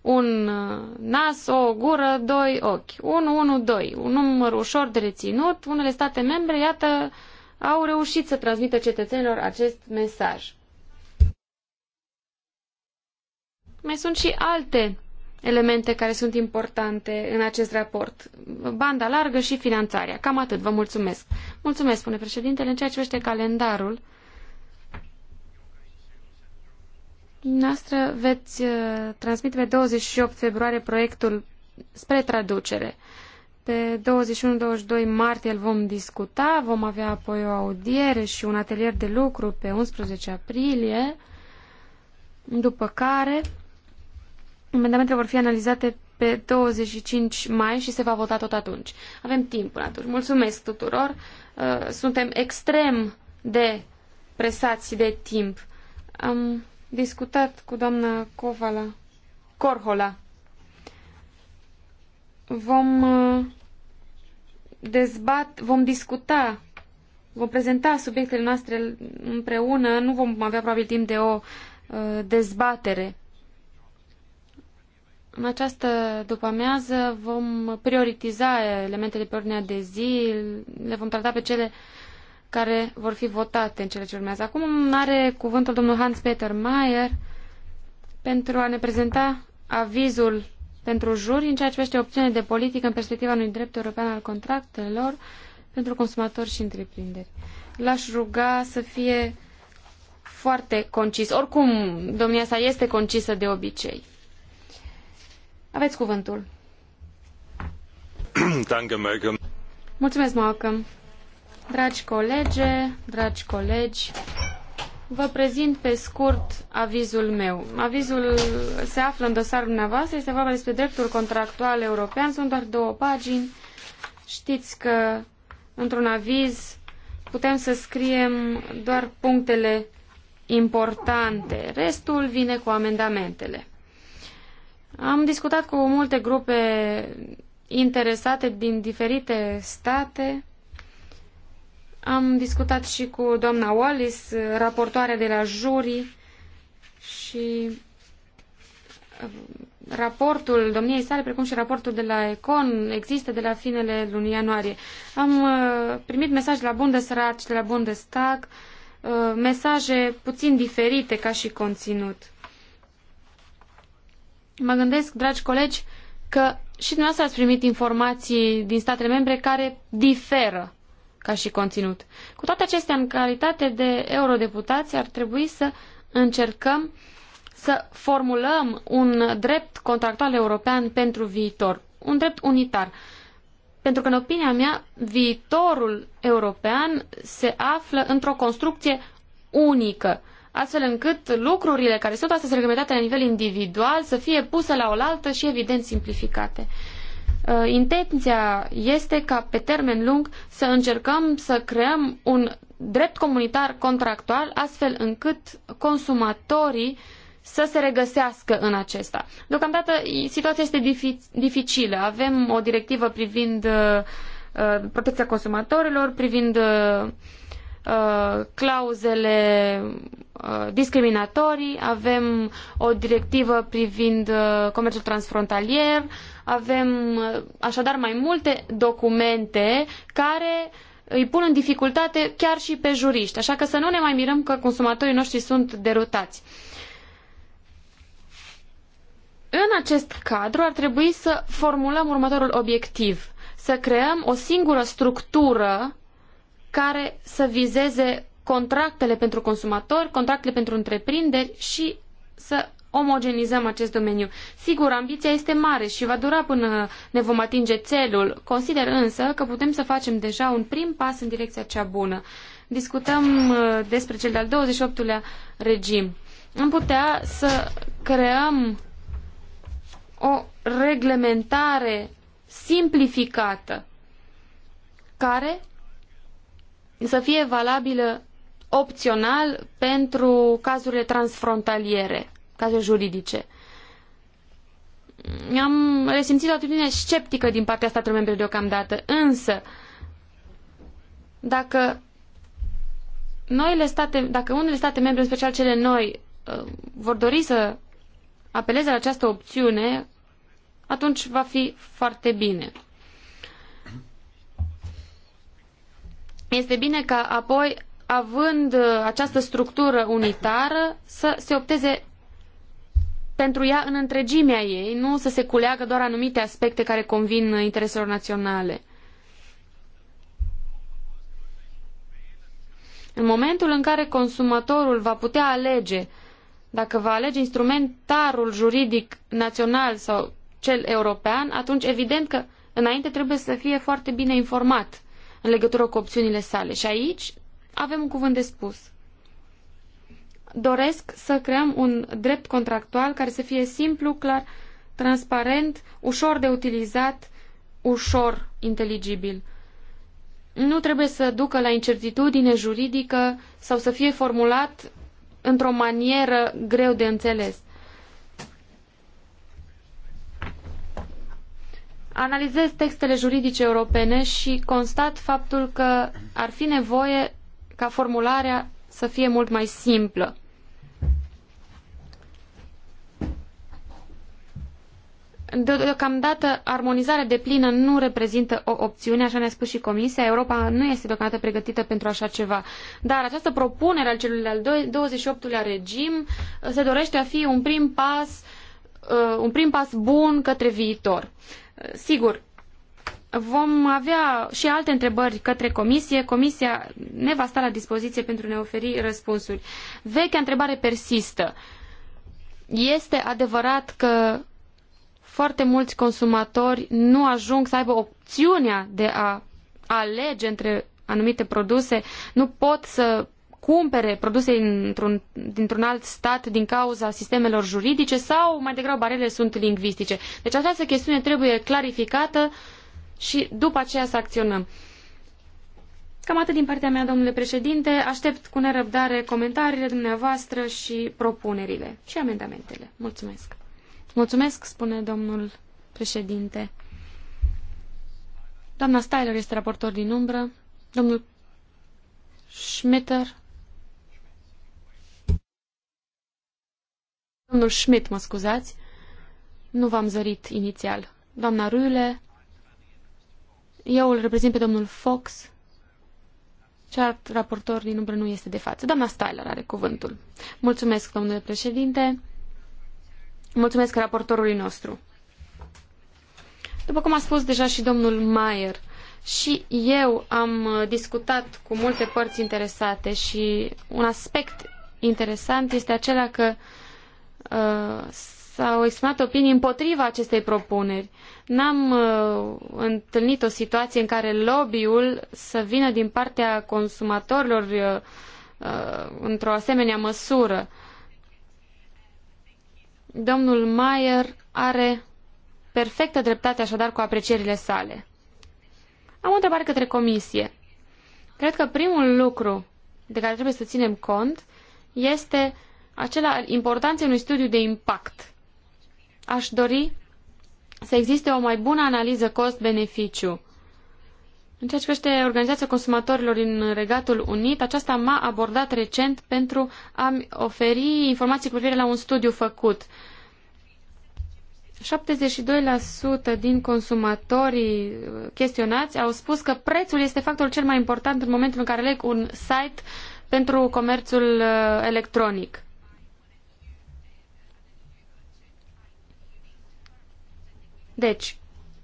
un uh, nas, o gură, doi ochi. 1, 1, 2. Un număr ușor de reținut. Unele state membre, iată, au reușit să transmită cetățenilor acest mesaj. Mai sunt și alte elemente care sunt importante în acest raport. Banda largă și finanțarea. Cam atât. Vă mulțumesc. Mulțumesc, spune președintele, în ceea ce vește calendarul. Dumneavoastră veți uh, transmite pe 28 februarie proiectul spre traducere. Pe 21-22 martie îl vom discuta, vom avea apoi o audiere și un atelier de lucru pe 11 aprilie, după care amendamentele vor fi analizate pe 25 mai și se va vota tot atunci. Avem timp până atunci. Mulțumesc tuturor. Uh, suntem extrem de presați de timp. Am discutat cu doamna Covala, Corhola. Vom uh, dezbat, vom discuta, vom prezenta subiectele noastre împreună, nu vom avea probabil timp de o uh, dezbatere. În această după-amiază vom prioritiza elementele pe ordinea de zi, le vom trata pe cele uh, care vor fi votate în cele ce urmează. Acum are cuvântul domnul Hans-Peter Mayer pentru a ne prezenta avizul pentru juri în ceea ce privește opțiune de politică în perspectiva unui drept european al contractelor pentru consumatori și întreprinderi. L-aș ruga să fie foarte concis. Oricum, domnia sa este concisă de obicei. Aveți cuvântul. Mulțumesc, Malcolm. Dragi colege, dragi colegi, vă prezint pe scurt avizul meu. Avizul se află în dosarul dumneavoastră, este vorba despre dreptul contractual european, sunt doar două pagini. Știți că într-un aviz putem să scriem doar punctele importante, restul vine cu amendamentele. Am discutat cu multe grupe interesate din diferite state am discutat și cu doamna Wallis, raportoarea de la juri și uh, raportul domniei sale, precum și raportul de la Econ, există de la finele lunii ianuarie. Am uh, primit mesaje de la Bundesrat și de la Bundestag, uh, mesaje puțin diferite ca și conținut. Mă gândesc, dragi colegi, că și dumneavoastră ați primit informații din statele membre care diferă ca și conținut. Cu toate acestea, în calitate de eurodeputați, ar trebui să încercăm să formulăm un drept contractual european pentru viitor, un drept unitar. Pentru că, în opinia mea, viitorul european se află într-o construcție unică, astfel încât lucrurile care sunt astăzi reglementate la nivel individual să fie puse la oaltă și, evident, simplificate. Uh, intenția este ca pe termen lung să încercăm să creăm un drept comunitar contractual astfel încât consumatorii să se regăsească în acesta. Deocamdată situația este dificilă. Avem o directivă privind uh, uh, protecția consumatorilor, privind Uh, clauzele uh, discriminatorii, avem o directivă privind uh, comerțul transfrontalier, avem așadar mai multe documente care îi pun în dificultate chiar și pe juriști, așa că să nu ne mai mirăm că consumatorii noștri sunt derutați. În acest cadru ar trebui să formulăm următorul obiectiv. Să creăm o singură structură care să vizeze contractele pentru consumatori, contractele pentru întreprinderi și să omogenizăm acest domeniu. Sigur, ambiția este mare și va dura până ne vom atinge țelul. Consider însă că putem să facem deja un prim pas în direcția cea bună. Discutăm uh, despre cel de-al 28-lea regim. Am putea să creăm o reglementare simplificată care să fie valabilă opțional pentru cazurile transfrontaliere, cazuri juridice. Am resimțit o atitudine sceptică din partea statelor membre deocamdată, însă dacă noile state, dacă unele state membre, în special cele noi, uh, vor dori să apeleze la această opțiune, atunci va fi foarte bine. Este bine ca apoi, având uh, această structură unitară, să se opteze pentru ea în întregimea ei, nu să se culeagă doar anumite aspecte care convin uh, intereselor naționale. În momentul în care consumatorul va putea alege dacă va alege instrumentarul juridic național sau cel european, atunci evident că înainte trebuie să fie foarte bine informat în legătură cu opțiunile sale. Și aici avem un cuvânt de spus. Doresc să creăm un drept contractual care să fie simplu, clar, transparent, ușor de utilizat, ușor inteligibil. Nu trebuie să ducă la incertitudine juridică sau să fie formulat într-o manieră greu de înțeles. analizez textele juridice europene și constat faptul că ar fi nevoie ca formularea să fie mult mai simplă. Deocamdată, armonizarea deplină nu reprezintă o opțiune, așa ne-a spus și Comisia. Europa nu este deocamdată pregătită pentru așa ceva. Dar această propunere al celui de-al 28-lea regim uh, se dorește a fi un prim pas, uh, un prim pas bun către viitor. Sigur, vom avea și alte întrebări către comisie. Comisia ne va sta la dispoziție pentru a ne oferi răspunsuri. Vechea întrebare persistă. Este adevărat că foarte mulți consumatori nu ajung să aibă opțiunea de a alege între anumite produse, nu pot să cumpere produse dintr-un, dintr-un alt stat din cauza sistemelor juridice sau mai degrabă barele sunt lingvistice. Deci această chestiune trebuie clarificată și după aceea să acționăm. Cam atât din partea mea, domnule președinte. Aștept cu nerăbdare comentariile dumneavoastră și propunerile și amendamentele. Mulțumesc. Mulțumesc, spune domnul președinte. Doamna Styler este raportor din umbră. Domnul Schmitter Domnul Schmidt, mă scuzați. Nu v-am zărit inițial. Doamna Rüle, eu îl reprezint pe domnul Fox. Cealalt raportor din umbră nu este de față. Doamna Styler are cuvântul. Mulțumesc, domnule președinte. Mulțumesc raportorului nostru. După cum a spus deja și domnul Mayer, și eu am discutat cu multe părți interesate și un aspect interesant este acela că uh, Uh, s-au exprimat opinii împotriva acestei propuneri. N-am uh, întâlnit o situație în care lobby-ul să vină din partea consumatorilor uh, uh, într-o asemenea măsură. Domnul Mayer are perfectă dreptate așadar cu aprecierile sale. Am o întrebare către comisie. Cred că primul lucru de care trebuie să ținem cont este acela al importanței unui studiu de impact. Aș dori să existe o mai bună analiză cost-beneficiu. În ceea ce privește Organizația Consumatorilor în Regatul Unit, aceasta m-a abordat recent pentru a-mi oferi informații cu privire la un studiu făcut. 72% din consumatorii chestionați au spus că prețul este factorul cel mai important în momentul în care aleg un site pentru comerțul uh, electronic. Deci,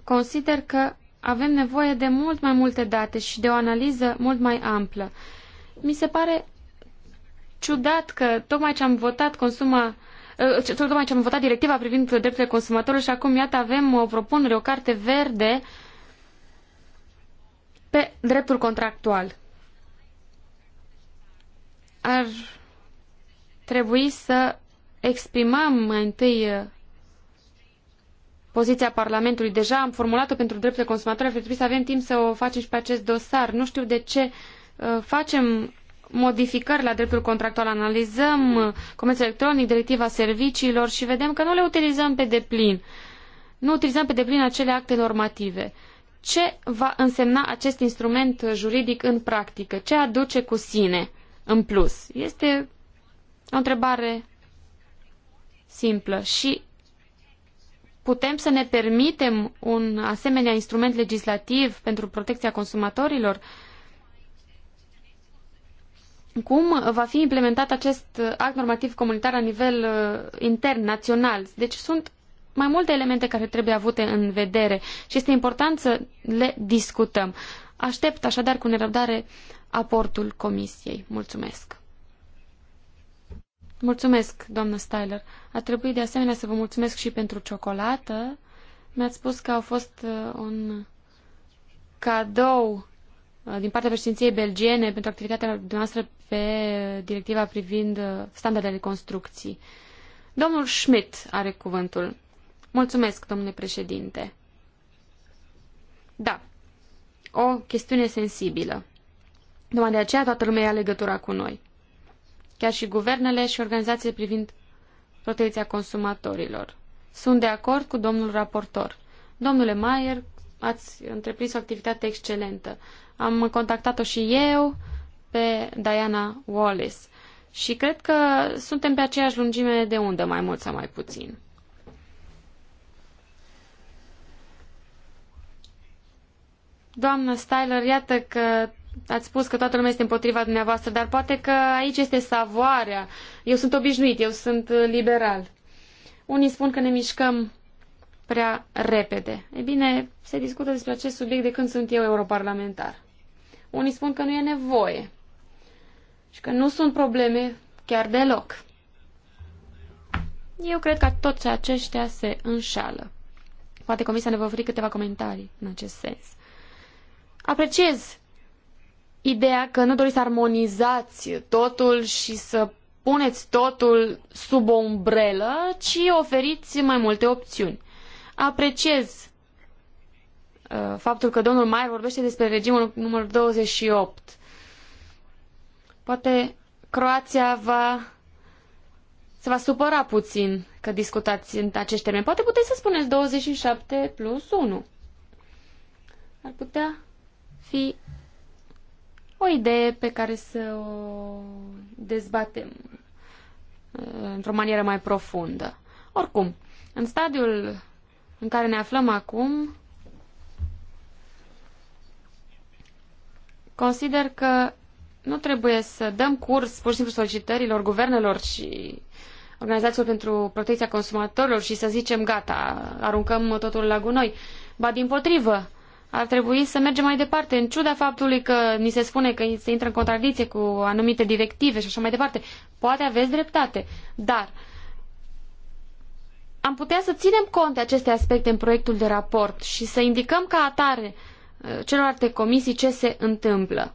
consider că avem nevoie de mult mai multe date și de o analiză mult mai amplă. Mi se pare ciudat că tocmai ce am votat consuma uh, tocmai ce am votat directiva privind drepturile consumatorului și acum iată avem o propunere, o carte verde pe dreptul contractual. Ar trebui să exprimăm mai întâi uh, poziția Parlamentului. Deja am formulat-o pentru drepturile consumatorilor, ar trebui să avem timp să o facem și pe acest dosar. Nu știu de ce uh, facem modificări la dreptul contractual, analizăm uh, comerțul electronic, directiva serviciilor și vedem că nu le utilizăm pe deplin. Nu utilizăm pe deplin acele acte normative. Ce va însemna acest instrument juridic în practică? Ce aduce cu sine în plus? Este o întrebare simplă și Putem să ne permitem un asemenea instrument legislativ pentru protecția consumatorilor? Cum va fi implementat acest act normativ comunitar la nivel uh, intern, național? Deci sunt mai multe elemente care trebuie avute în vedere și este important să le discutăm. Aștept așadar cu nerăbdare aportul Comisiei. Mulțumesc! Mulțumesc, doamnă Styler. A trebuit de asemenea să vă mulțumesc și pentru ciocolată. Mi-ați spus că au fost uh, un cadou uh, din partea președinției belgiene pentru activitatea noastră pe directiva privind uh, standardele construcții. Domnul Schmidt are cuvântul. Mulțumesc, domnule președinte. Da, o chestiune sensibilă. Numai de aceea toată lumea ia legătura cu noi chiar și guvernele și organizațiile privind protecția consumatorilor. Sunt de acord cu domnul raportor. Domnule Maier, ați întreprins o activitate excelentă. Am contactat-o și eu pe Diana Wallace și cred că suntem pe aceeași lungime de undă, mai mult sau mai puțin. Doamnă Styler, iată că Ați spus că toată lumea este împotriva dumneavoastră, dar poate că aici este savoarea. Eu sunt obișnuit, eu sunt liberal. Unii spun că ne mișcăm prea repede. E bine, se discută despre acest subiect de când sunt eu europarlamentar. Unii spun că nu e nevoie și că nu sunt probleme chiar deloc. Eu cred că tot ce aceștia se înșală. Poate Comisia ne va oferi câteva comentarii în acest sens. Apreciez ideea că nu doriți să armonizați totul și să puneți totul sub o umbrelă, ci oferiți mai multe opțiuni. Apreciez uh, faptul că domnul Maier vorbește despre regimul numărul 28. Poate Croația va se va supăra puțin că discutați în acești termeni. Poate puteți să spuneți 27 plus 1. Ar putea fi o idee pe care să o dezbatem uh, într-o manieră mai profundă. Oricum, în stadiul în care ne aflăm acum, consider că nu trebuie să dăm curs pur și simplu solicitărilor guvernelor și organizațiilor pentru protecția consumatorilor și să zicem gata, aruncăm totul la gunoi. Ba din potrivă, uh, ar trebui să mergem mai departe, în ciuda faptului că ni se spune că se intră în contradicție cu anumite directive și așa mai departe. Poate aveți dreptate, dar am putea să ținem cont de aceste aspecte în proiectul de raport și să indicăm ca atare uh, celorlalte comisii ce se întâmplă.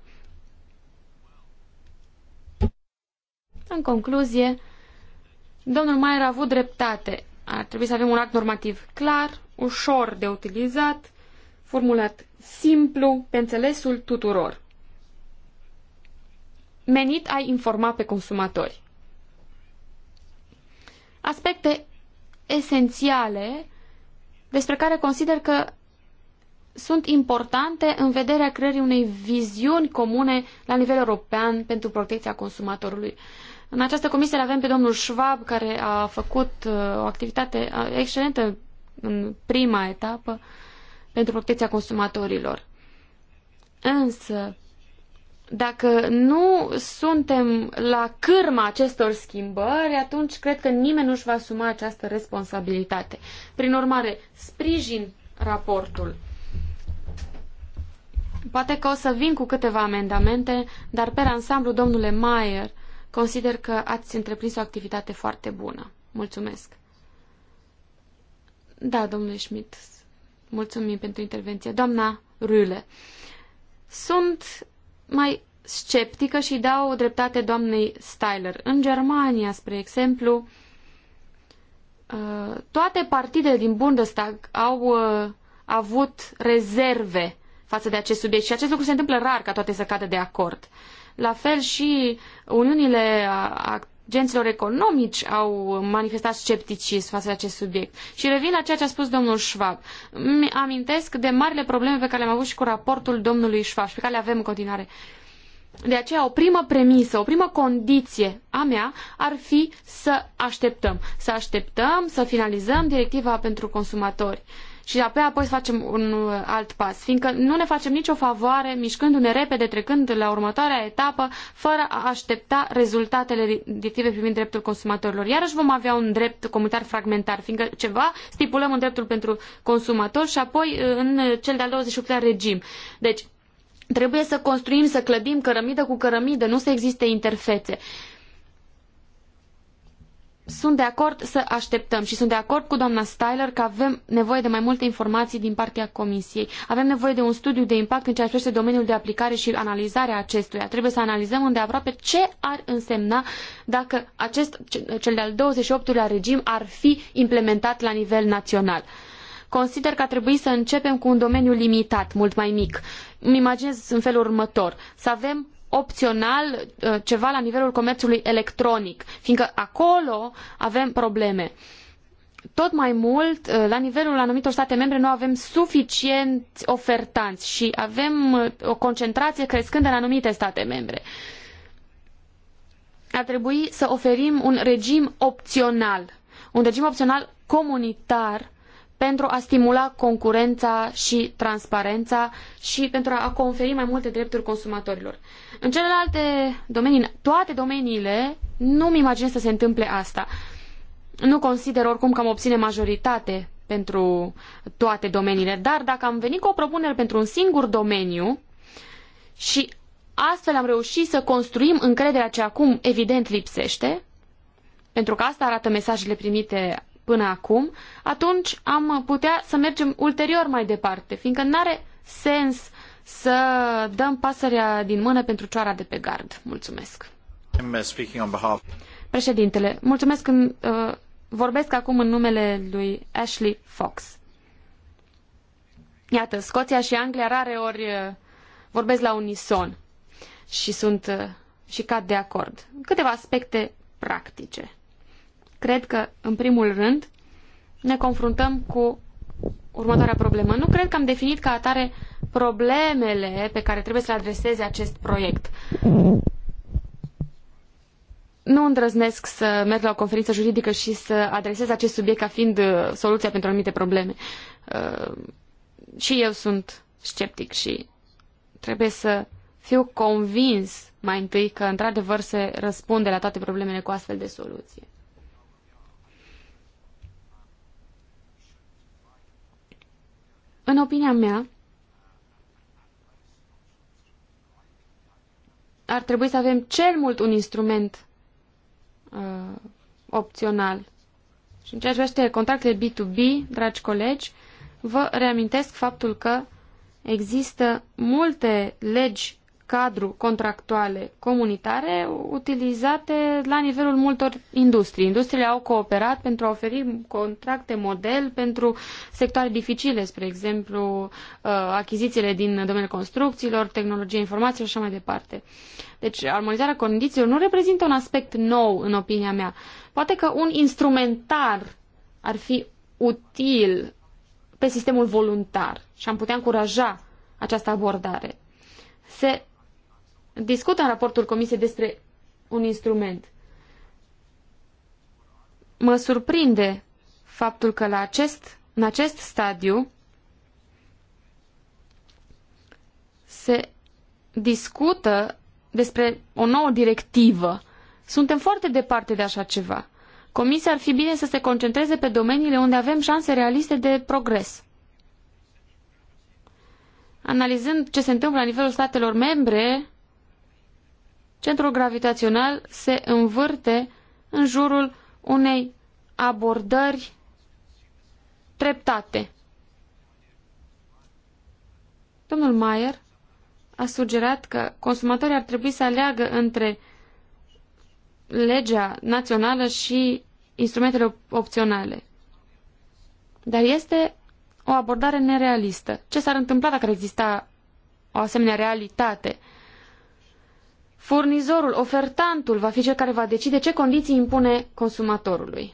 În concluzie, domnul Maier a avut dreptate. Ar trebui să avem un act normativ clar, ușor de utilizat, formulat simplu, pe înțelesul tuturor, menit ai informa pe consumatori. Aspecte esențiale despre care consider că sunt importante în vederea creării unei viziuni comune la nivel european pentru protecția consumatorului. În această comisie avem pe domnul Schwab, care a făcut uh, o activitate uh, excelentă în prima etapă, uh, pentru protecția consumatorilor. Însă, dacă nu suntem la cârma acestor schimbări, atunci cred că nimeni nu-și va asuma această responsabilitate. Prin urmare, sprijin raportul. Poate că o să vin cu câteva amendamente, dar pe ansamblu, domnule Mayer, consider că ați întreprins o activitate foarte bună. Mulțumesc. Da, domnule Schmidt, Mulțumim pentru intervenție. Doamna Rüle, sunt mai sceptică și dau dreptate doamnei Styler. În Germania, spre exemplu, uh, toate partidele din Bundestag au uh, avut rezerve față de acest subiect și acest lucru se întâmplă rar ca toate să cadă de acord. La fel și uniunile agenților economici au manifestat scepticism față de acest subiect. Și revin la ceea ce a spus domnul Schwab. Îmi amintesc de marile probleme pe care le-am avut și cu raportul domnului Schwab și pe care le avem în continuare. De aceea, o primă premisă, o primă condiție a mea ar fi să așteptăm. Să așteptăm, să finalizăm directiva pentru consumatori. Uh, și apoi apoi să facem un uh, alt pas, fiindcă nu ne facem nicio favoare mișcându-ne repede, trecând la următoarea etapă, fără a aștepta rezultatele directivei privind dreptul consumatorilor. Iarăși vom avea un drept comunitar fragmentar, fiindcă ceva stipulăm în dreptul pentru consumator și apoi uh, în cel de-al 28-lea regim. Deci, trebuie să construim, să clădim cărămidă cu cărămidă, nu să existe interfețe sunt de acord să așteptăm și sunt de acord cu doamna Styler că avem nevoie de mai multe informații din partea Comisiei. Avem nevoie de un studiu de impact în ceea ce privește domeniul de aplicare și analizarea acestuia. Trebuie să analizăm îndeaproape ce ar însemna dacă acest, cel de-al 28-lea regim ar fi implementat la nivel național. Consider că ar trebui să începem cu un domeniu limitat, mult mai mic. Îmi imaginez în felul următor. Să avem opțional uh, ceva la nivelul comerțului electronic, fiindcă acolo avem probleme. Tot mai mult, uh, la nivelul anumitor state membre, nu avem suficienți ofertanți și avem uh, o concentrație crescândă în anumite state membre. Ar trebui să oferim un regim opțional, un regim opțional comunitar pentru a stimula concurența și transparența și pentru a conferi mai multe drepturi consumatorilor. În celelalte domenii, în toate domeniile, nu-mi imaginez să se întâmple asta. Nu consider oricum că am obține majoritate pentru toate domeniile, dar dacă am venit cu o propunere pentru un singur domeniu și astfel am reușit să construim încrederea ce acum evident lipsește, pentru că asta arată mesajele primite până acum, atunci am putea să mergem ulterior mai departe, fiindcă nu are sens să dăm pasărea din mână pentru cioara de pe gard. Mulțumesc. Uh, Președintele, mulțumesc când uh, vorbesc acum în numele lui Ashley Fox. Iată, Scoția și Anglia rare ori uh, vorbesc la unison și sunt uh, și cad de acord. Câteva aspecte practice. Cred că, în primul rând, ne confruntăm cu următoarea problemă. Nu cred că am definit ca atare problemele pe care trebuie să le adreseze acest proiect. Nu îndrăznesc să merg la o conferință juridică și să adresez acest subiect ca fiind uh, soluția pentru anumite probleme. Uh, și eu sunt sceptic și trebuie să fiu convins mai întâi că într-adevăr se răspunde la toate problemele cu astfel de soluție. În opinia mea, ar trebui să avem cel mult un instrument uh, opțional. Și în ceea ce este contractele B2B, dragi colegi, vă reamintesc faptul că există multe legi cadru contractuale comunitare utilizate la nivelul multor industrii. Industriile au cooperat pentru a oferi contracte model pentru sectoare dificile, spre exemplu uh, achizițiile din domeniul construcțiilor, tehnologie informației și așa mai departe. Deci armonizarea condițiilor nu reprezintă un aspect nou în opinia mea. Poate că un instrumentar ar fi util pe sistemul voluntar și am putea încuraja această abordare. Se discută în raportul Comisiei despre un instrument. Mă surprinde faptul că la acest, în acest stadiu se discută despre o nouă directivă. Suntem foarte departe de așa ceva. Comisia ar fi bine să se concentreze pe domeniile unde avem șanse realiste de progres. Analizând ce se întâmplă la nivelul statelor membre, centrul gravitațional se învârte în jurul unei abordări treptate. Domnul Mayer a sugerat că consumatorii ar trebui să aleagă între legea națională și instrumentele opționale. Dar este o abordare nerealistă. Ce s-ar întâmpla dacă ar exista o asemenea realitate? furnizorul, ofertantul va fi cel care va decide ce condiții impune consumatorului.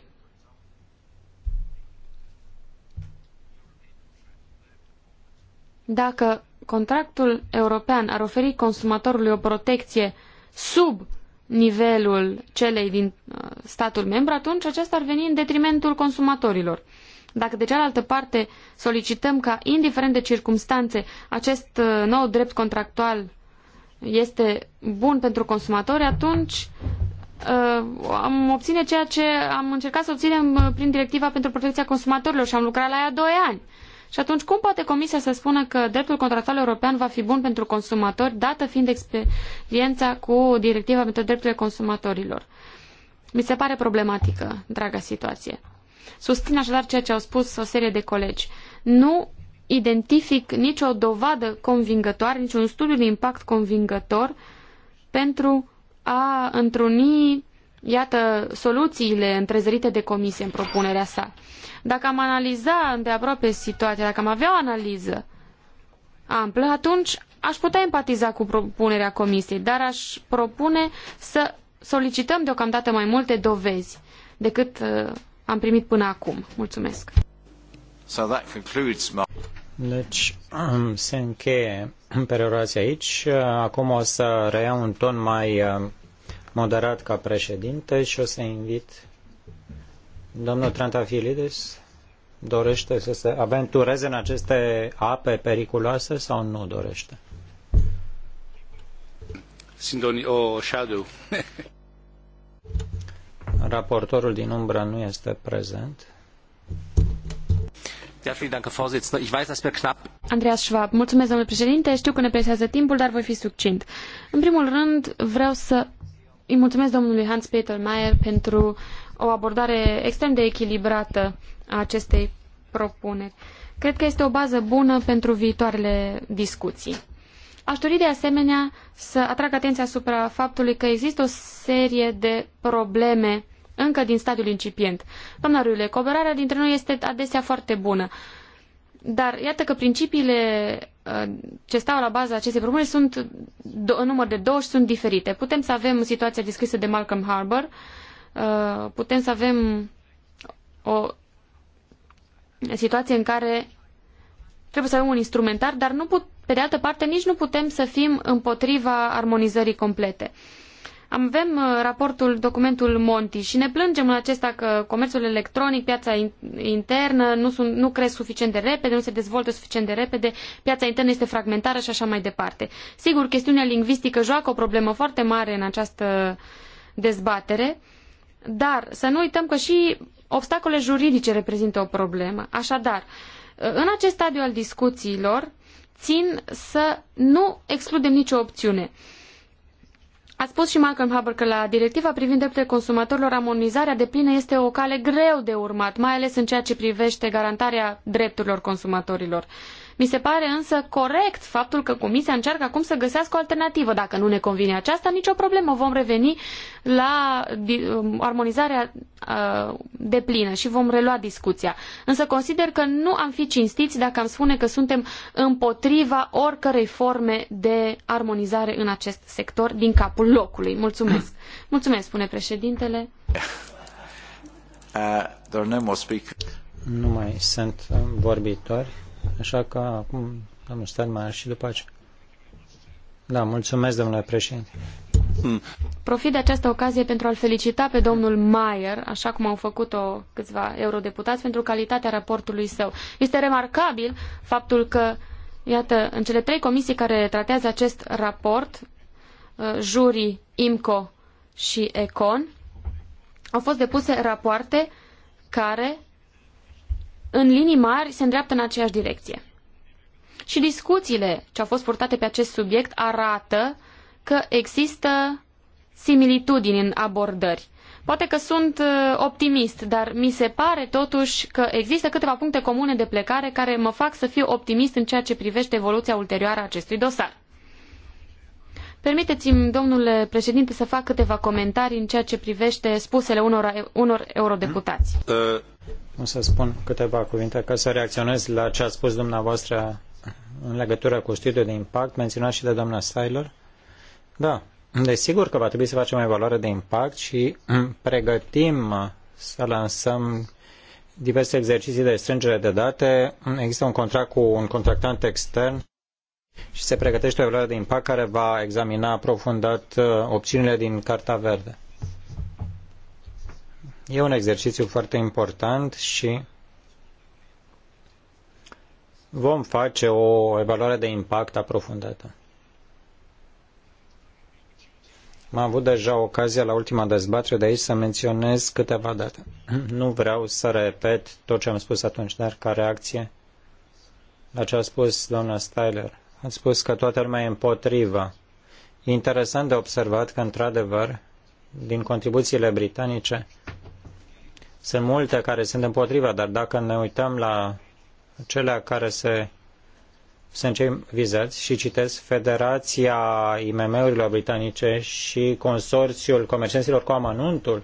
Dacă contractul european ar oferi consumatorului o protecție sub nivelul celei din uh, statul membru, atunci acesta ar veni în detrimentul consumatorilor. Dacă de cealaltă parte solicităm ca, indiferent de circumstanțe, acest uh, nou drept contractual este bun pentru consumatori, atunci uh, am obține ceea ce am încercat să obținem uh, prin directiva pentru protecția consumatorilor și am lucrat la ea doi ani. Și atunci, cum poate Comisia să spună că dreptul contractual european va fi bun pentru consumatori, dată fiind experiența cu directiva pentru drepturile consumatorilor? Mi se pare problematică, draga situație. Susțin așadar ceea ce au spus o serie de colegi. Nu identific nicio dovadă convingătoare, niciun studiu de impact convingător pentru a întruni, iată, soluțiile întrezărite de comisie în propunerea sa. Dacă am analiza îndeaproape situația, dacă am avea o analiză amplă, atunci aș putea empatiza cu propunerea comisiei, dar aș propune să solicităm deocamdată mai multe dovezi decât uh, am primit până acum. Mulțumesc! So that concludes my... Deci se încheie perioada aici. Acum o să reiau un ton mai uh, moderat ca președinte și o să invit domnul Trantafilides. Dorește să se aventureze în aceste ape periculoase sau nu dorește? Sunt o shadow. Raportorul din umbră nu este prezent. Andreas Schwab, mulțumesc, domnule președinte. Știu că ne presează timpul, dar voi fi succint. În primul rând, vreau să îi mulțumesc domnului Hans-Peter Mayer pentru o abordare extrem de echilibrată a acestei propuneri. Cred că este o bază bună pentru viitoarele discuții. Aș dori de asemenea să atrag atenția asupra faptului că există o serie de probleme încă din stadiul incipient. Doamna Ruiule, cooperarea dintre noi este adesea foarte bună. Dar iată că principiile uh, ce stau la baza acestei propuneri sunt, în număr de două și sunt diferite. Putem să avem situația descrisă de Malcolm Harbour, uh, putem să avem o situație în care trebuie să avem un instrumentar, dar nu put, pe de altă parte nici nu putem să fim împotriva armonizării complete. Uh, avem uh, raportul, documentul Monti și ne plângem în acesta că comerțul electronic, piața internă nu, sunt, nu cresc suficient de repede, nu se dezvoltă suficient de repede, piața internă este fragmentară și așa mai departe. Sigur, chestiunea lingvistică joacă o problemă foarte mare în această dezbatere, dar să nu uităm că și obstacole juridice reprezintă o problemă. Așadar, uh, în acest stadiu al discuțiilor, țin să nu excludem nicio opțiune. A spus și Malcolm Harbour că la directiva privind drepturile consumatorilor, armonizarea deplină este o cale greu de urmat, mai ales în ceea ce privește garantarea drepturilor consumatorilor. Uh, mi se pare însă corect faptul că Comisia încearcă acum să găsească o alternativă. Dacă nu ne convine aceasta, nicio problemă. Vom reveni la armonizarea uh, deplină și vom relua discuția. Însă consider că nu am fi cinstiți dacă am spune că suntem împotriva oricărei forme de armonizare în acest sector din capul locului. Mulțumesc. Mulțumesc, spune președintele. Uh, there are no more Nu mai sunt vorbitori. Așa că acum, domnul Stadman, și după aceea. Da, mulțumesc, domnule președinte. Mm. Profit de această ocazie pentru a-l felicita pe domnul Mayer, așa cum au făcut-o câțiva eurodeputați, pentru calitatea raportului său. Este remarcabil faptul că, iată, în cele trei comisii care tratează acest raport, uh, juri, IMCO și ECON, au fost depuse rapoarte care în linii mari, se îndreaptă în aceeași direcție. Și discuțiile ce au fost purtate pe acest subiect arată că există similitudini în abordări. Poate că sunt uh, optimist, dar mi se pare totuși că există câteva puncte comune de plecare care mă fac să fiu optimist în ceea ce privește evoluția ulterioară a acestui dosar. Permiteți-mi, domnule președinte, să fac câteva comentarii în ceea ce privește spusele unor, unor eurodeputați. Uh o să spun câteva cuvinte ca să reacționez la ce a spus dumneavoastră în legătură cu studiul de impact menționat și de doamna Styler. Da, desigur că va trebui să facem o evaluare de impact și pregătim să lansăm diverse exerciții de strângere de date. Există un contract cu un contractant extern și se pregătește o evaluare de impact care va examina aprofundat uh, opțiunile din Carta Verde. E un exercițiu foarte important și vom face o evaluare de impact aprofundată. Am avut deja ocazia la ultima dezbatere de aici să menționez câteva date. Nu vreau să repet tot ce am spus atunci, dar ca reacție la ce a spus doamna Styler. A spus că toată lumea e împotriva. E interesant de observat că, într-adevăr, din contribuțiile britanice, sunt multe care sunt împotriva, dar dacă ne uităm la cele care se, sunt cei vizați și citesc Federația IMM-urilor britanice și Consorțiul Comercianților cu Amănuntul,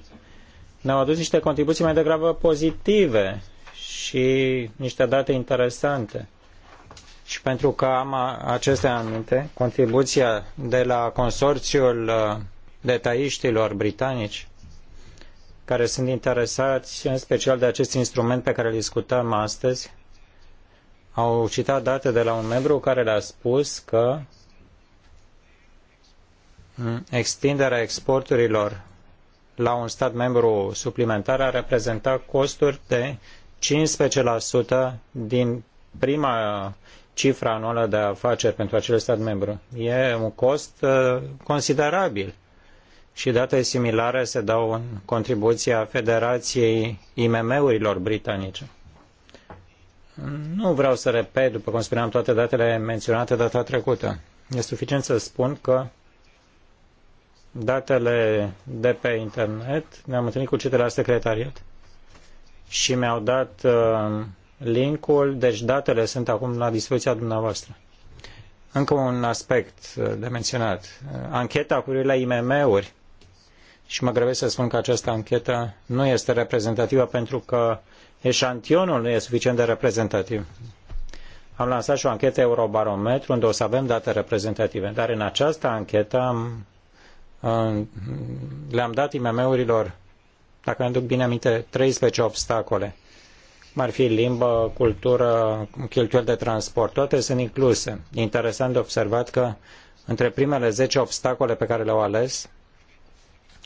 ne-au adus niște contribuții mai degrabă pozitive și niște date interesante. Și pentru că am aceste aminte, contribuția de la Consorțiul uh, Detaiștilor Britanici care sunt interesați în special de acest instrument pe care îl discutăm astăzi au citat date de la un membru care le-a spus că extinderea exporturilor la un stat membru suplimentar ar reprezenta costuri de 15% din prima cifra anuală de afaceri pentru acel stat membru. E un cost uh, considerabil și date similare se dau în contribuția Federației IMM-urilor britanice. Nu vreau să repet, după cum spuneam, toate datele menționate data trecută. E suficient să spun că datele de pe internet, ne-am întâlnit cu cei de la secretariat și mi-au dat uh, linkul, deci datele sunt acum la dispoziția dumneavoastră. Încă un aspect uh, de menționat. Uh, ancheta cu la IMM-uri și mă grăbesc să spun că această anchetă nu este reprezentativă pentru că eșantionul nu e suficient de reprezentativ. Am lansat și o anchetă Eurobarometru unde o să avem date reprezentative, dar în această anchetă am, le-am dat IMM-urilor, dacă îmi duc bine aminte, 13 obstacole. Cum ar fi limbă, cultură, cheltuieli de transport, toate sunt incluse. interesant de observat că între primele 10 obstacole pe care le-au ales,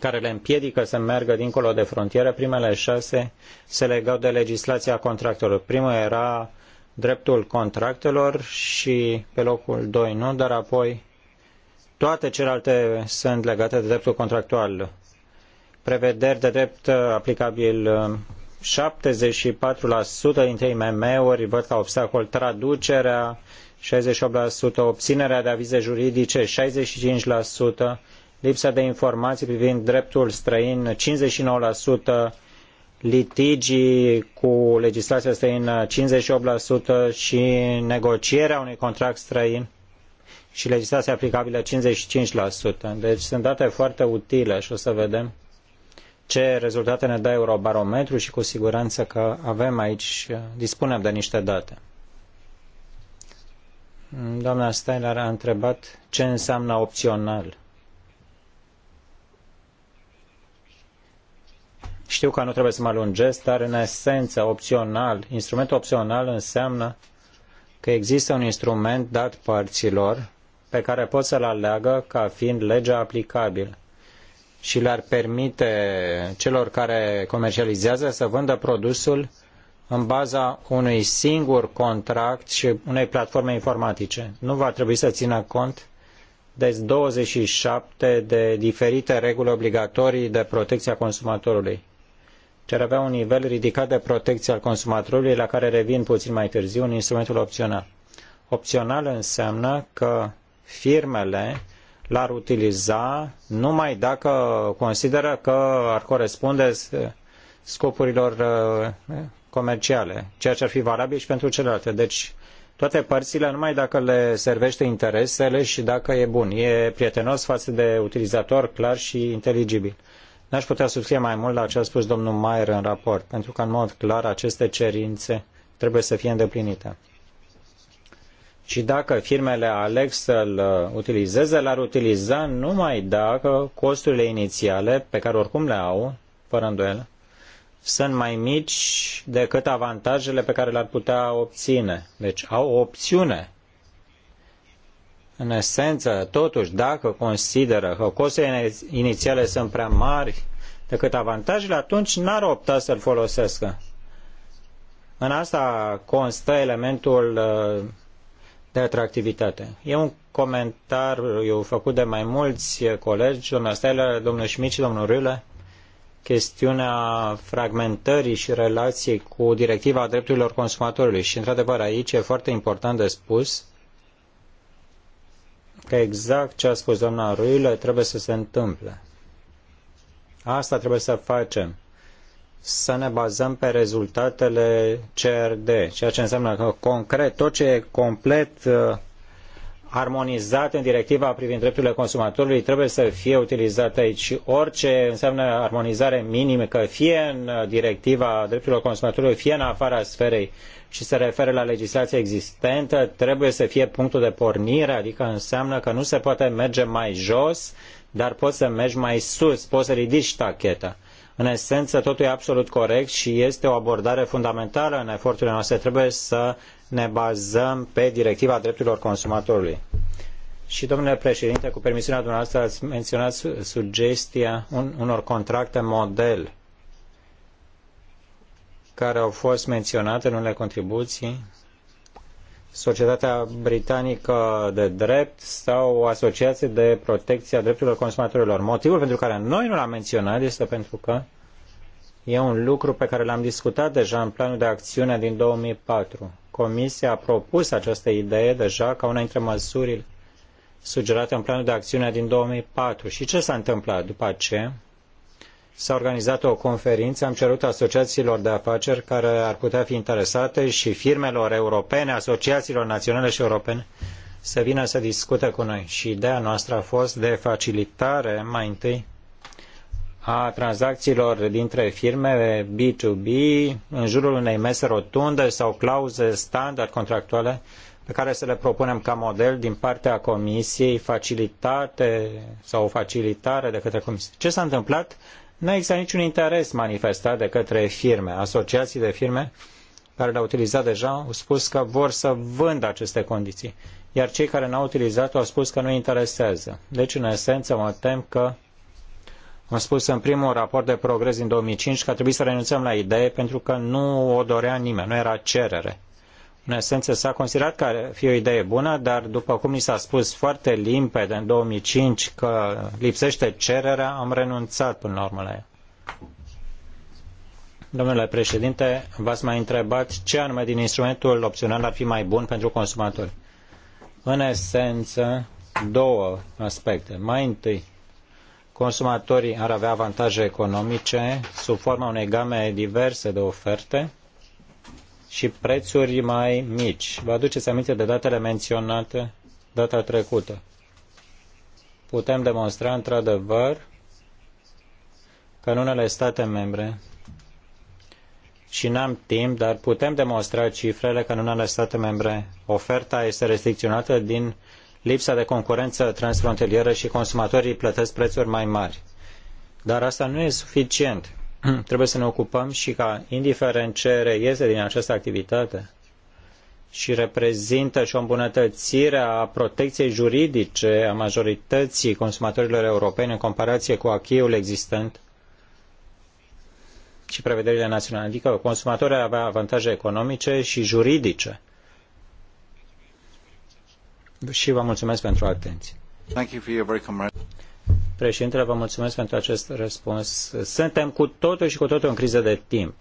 care le împiedică să meargă dincolo de frontieră. Primele șase se legau de legislația contractelor. Primul era dreptul contractelor și pe locul doi nu, dar apoi toate celelalte sunt legate de dreptul contractual. Prevederi de drept uh, aplicabil 74% uh, dintre IMM-uri văd ca obstacol traducerea, 68% obținerea de avize juridice, 65% lipsa de informații privind dreptul străin 59%, litigii cu legislația străină 58% și negocierea unui contract străin și legislația aplicabilă 55%. Deci sunt date foarte utile și o să vedem ce rezultate ne dă Eurobarometru și cu siguranță că avem aici, dispunem de niște date. Doamna Steiner a întrebat ce înseamnă opțional. Știu că nu trebuie să mă lungesc, dar în esență, opțional, instrumentul opțional înseamnă că există un instrument dat părților pe care pot să-l aleagă ca fiind legea aplicabilă și le-ar permite celor care comercializează să vândă produsul în baza unui singur contract și unei platforme informatice. Nu va trebui să țină cont de 27 de diferite reguli obligatorii de protecția consumatorului ce ar avea un nivel ridicat de protecție al consumatorului, la care revin puțin mai târziu, în instrumentul opțional. Opțional înseamnă că firmele l-ar utiliza numai dacă consideră că ar corespunde scopurilor uh, comerciale, ceea ce ar fi valabil și pentru celelalte. Deci, toate părțile numai dacă le servește interesele și dacă e bun, e prietenos față de utilizator clar și inteligibil. N-aș putea subscrie mai mult la ce a spus domnul Maier în raport, pentru că, în mod clar, aceste cerințe trebuie să fie îndeplinite. Și dacă firmele aleg să-l uh, utilizeze, l-ar utiliza numai dacă costurile inițiale, pe care oricum le au, fără îndoială, sunt mai mici decât avantajele pe care le-ar putea obține. Deci au o opțiune în esență, totuși, dacă consideră că costurile inițiale sunt prea mari decât avantajele, atunci n-ar opta să-l folosească. În asta constă elementul uh, de atractivitate. E un comentariu făcut de mai mulți colegi, domnul Stelă, domnul Schmidt domnul Râle, chestiunea fragmentării și relației cu directiva drepturilor consumatorului. Și, într-adevăr, aici e foarte important de spus că exact ce a spus doamna Ruilă trebuie să se întâmple. Asta trebuie să facem. Să ne bazăm pe rezultatele CRD, ceea ce înseamnă că concret tot ce e complet uh, armonizat în directiva privind drepturile consumatorului trebuie să fie utilizat aici și orice înseamnă armonizare minimă, fie în directiva drepturilor consumatorului, fie în afara sferei și se referă la legislația existentă, trebuie să fie punctul de pornire, adică înseamnă că nu se poate merge mai jos, dar poți să mergi mai sus, poți să ridici tacheta. În esență, totul e absolut corect și este o abordare fundamentală în eforturile noastre. Trebuie să ne bazăm pe directiva drepturilor consumatorului. Și, domnule președinte, cu permisiunea dumneavoastră, ați menționat sugestia unor contracte model care au fost menționate în unele contribuții. Societatea Britanică de Drept sau o asociație de protecție a drepturilor consumatorilor. Motivul pentru care noi nu l-am menționat este pentru că e un lucru pe care l-am discutat deja în planul de acțiune din 2004 Comisia a propus această idee deja ca una dintre măsurile sugerate în planul de acțiune din 2004. Și ce s-a întâmplat după aceea? S-a organizat o conferință, am cerut asociațiilor de afaceri care ar putea fi interesate și firmelor europene, asociațiilor naționale și europene să vină să discute cu noi. Și ideea noastră a fost de facilitare mai întâi a tranzacțiilor dintre firme B2B în jurul unei mese rotunde sau clauze standard contractuale pe care să le propunem ca model din partea Comisiei, facilitate sau o facilitare de către Comisie. Ce s-a întâmplat? Nu a existat niciun interes manifestat de către firme. Asociații de firme care le-au utilizat deja au spus că vor să vândă aceste condiții, iar cei care n-au utilizat au spus că nu interesează. Deci, în esență, mă tem că am spus în primul raport de progres din 2005 că a trebuit să renunțăm la idee pentru că nu o dorea nimeni, nu era cerere. În esență s-a considerat că ar fi o idee bună, dar după cum ni s-a spus foarte limpede în 2005 că lipsește cererea, am renunțat până la urmă la ea. Domnule președinte, v-ați mai întrebat ce anume din instrumentul opțional ar fi mai bun pentru consumatori. În esență, două aspecte. Mai întâi, consumatorii ar avea avantaje economice sub forma unei game diverse de oferte și prețuri mai mici. Vă aduceți aminte de datele menționate data trecută. Putem demonstra într-adevăr că în unele state membre și n-am timp, dar putem demonstra cifrele că în unele state membre oferta este restricționată din lipsa de concurență transfrontalieră și consumatorii plătesc prețuri mai mari. Dar asta nu e suficient. Trebuie să ne ocupăm și ca, indiferent ce reiese din această activitate, și reprezintă și o îmbunătățire a protecției juridice a majorității consumatorilor europeni în comparație cu achiul existent și prevederile naționale. Adică consumatorii avea avantaje economice și juridice și vă mulțumesc pentru atenție. Thank you for your very Președintele, vă mulțumesc pentru acest răspuns. Suntem cu totul și cu totul în criză de timp.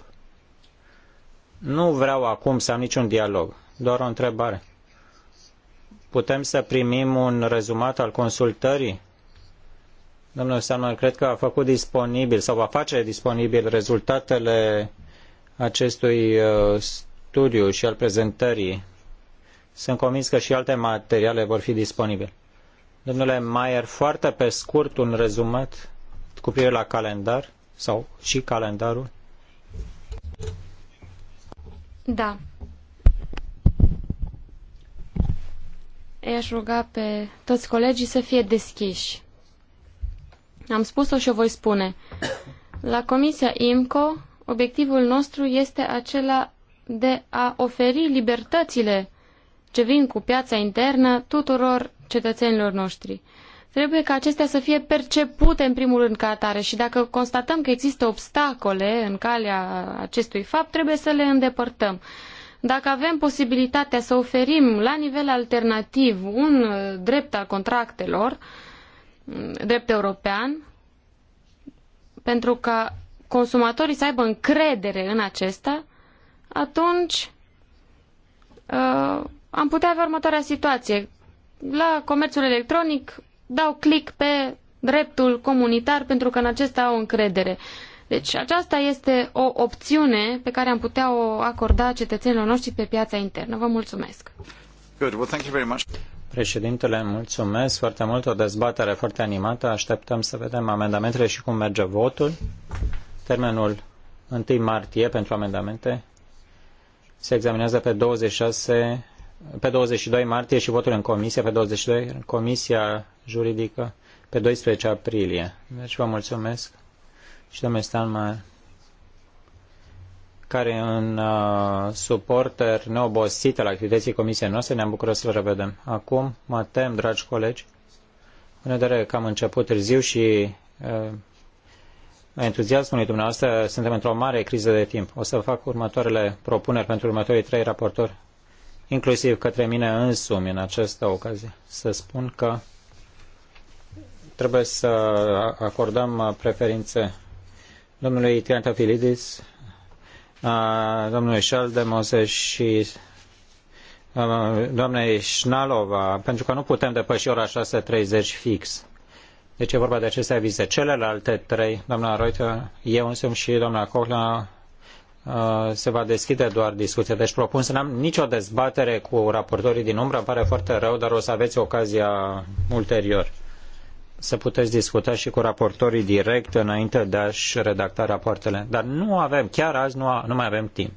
Nu vreau acum să am niciun dialog, doar o întrebare. Putem să primim un rezumat al consultării? Domnul Samuel, cred că a făcut disponibil sau va face disponibil rezultatele acestui uh, studiu și al prezentării sunt convins că și alte materiale vor fi disponibile. Domnule Maier, foarte pe scurt un rezumat cu privire la calendar sau și calendarul. Da. I-aș ruga pe toți colegii să fie deschiși. Am spus-o și o voi spune. La Comisia IMCO, obiectivul nostru este acela de a oferi libertățile ce vin cu piața internă tuturor cetățenilor noștri. Trebuie ca acestea să fie percepute în primul rând ca atare și dacă constatăm că există obstacole în calea acestui fapt, trebuie să le îndepărtăm. Dacă avem posibilitatea să oferim la nivel alternativ un drept al contractelor, drept european, pentru ca consumatorii să aibă încredere în acesta, atunci uh, am putea avea următoarea situație. La comerțul electronic dau click pe dreptul comunitar pentru că în acesta au încredere. Deci aceasta este o opțiune pe care am putea o acorda cetățenilor noștri pe piața internă. Vă mulțumesc. Good. Well, thank you very much. Președintele, mulțumesc foarte mult. O dezbatere foarte animată. Așteptăm să vedem amendamentele și cum merge votul. Termenul 1 martie pentru amendamente se examinează pe 26 pe 22 martie și votul în comisie, pe 22 în comisia juridică, pe 12 aprilie. Deci vă mulțumesc și domnul Stalmar, care în uh, suporter neobosit al activității comisiei noastre, ne-am bucurat să-l revedem. Acum mă tem, dragi colegi, în vedere că am început târziu și uh, entuziasmului dumneavoastră, suntem într-o mare criză de timp. O să fac următoarele propuneri pentru următorii trei raportori inclusiv către mine însumi în această ocazie, să spun că trebuie să acordăm preferințe domnului Triantafilidis, domnului Șaldemose și doamnei Șnalova, pentru că nu putem depăși ora 6.30 fix. Deci e vorba de aceste avize. Celelalte trei, doamna Reuter, eu însumi și doamna Cohla, Uh, se va deschide doar discuția. Deci propun să n-am nicio dezbatere cu raportorii din umbră, îmi pare foarte rău, dar o să aveți ocazia ulterior să puteți discuta și cu raportorii direct înainte de a-și redacta rapoartele. Dar nu avem, chiar azi nu, a, nu mai avem timp.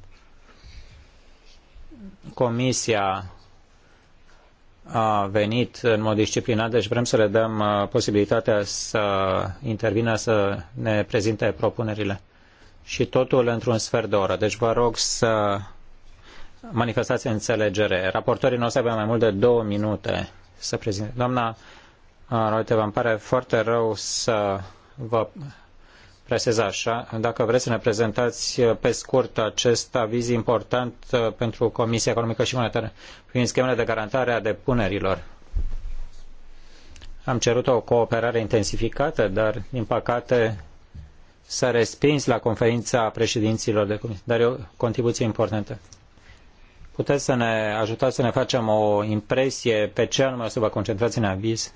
Comisia a venit în mod disciplinat, deci vrem să le dăm uh, posibilitatea să intervină, să ne prezinte propunerile și totul într-un sfert de oră. Deci vă rog să manifestați înțelegere. Raportorii nu să aibă mai mult de două minute să prezinte. Doamna Roite, vă pare foarte rău să vă presez așa. Dacă vreți să ne prezentați pe scurt acest aviz important pentru Comisia Economică și Monetară prin schemele de garantare a depunerilor. Am cerut o cooperare intensificată, dar, din păcate, s-a respins la conferința președinților de comisie, dar e o contribuție importantă. Puteți să ne ajutați să ne facem o impresie pe ce anume o să vă concentrați în aviz?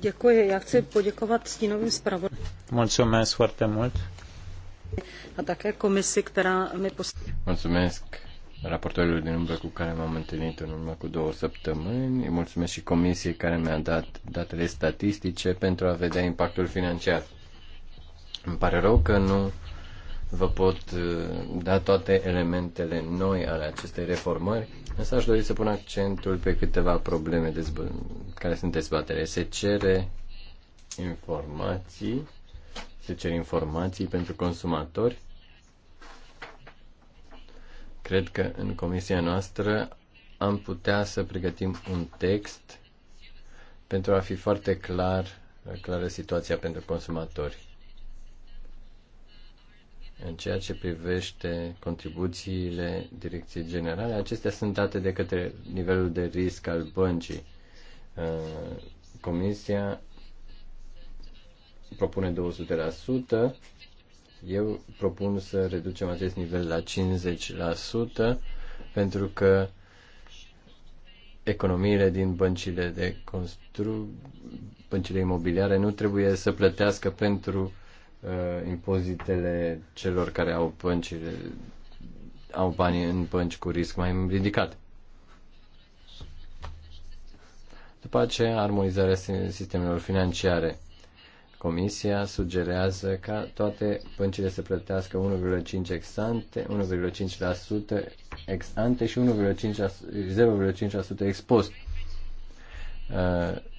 Děkuji. Já chci poděkovat stínovým zpravodajům. Mulțumesc foarte mult. A také komisi, která mi poskytla. Mulțumesc raportorilor din umbră cu care m-am întâlnit în urmă cu două săptămâni. Îi mulțumesc și comisiei care mi-a dat datele statistice pentru a vedea impactul financiar. Îmi pare rău că nu vă pot uh, da toate elementele noi ale acestei reformări, însă aș dori să pun accentul pe câteva probleme care sunt dezbatere. Se cere informații, se cer informații pentru consumatori. Cred că în comisia noastră am putea să pregătim un text pentru a fi foarte clar clară situația pentru consumatori. În ceea ce privește contribuțiile Direcției Generale, acestea sunt date de către nivelul de risc al băncii. Uh, Comisia propune 200%, eu propun să reducem acest nivel la 50% pentru că economiile din băncile de constru băncile imobiliare nu trebuie să plătească pentru uh, impozitele celor care au bănci, au bani în bănci cu risc mai ridicat. După aceea, armonizarea sistemelor financiare. Comisia sugerează ca toate băncile să plătească 1,5 ex ante, 1,5% ex ante și 0,5% ex post.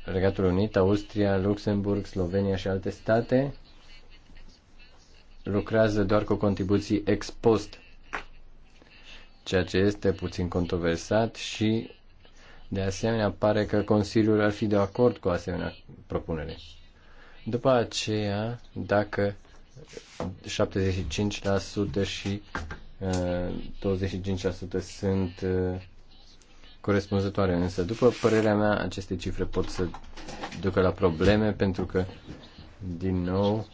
Regatul Unit, Austria, Luxemburg, Slovenia și alte state lucrează doar cu contribuții ex post, ceea ce este puțin controversat și de asemenea pare că Consiliul ar fi de acord cu asemenea propunere. După aceea, dacă 75% și uh, 25% sunt uh, corespunzătoare, însă după părerea mea aceste cifre pot să ducă la probleme pentru că din nou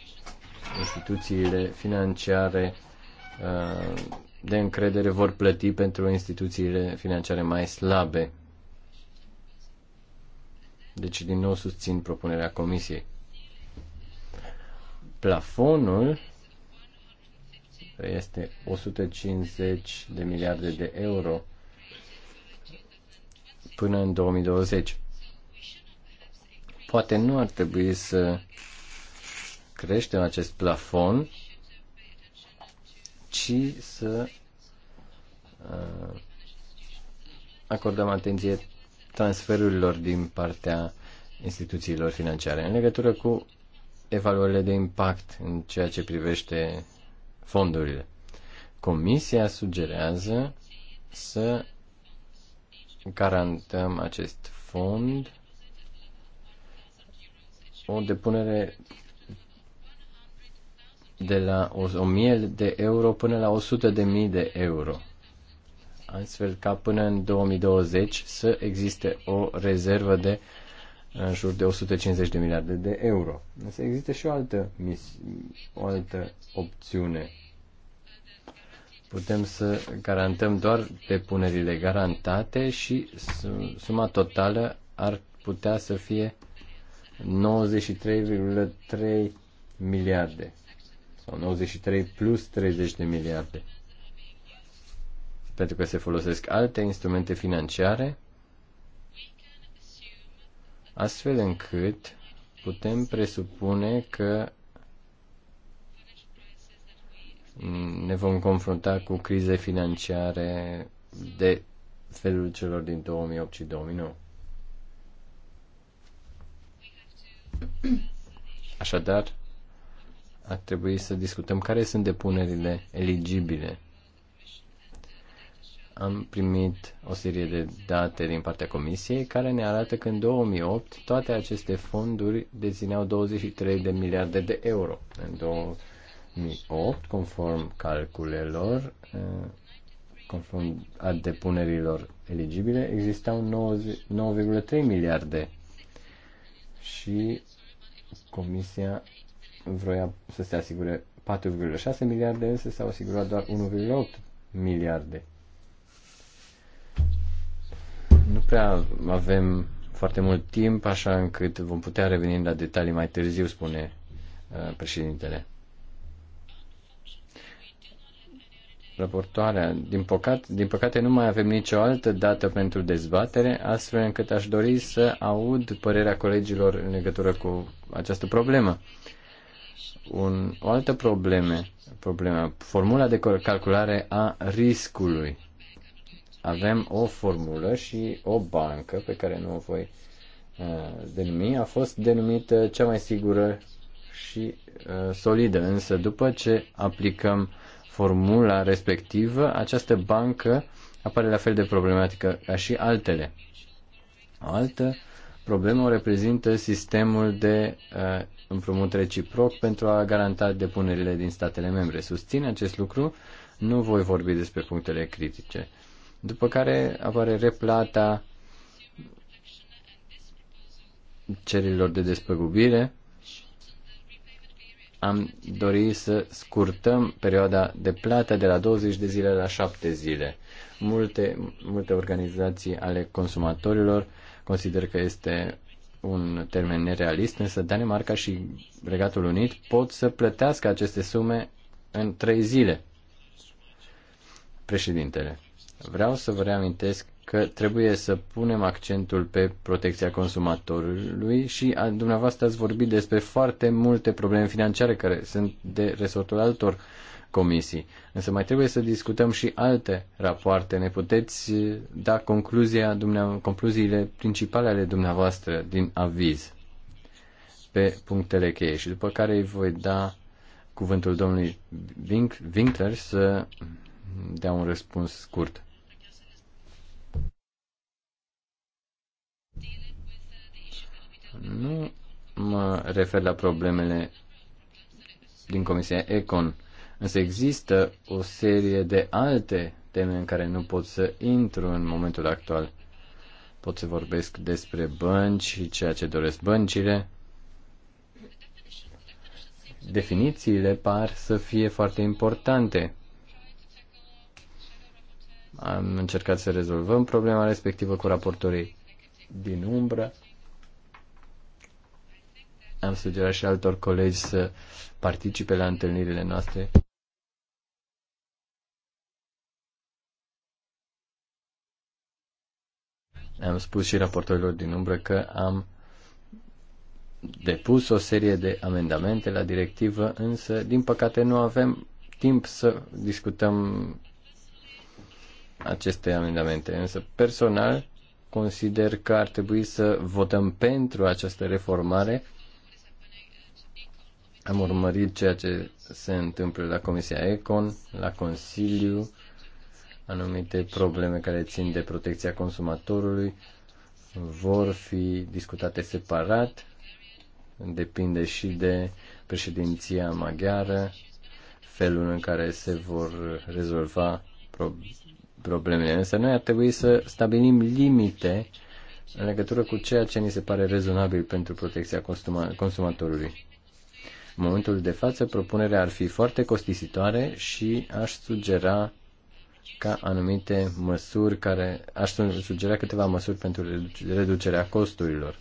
instituțiile financiare uh, de încredere vor plăti pentru instituțiile financiare mai slabe. Deci, din nou, susțin propunerea Comisiei. Plafonul este 150 de miliarde de euro până în 2020. Poate nu ar trebui să în acest plafon, ci să uh, acordăm atenție transferurilor din partea instituțiilor financiare în legătură cu evaluările de impact în ceea ce privește fondurile. Comisia sugerează să garantăm acest fond o depunere de la 1000 de euro până la 100.000 de mii de euro. Astfel ca până în 2020 să existe o rezervă de în jur de 150 de miliarde de euro. Însă există și o altă, o altă opțiune. Putem să garantăm doar depunerile garantate și suma totală ar putea să fie 93,3 miliarde sau 93 plus 30 de miliarde. Pentru că se folosesc alte instrumente financiare, astfel încât putem presupune că ne vom confrunta cu crize financiare de felul celor din 2008 și 2009. Așadar, ar trebui să discutăm care sunt depunerile eligibile. Am primit o serie de date din partea Comisiei care ne arată că în 2008 toate aceste fonduri dețineau 23 de miliarde de euro. În 2008, conform calculelor, eh, conform a depunerilor eligibile, existau 9,3 miliarde și Comisia vroia să se asigure 4,6 miliarde, însă s-au asigurat doar 1,8 miliarde. Nu prea avem foarte mult timp, așa încât vom putea reveni la detalii mai târziu, spune uh, președintele. Raportoarea. Din, păcat, din păcate nu mai avem nicio altă dată pentru dezbatere, astfel încât aș dori să aud părerea colegilor în legătură cu această problemă un, o altă probleme, problemă, formula de calculare a riscului. Avem o formulă și o bancă pe care nu o voi uh, denumi, a fost denumită cea mai sigură și uh, solidă, însă după ce aplicăm formula respectivă, această bancă apare la fel de problematică ca și altele. O altă problemă o reprezintă sistemul de uh, împrumut reciproc pentru a garanta depunerile din statele membre. Susțin acest lucru, nu voi vorbi despre punctele critice. După care apare replata cererilor de despăgubire. Am dorit să scurtăm perioada de plată de la 20 de zile la 7 zile. Multe, multe organizații ale consumatorilor consider că este un termen nerealist, însă Danemarca și Regatul Unit pot să plătească aceste sume în trei zile. Președintele, vreau să vă reamintesc că trebuie să punem accentul pe protecția consumatorului și a, dumneavoastră ați vorbit despre foarte multe probleme financiare care sunt de resortul altor comisii. Însă mai trebuie să discutăm și alte rapoarte. Ne puteți eh, da concluzia, concluziile principale ale dumneavoastră din aviz pe punctele cheie și după care îi voi da cuvântul domnului Winkler să dea un răspuns scurt. Nu mă refer la problemele din Comisia Econ. Însă există o serie de alte teme în care nu pot să intru în momentul actual. Pot să vorbesc despre bănci și ceea ce doresc băncile. Definițiile par să fie foarte importante. Am încercat să rezolvăm problema respectivă cu raportorii din umbră. Am sugerat și altor colegi să participe la întâlnirile noastre. Am spus și raportorilor din umbră că am depus o serie de amendamente la directivă, însă, din păcate, nu avem timp să discutăm aceste amendamente. Însă, personal, consider că ar trebui să votăm pentru această reformare. Am urmărit ceea ce se întâmplă la Comisia Econ, la Consiliu anumite probleme care țin de protecția consumatorului vor fi discutate separat, depinde și de președinția maghiară, felul în care se vor rezolva pro- problemele. Însă noi ar trebui să stabilim limite în legătură cu ceea ce ni se pare rezonabil pentru protecția consuma- consumatorului. În momentul de față, propunerea ar fi foarte costisitoare și aș sugera ca anumite măsuri care aș sugera câteva măsuri pentru reducerea costurilor.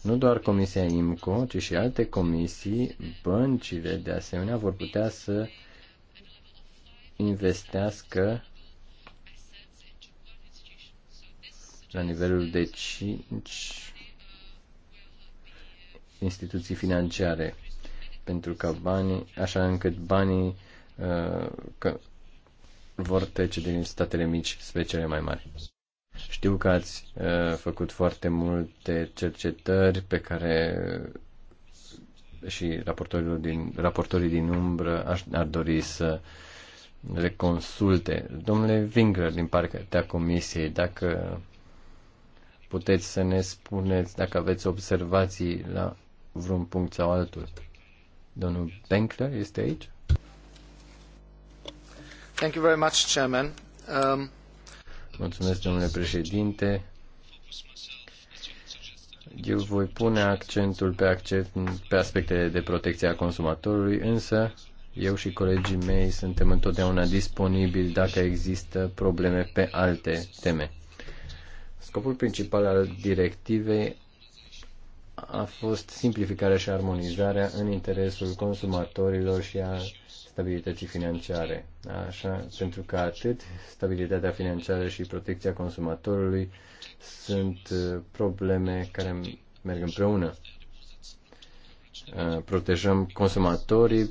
Nu doar Comisia IMCO, ci și alte comisii, băncile de asemenea vor putea să investească la nivelul de 5 instituții financiare pentru ca banii, așa încât banii uh, că vor trece din statele mici spre cele mai mari. Știu că ați uh, făcut foarte multe cercetări pe care uh, și raportorii din, raportorii din umbră aș, ar dori să le consulte. Domnule Winkler, din partea comisiei, dacă puteți să ne spuneți dacă aveți observații la vreun punct sau altul. Domnul Benkler este aici? Um, Mulțumesc, domnule președinte. Eu voi pune accentul pe, accent, pe aspectele de protecție a consumatorului, însă eu și colegii mei suntem întotdeauna disponibili dacă există probleme pe alte teme. Scopul principal al directivei a fost simplificarea și armonizarea în interesul consumatorilor și a stabilității financiare. Așa, pentru că atât stabilitatea financiară și protecția consumatorului sunt uh, probleme care merg împreună. Uh, protejăm consumatorii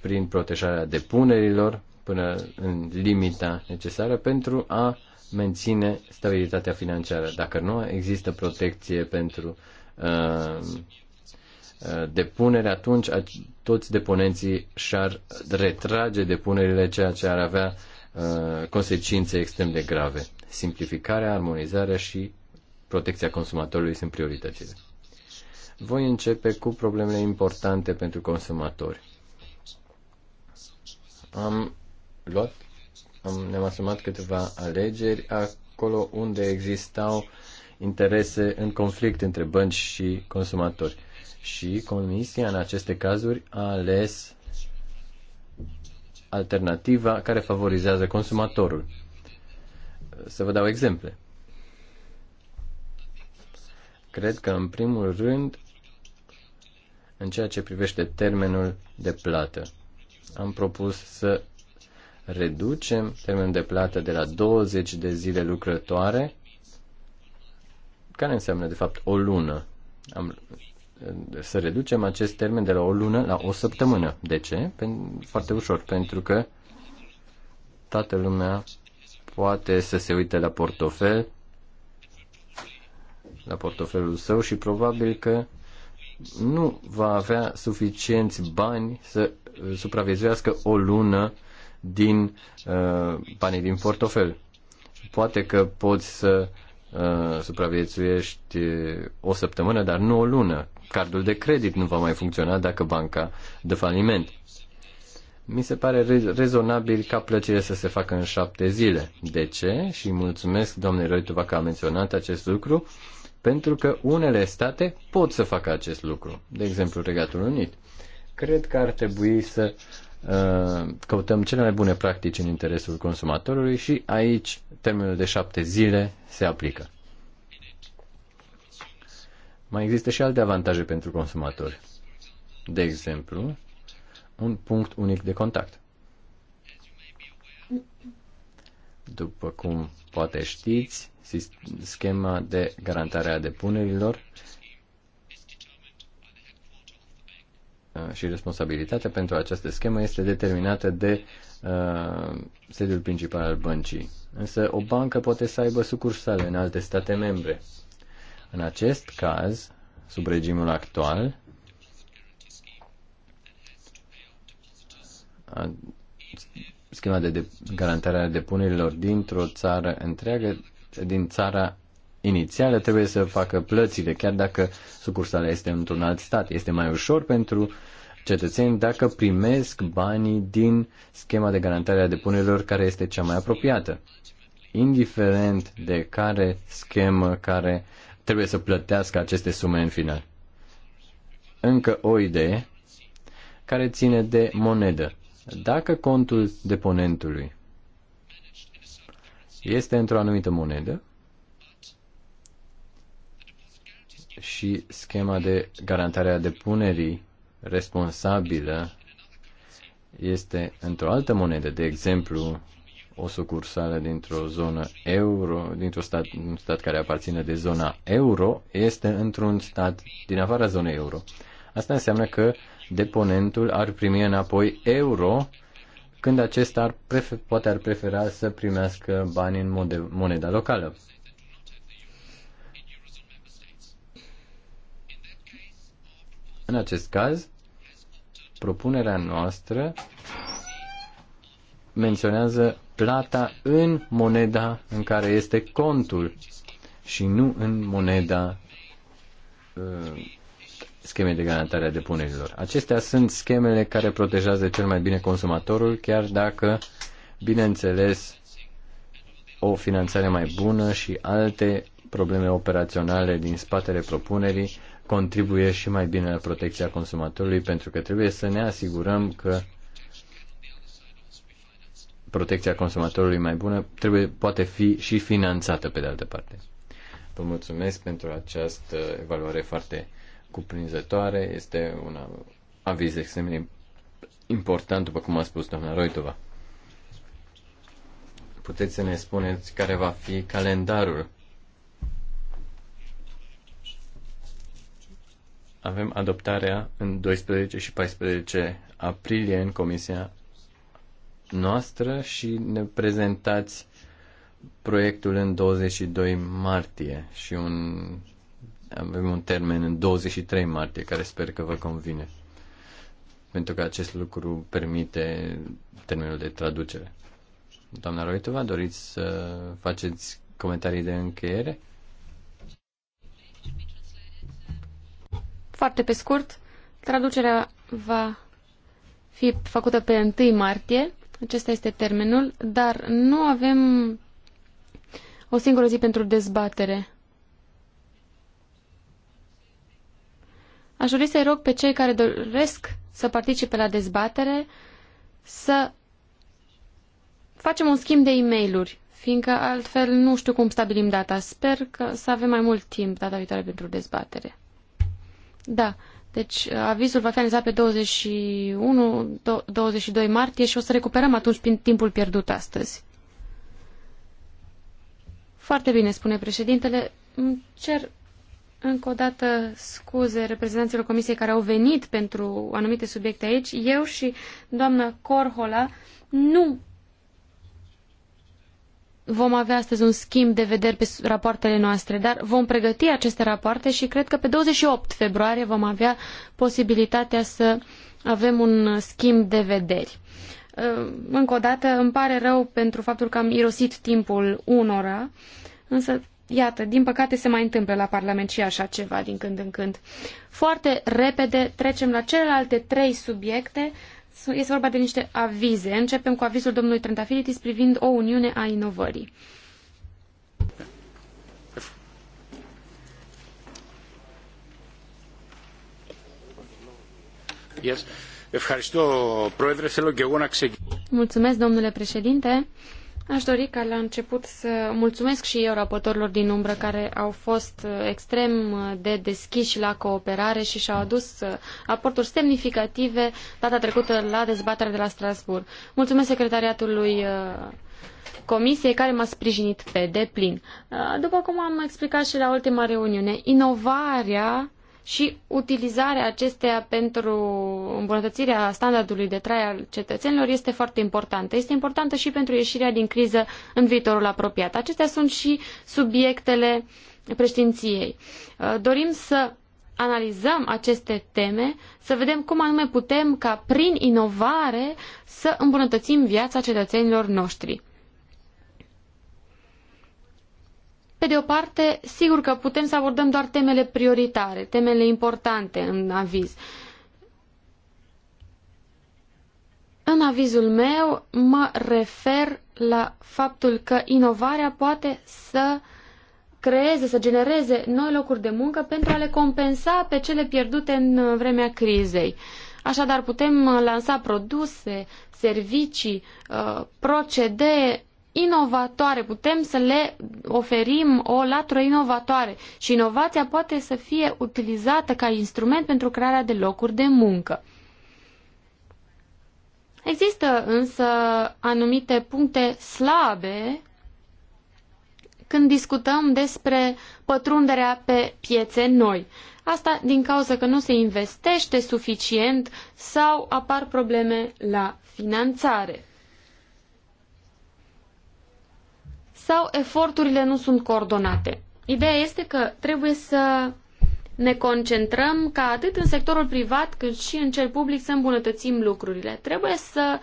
prin protejarea depunerilor până în limita necesară pentru a menține stabilitatea financiară. Dacă nu există protecție pentru uh, Eh, depunere, atunci toți deponenții și-ar retrage depunerile, ceea ce ar avea eh, consecințe extrem de grave. Simplificarea, armonizarea și protecția consumatorului sunt prioritățile. Voi începe cu problemele importante pentru consumatori. Am luat, am, ne-am asumat câteva alegeri acolo unde existau interese în conflict între bănci și consumatori și Comisia în aceste cazuri a ales alternativa care favorizează consumatorul. Să vă dau exemple. Cred că, în primul rând, în ceea ce privește termenul de plată, am propus să reducem termenul de plată de la 20 de zile lucrătoare, care înseamnă, de fapt, o lună. Am să reducem acest termen de la o lună la o săptămână. De ce? Foarte ușor, pentru că toată lumea poate să se uite la portofel, la portofelul său și probabil că nu va avea suficienți bani să uh, supraviețuiască o lună din uh, banii din portofel. Poate că poți să uh, supraviețuiești uh, o săptămână, dar nu o lună cardul de credit nu va mai funcționa dacă banca dă faliment. Mi se pare rezonabil ca plăcile să se facă în șapte zile. De ce? Și mulțumesc, domnule Roituva, că a menționat acest lucru, pentru că unele state pot să facă acest lucru. De exemplu, Regatul Unit. Cred că ar trebui să uh, căutăm cele mai bune practici în interesul consumatorului și aici termenul de șapte zile se aplică mai există și alte avantaje pentru consumatori. De exemplu, un punct unic de contact. După cum poate știți, schema de garantare a depunerilor uh, și responsabilitatea pentru această schemă este determinată de uh, sediul principal al băncii. Însă o bancă poate să aibă sucursale în alte state membre. În acest caz, sub regimul actual, schema de, de garantare a depunerilor dintr-o țară întreagă, din țara inițială, trebuie să facă plățile, chiar dacă sucursala este într-un alt stat. Este mai ușor pentru cetățeni dacă primesc banii din schema de garantare a depunerilor care este cea mai apropiată. Indiferent de care schemă care trebuie să plătească aceste sume în final. Încă o idee care ține de monedă. Dacă contul deponentului este într-o anumită monedă și schema de garantare a depunerii responsabilă este într-o altă monedă, de exemplu o sucursală dintr-o zonă euro, dintr-un stat, un stat care aparține de zona euro, este într-un stat din afara zonei euro. Asta înseamnă că deponentul ar primi înapoi euro când acesta ar prefer, poate ar prefera să primească bani în mode, moneda locală. În acest caz, propunerea noastră menționează plata în moneda în care este contul și nu în moneda uh, scheme de garantare a depunerilor. Acestea sunt schemele care protejează cel mai bine consumatorul, chiar dacă, bineînțeles, o finanțare mai bună și alte probleme operaționale din spatele propunerii contribuie și mai bine la protecția consumatorului, pentru că trebuie să ne asigurăm că protecția consumatorului mai bună trebuie, poate fi și finanțată pe de altă parte. Vă mulțumesc pentru această evaluare foarte cuprinzătoare. Este un aviz extrem de important, după cum a spus doamna Roitova. Puteți să ne spuneți care va fi calendarul? Avem adoptarea în 12 și 14 aprilie în Comisia noastră și ne prezentați proiectul în 22 martie și un, avem un termen în 23 martie care sper că vă convine. Pentru că acest lucru permite termenul de traducere. Doamna Roitova, doriți să faceți comentarii de încheiere? Foarte pe scurt, traducerea va fi făcută pe 1 martie acesta este termenul, dar nu avem o singură zi pentru dezbatere. Aș dori să-i rog pe cei care doresc să participe la dezbatere să facem un schimb de e mail fiindcă altfel nu știu cum stabilim data. Sper că să avem mai mult timp data viitoare pentru dezbatere. Da, deci uh, avizul va fi analizat pe 21-22 martie și o să recuperăm atunci timpul pierdut astăzi. Foarte bine, spune președintele. Îmi cer încă o dată scuze reprezentanților comisiei care au venit pentru anumite subiecte aici. Eu și doamna Corhola nu Vom avea astăzi un schimb de vederi pe rapoartele noastre, dar vom pregăti aceste rapoarte și cred că pe 28 februarie vom avea posibilitatea să avem un schimb de vederi. Uh, încă o dată, îmi pare rău pentru faptul că am irosit timpul unora, însă Iată, din păcate se mai întâmplă la Parlament și așa ceva din când în când. Foarte repede trecem la celelalte trei subiecte este vorba de niște avize. Începem cu avizul domnului Trentafilitis privind o uniune a inovării. Yes. Mulțumesc, domnule președinte. Aș dori ca la început să mulțumesc și eu raportorilor din umbră care au fost uh, extrem uh, de deschiși la cooperare și și-au adus uh, aporturi semnificative data trecută la dezbaterea de la Strasbourg. Mulțumesc secretariatului comisiei care m-a sprijinit pe deplin. După cum am explicat și la ultima reuniune, inovarea și utilizarea acesteia pentru îmbunătățirea standardului de trai al cetățenilor este foarte importantă. Este importantă și pentru ieșirea din criză în viitorul apropiat. Acestea sunt și subiectele președinției. Uh, dorim să analizăm aceste teme, să vedem cum anume putem ca prin inovare să îmbunătățim viața cetățenilor noștri. Pe de o parte, sigur că putem să abordăm doar temele prioritare, temele importante în aviz. În avizul meu mă refer la faptul că inovarea poate să creeze, să genereze noi locuri de muncă pentru a le compensa pe cele pierdute în vremea crizei. Așadar, putem lansa produse, servicii, uh, procedee inovatoare, putem să le oferim o latură inovatoare și inovația poate să fie utilizată ca instrument pentru crearea de locuri de muncă. Există însă anumite puncte slabe când discutăm despre pătrunderea pe piețe noi. Asta din cauza că nu se investește suficient sau apar probleme la finanțare. sau eforturile nu sunt coordonate. Ideea este că trebuie să ne concentrăm ca atât în sectorul privat cât și în cel public să îmbunătățim lucrurile. Trebuie să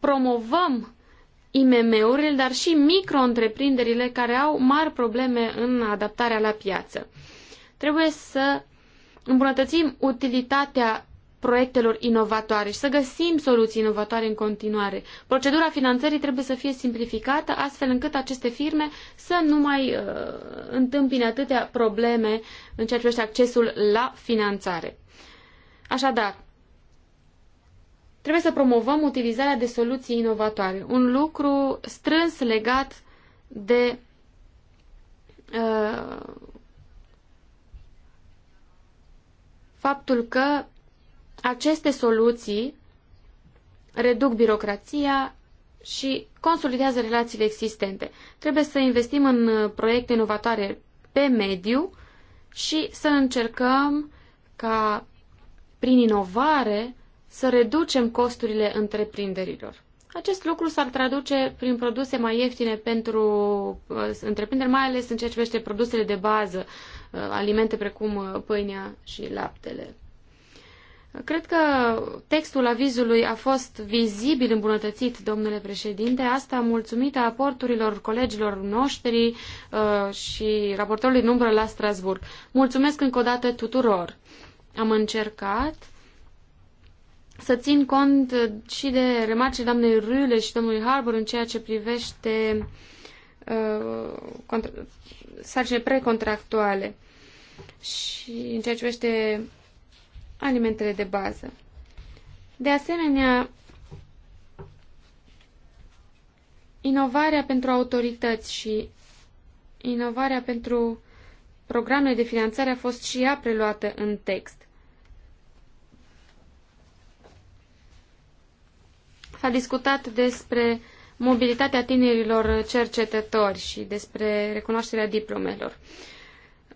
promovăm IMM-urile, dar și micro-întreprinderile care au mari probleme în adaptarea la piață. Trebuie să îmbunătățim utilitatea proiectelor inovatoare și să găsim soluții inovatoare în continuare. Procedura finanțării trebuie să fie simplificată astfel încât aceste firme să nu mai uh, întâmpine atâtea probleme în ceea ce privește accesul la finanțare. Așadar, trebuie să promovăm utilizarea de soluții inovatoare, un lucru strâns legat de uh, faptul că aceste soluții reduc birocrația și consolidează relațiile existente. Trebuie să investim în uh, proiecte inovatoare pe mediu și să încercăm ca prin inovare să reducem costurile întreprinderilor. Acest lucru s-ar traduce prin produse mai ieftine pentru uh, întreprinderi, mai ales în ceea ce privește produsele de bază, uh, alimente precum pâinea și laptele. Cred că textul avizului a fost vizibil îmbunătățit, domnule președinte, asta mulțumită aporturilor colegilor noștri uh, și raportorului în umbră la Strasburg. Mulțumesc încă o dată tuturor. Am încercat să țin cont și de remarcile doamnei Rühle și domnului Harbour în ceea ce privește uh, precontractuale și în ceea ce privește alimentele de bază. De asemenea, inovarea pentru autorități și inovarea pentru programele de finanțare a fost și ea preluată în text. S-a discutat despre mobilitatea tinerilor cercetători și despre recunoașterea diplomelor. Uh,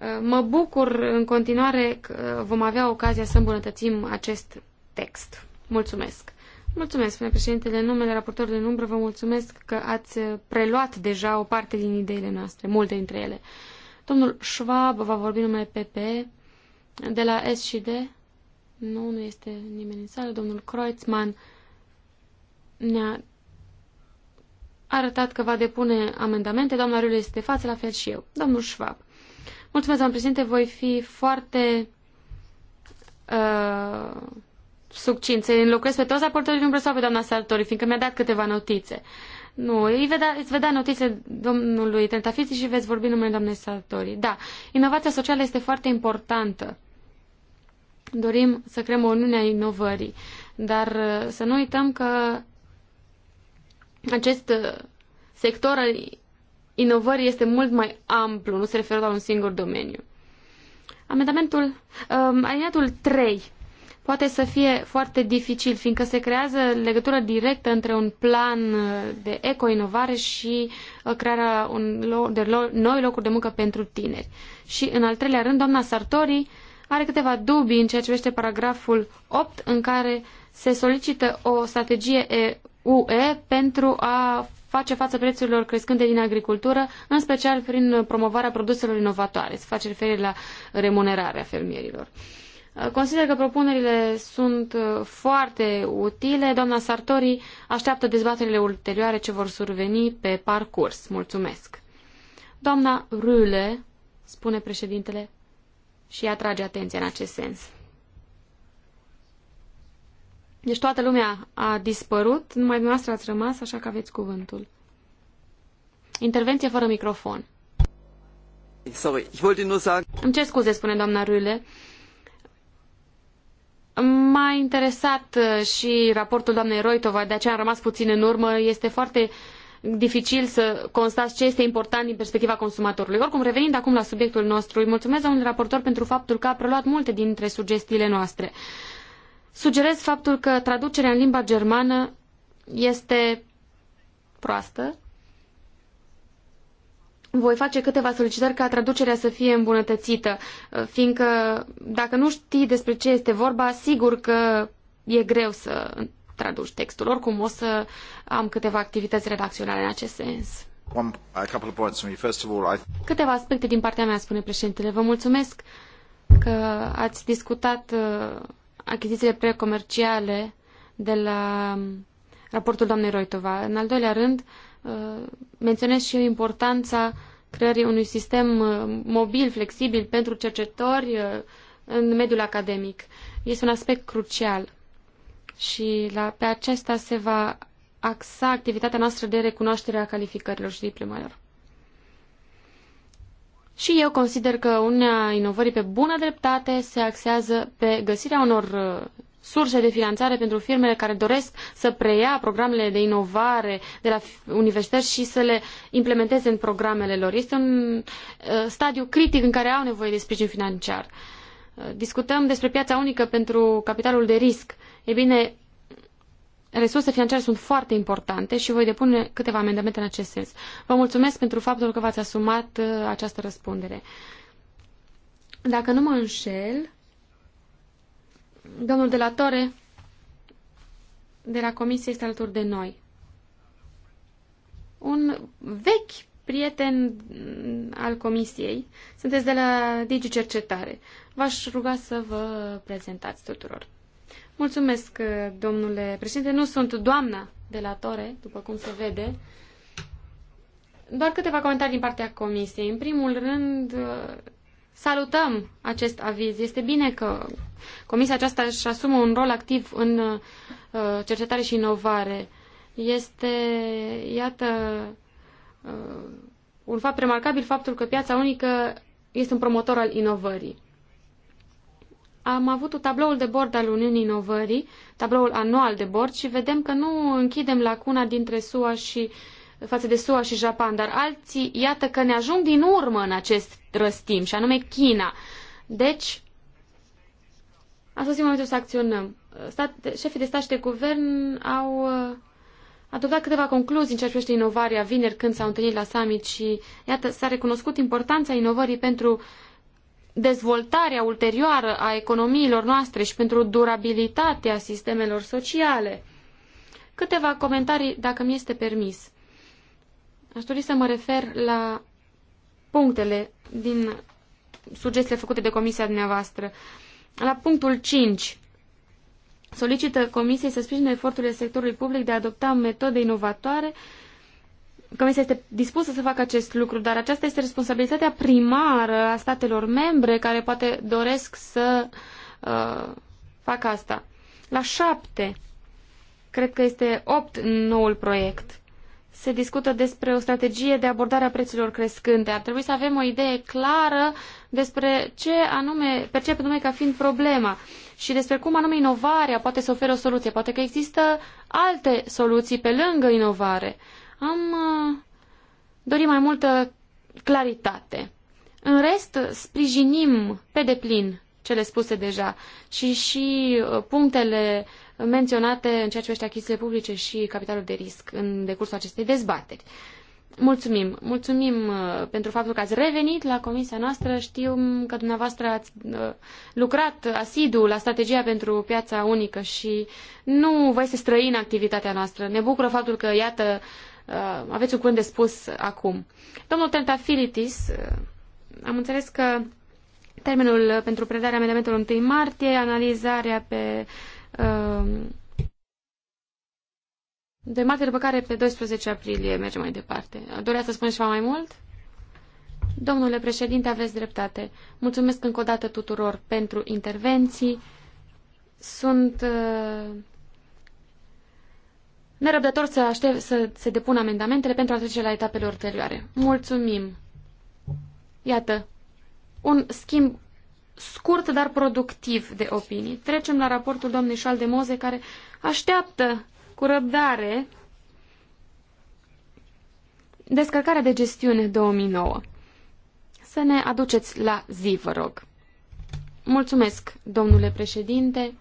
Uh, mă bucur în continuare că vom avea ocazia să îmbunătățim acest text. Mulțumesc! Mulțumesc, spune președintele. În numele raportorului în umbră vă mulțumesc că ați preluat deja o parte din ideile noastre, multe dintre ele. Domnul Schwab va vorbi numele PP de la S și D. Nu, nu este nimeni în sală. Domnul Kreutzmann ne-a arătat că va depune amendamente. Doamna Riule este de față, la fel și eu. Domnul Schwab. Mulțumesc, doamnă președinte, voi fi foarte uh, succint. Să înlocuiesc pe toți raportorii din Brăsoa pe doamna Sartori, fiindcă mi-a dat câteva notițe. Nu, îi vedea, îți vedea notițe domnului Trentafiții și veți vorbi numele doamnei Sartori. Da, inovația socială este foarte importantă. Dorim să creăm o uniune a inovării, dar uh, să nu uităm că acest uh, sector al inovării este mult mai amplu, nu se referă la un singur domeniu. Amendamentul, um, aliniatul 3 poate să fie foarte dificil, fiindcă se creează legătură directă între un plan de eco-inovare și uh, crearea un loc, de lo, noi locuri de muncă pentru tineri. Și, în al treilea rând, doamna Sartori are câteva dubii în ceea ce vește paragraful 8, în care se solicită o strategie UE pentru a face față prețurilor crescânde din agricultură, în special prin promovarea produselor inovatoare. Se face referire la remunerarea fermierilor. Uh, consider că propunerile sunt uh, foarte utile. Doamna Sartori așteaptă dezbaterile ulterioare ce vor surveni pe parcurs. Mulțumesc. Doamna Rule, spune președintele, și atrage atenția în acest sens. Deci toată lumea a dispărut, numai dumneavoastră ați rămas, așa că aveți cuvântul. Intervenție fără microfon. Sorry, ich wollte nur sagen... Îmi cer scuze, spune doamna Rüle. M-a interesat uh, și raportul doamnei Roitova, de aceea am rămas puțin în urmă. Este foarte dificil să constați ce este important din perspectiva consumatorului. Oricum, revenind acum la subiectul nostru, îi mulțumesc domnului raportor pentru faptul că a preluat multe dintre sugestiile noastre. Sugerez faptul că traducerea în limba germană este proastă. Voi face câteva solicitări ca traducerea să fie îmbunătățită, fiindcă dacă nu știi despre ce este vorba, sigur că e greu să traduci textul. Oricum o să am câteva activități redacționale în acest sens. Câteva aspecte din partea mea, spune președintele. Vă mulțumesc că ați discutat uh, achizițiile precomerciale de la raportul doamnei Roitova. În al doilea rând, uh, menționez și eu importanța creării unui sistem uh, mobil, flexibil pentru cercetori uh, în mediul academic. Este un aspect crucial și la, pe acesta se va axa activitatea noastră de recunoaștere a calificărilor și diplomelor. Și eu consider că unea Inovării pe bună dreptate se axează pe găsirea unor uh, surse de finanțare pentru firmele care doresc să preia programele de inovare de la universități și să le implementeze în programele lor. Este un uh, stadiu critic în care au nevoie de sprijin financiar. Uh, discutăm despre piața unică pentru capitalul de risc. E bine, resurse financiare sunt foarte importante și voi depune câteva amendamente în acest sens. Vă mulțumesc pentru faptul că v-ați asumat uh, această răspundere. Dacă nu mă înșel, domnul de la Tore de la Comisie este alături de noi. Un vechi prieten al Comisiei. Sunteți de la Digi Cercetare. V-aș ruga să vă prezentați tuturor. Mulțumesc, uh, domnule președinte. Nu sunt doamna de la Tore, după cum se vede. Doar câteva comentarii din partea comisiei. În primul rând, uh, salutăm acest aviz. Este bine că comisia aceasta își asumă un rol activ în uh, cercetare și inovare. Este, iată, un fapt remarcabil faptul că piața unică este un promotor al inovării am avut tabloul de bord al Uniunii Inovării, tabloul anual de bord și vedem că nu închidem lacuna dintre SUA și față de SUA și Japan, dar alții, iată că ne ajung din urmă în acest răstim, și anume China. Deci, a sosit momentul să acționăm. Stat, șefii de stat și de guvern au uh, adoptat câteva concluzii în ceea ce privește inovarea vineri când s-au întâlnit la summit și, iată, s-a recunoscut importanța inovării pentru dezvoltarea ulterioară a economiilor noastre și pentru durabilitatea sistemelor sociale. Câteva comentarii, dacă mi este permis. Aș dori să mă refer la punctele din sugestiile făcute de comisia dumneavoastră. La punctul 5 solicită comisiei să sprijine eforturile sectorului public de a adopta metode inovatoare Comisia este dispusă să facă acest lucru, dar aceasta este responsabilitatea primară a statelor membre care poate doresc să uh, facă asta. La șapte, cred că este opt noul proiect, se discută despre o strategie de abordare a prețurilor crescânde. Ar trebui să avem o idee clară despre ce anume percep anume ca fiind problema și despre cum anume inovarea poate să ofere o soluție. Poate că există alte soluții pe lângă inovare am uh, dorit mai multă claritate. În rest, sprijinim pe deplin cele spuse deja și și uh, punctele menționate în ceea ce privește achizițiile publice și capitalul de risc în decursul acestei dezbateri. Mulțumim. Mulțumim uh, pentru faptul că ați revenit la comisia noastră. Știu că dumneavoastră ați lucrat asidu la strategia pentru piața unică și nu vă este străină activitatea noastră. Ne bucură faptul că, iată, uh, aveți un cuvânt de spus acum. Domnul Tentafilitis, uh, am înțeles că termenul pentru predarea amendamentului 1 martie, analizarea pe uh, 2 martie, după care pe 12 aprilie merge mai departe. Doreați să spuneți ceva mai mult? Domnule președinte, aveți dreptate. Mulțumesc încă o dată tuturor pentru intervenții. Sunt uh, nerăbdător să aștept să se depună amendamentele pentru a trece la etapele ulterioare. Mulțumim! Iată, un schimb scurt, dar productiv de opinii. Trecem la raportul domnului Șal de Moze, care așteaptă cu răbdare descărcarea de gestiune 2009. Să ne aduceți la zi, vă rog. Mulțumesc, domnule președinte.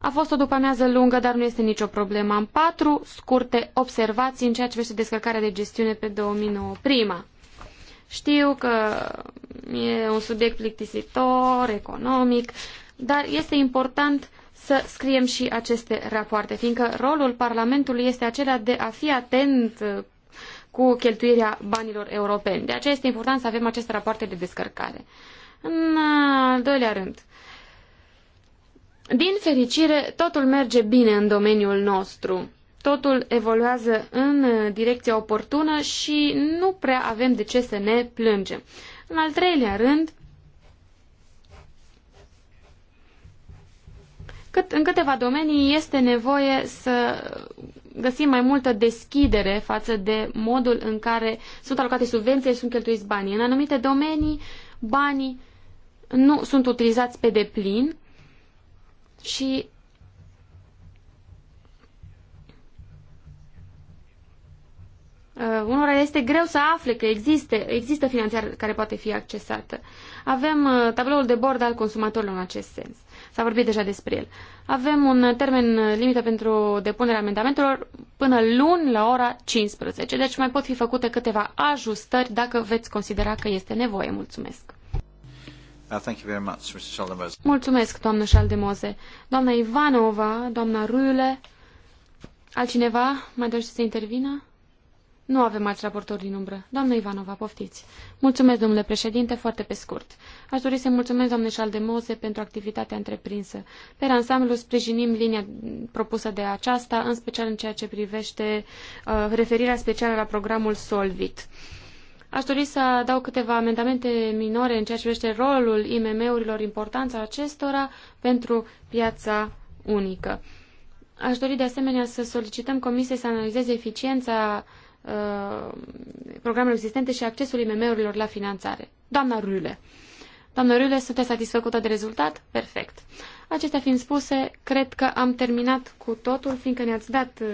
A fost o după-amiază lungă, dar nu este nicio problemă. Am patru scurte observații în ceea ce vește descărcarea de gestiune pe 2009. Prima. Știu că e un subiect plictisitor, economic, dar este important să scriem și aceste rapoarte, fiindcă rolul Parlamentului este acela de a fi atent uh, cu cheltuirea banilor europeni. De aceea este important să avem aceste rapoarte de descărcare. În uh, al doilea rând, din fericire, totul merge bine în domeniul nostru. Totul evoluează în direcția oportună și nu prea avem de ce să ne plângem. În al treilea rând, cât, în câteva domenii este nevoie să găsim mai multă deschidere față de modul în care sunt alocate subvenții și sunt cheltuiți banii. În anumite domenii, banii nu sunt utilizați pe deplin și Uh, unora este greu să afle că există, există finanțare care poate fi accesată. Avem uh, tabloul de bord al consumatorilor în acest sens. S-a vorbit deja despre el. Avem un uh, termen uh, limită pentru depunerea amendamentelor până luni la ora 15. Deci mai pot fi făcute câteva ajustări dacă veți considera că este nevoie. Mulțumesc! Uh, thank you very much, Mr. Mulțumesc, doamnă Șaldemoze. Doamna Ivanova, doamna Rule, altcineva mai dorește să intervină? Nu avem alți raportori din umbră. Doamna Ivanova, poftiți. Mulțumesc, domnule președinte, foarte pe scurt. Aș dori să mulțumesc doamnei Șaldemose pentru activitatea întreprinsă. Pe ansamblu sprijinim linia propusă de aceasta, în special în ceea ce privește uh, referirea specială la programul Solvit. Uh, Aș dori să dau câteva amendamente minore în ceea ce privește rolul IMM-urilor, importanța acestora pentru piața unică. Aș dori de asemenea să solicităm Comisiei să analizeze eficiența uh, programelor existente și accesul IMM-urilor la finanțare. Doamna Rule. Doamna Rule, sunteți satisfăcută de rezultat? Perfect. Acestea fiind spuse, cred că am terminat cu totul, fiindcă ne-ați dat uh,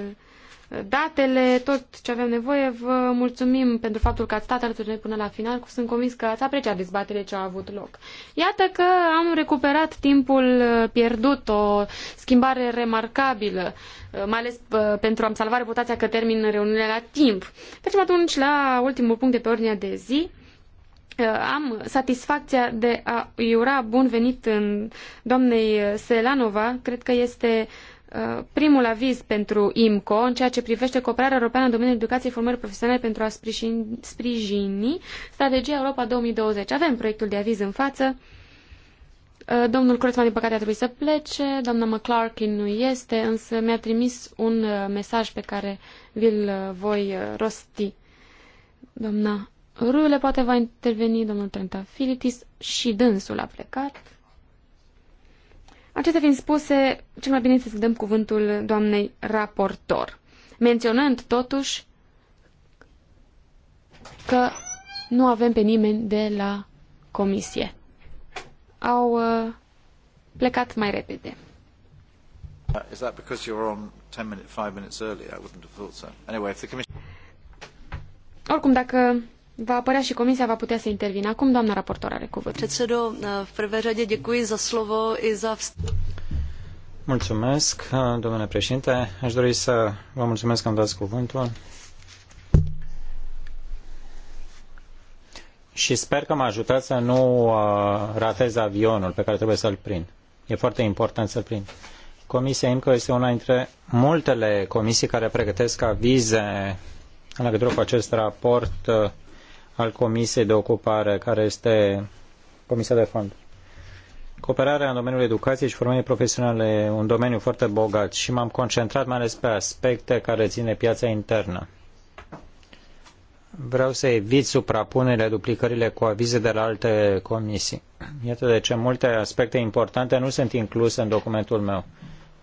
datele, tot ce avem nevoie. Vă mulțumim pentru faptul că ați stat alături de noi până la final. Sunt convins că ați apreciat dezbaterile ce au avut loc. Iată că am recuperat timpul uh, pierdut, o schimbare remarcabilă, uh, mai ales uh, pentru a-mi salva reputația că termin reuniunea la timp. Trecem atunci la ultimul punct de pe ordinea de zi am satisfacția de a iura bun venit în doamnei Selanova. Cred că este Uh, primul aviz pentru IMCO în ceea ce privește cooperarea europeană în domeniul educației formării profesionale pentru a sprijini strategia Europa 2020. Avem proiectul de aviz în față. Uh, domnul Croțman, din păcate, a trebuit să plece, doamna McClarkin nu este, însă mi-a trimis un uh, mesaj pe care vi-l voi rosti. Doamna Rule poate va interveni, domnul Trenta Filitis și dânsul a plecat. Acestea fiind spuse, cel mai bine este să dăm cuvântul doamnei raportor, menționând totuși că nu avem pe nimeni de la comisie. Au uh, plecat mai repede. Oricum, dacă va apărea și comisia va putea să intervină. Acum, doamna raportor are cuvânt. Předsedo, v prvé řadě děkuji za slovo i za Mulțumesc, domnule președinte. Aș dori să vă mulțumesc că îmi dați cuvântul. Și sper că mă ajutați să nu uh, ratez avionul pe care trebuie să-l prind. E foarte important să-l prind. Comisia IMCO este una dintre multele comisii care pregătesc avize în legătură cu acest raport uh, al Comisiei de Ocupare, care este Comisia de Fond. Cooperarea în domeniul educației și formării profesionale e un domeniu foarte bogat și m-am concentrat mai ales pe aspecte care ține piața internă. Vreau să evit suprapunerile, duplicările cu avize de la alte comisii. Iată de ce multe aspecte importante nu sunt incluse în documentul meu